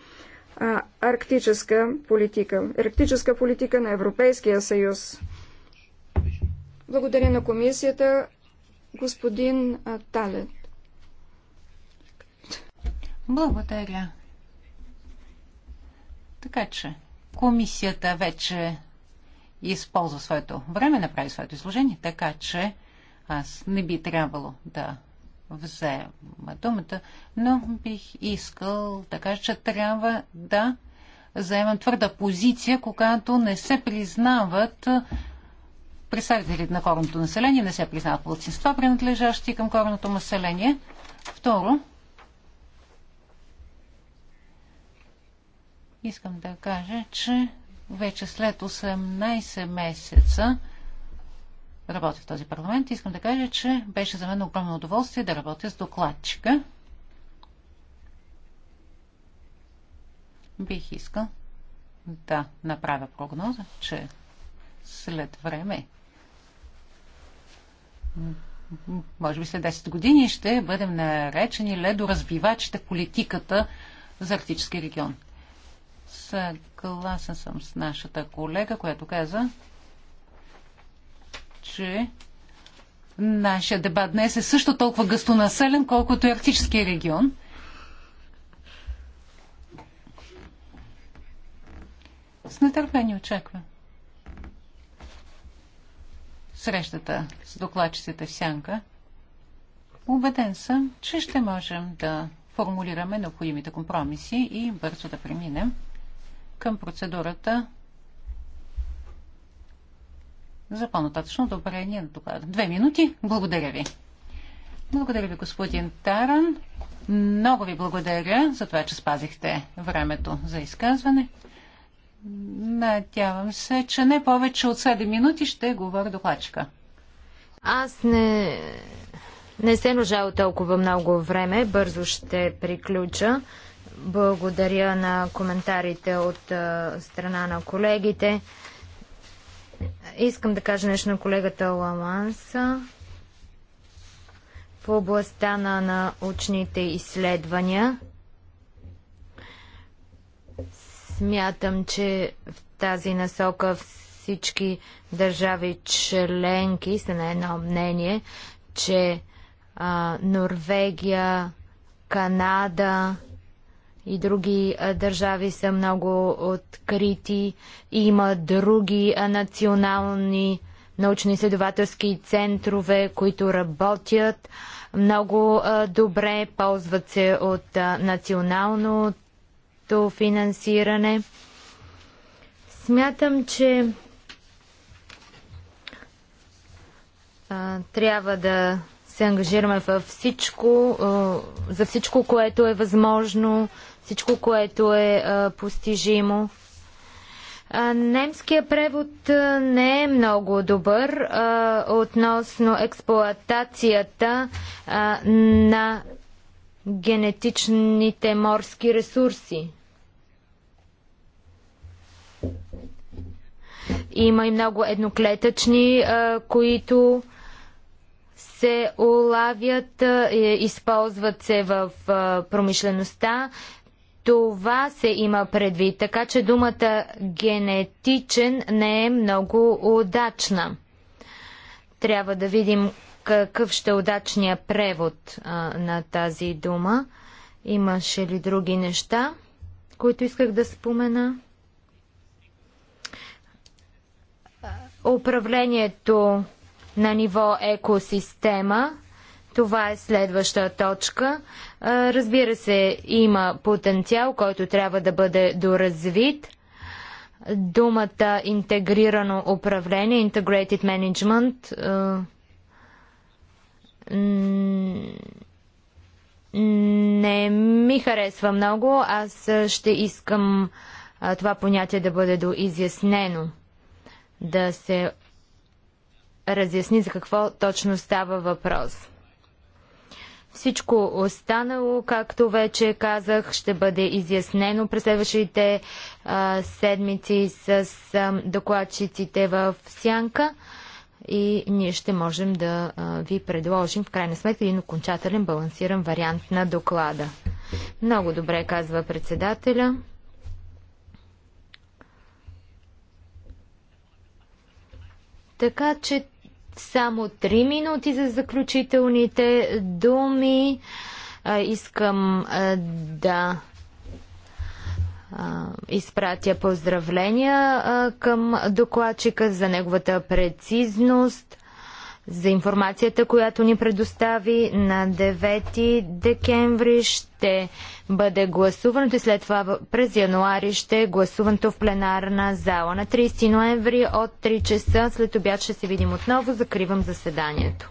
арктическа политика. Арктическа политика на Европейския съюз. Благодаря на комисията, господин Талет. Благодаря. Така че комисията вече използва своето време, направи своето изложение, така че аз не би трябвало да взема думата, но бих искал да кажа, че трябва да заемам твърда позиция, когато не се признават представителите на корното население, не се признават младсинства, принадлежащи към корното население. Второ, искам да кажа, че вече след 18 месеца работя в този парламент, искам да кажа, че беше за мен огромно удоволствие да работя с докладчика. Бих искал да направя прогноза, че след време, може би след 10 години, ще бъдем наречени ледоразвивачите в политиката за Арктически регион. Съгласен съм с нашата колега, която каза, че нашия дебат днес е също толкова гъстонаселен, колкото и арктическия регион. С нетърпение очаква. Срещата с докладчиците в Сянка. Убеден съм, че ще можем да формулираме необходимите компромиси и бързо да преминем към процедурата за по-нататъчно одобрение на доклада. Две минути. Благодаря ви. Благодаря ви, господин Таран. Много ви благодаря за това, че спазихте времето за изказване. Надявам се, че не повече от 7 минути ще говоря докладчика. Аз не, не се нуждая от толкова много време. Бързо ще приключа. Благодаря на коментарите от страна на колегите. Искам да кажа нещо на колегата Ламанса в областта на научните изследвания. Смятам, че в тази насока всички държави членки са на едно мнение, че а, Норвегия, Канада, и други държави са много открити. Има други национални научно-изследователски центрове, които работят много добре, ползват се от националното финансиране. Смятам, че трябва да се ангажираме във всичко, за всичко, което е възможно, всичко, което е а, постижимо. А, немския превод а, не е много добър а, относно експлоатацията а, на генетичните морски ресурси. Има и много едноклетъчни, а, които се улавят, използват се в промишлеността. Това се има предвид, така че думата генетичен не е много удачна. Трябва да видим какъв ще е удачният превод а, на тази дума. Имаше ли други неща, които исках да спомена? Управлението на ниво екосистема това е следваща точка. Разбира се, има потенциал, който трябва да бъде доразвит. Думата интегрирано управление, integrated management, не ми харесва много. Аз ще искам това понятие да бъде доизяснено, да се разясни за какво точно става въпрос. Всичко останало, както вече казах, ще бъде изяснено през следващите а, седмици с а, докладчиците в Сянка и ние ще можем да а, ви предложим в крайна сметка един окончателен балансиран вариант на доклада. Много добре, казва председателя. Така че само три минути за заключителните думи. Искам да изпратя поздравления към докладчика за неговата прецизност за информацията, която ни предостави. На 9 декември ще бъде гласуването и след това през януари ще е гласуването в пленарна зала. На 30 ноември от 3 часа след обяд ще се видим отново. Закривам заседанието.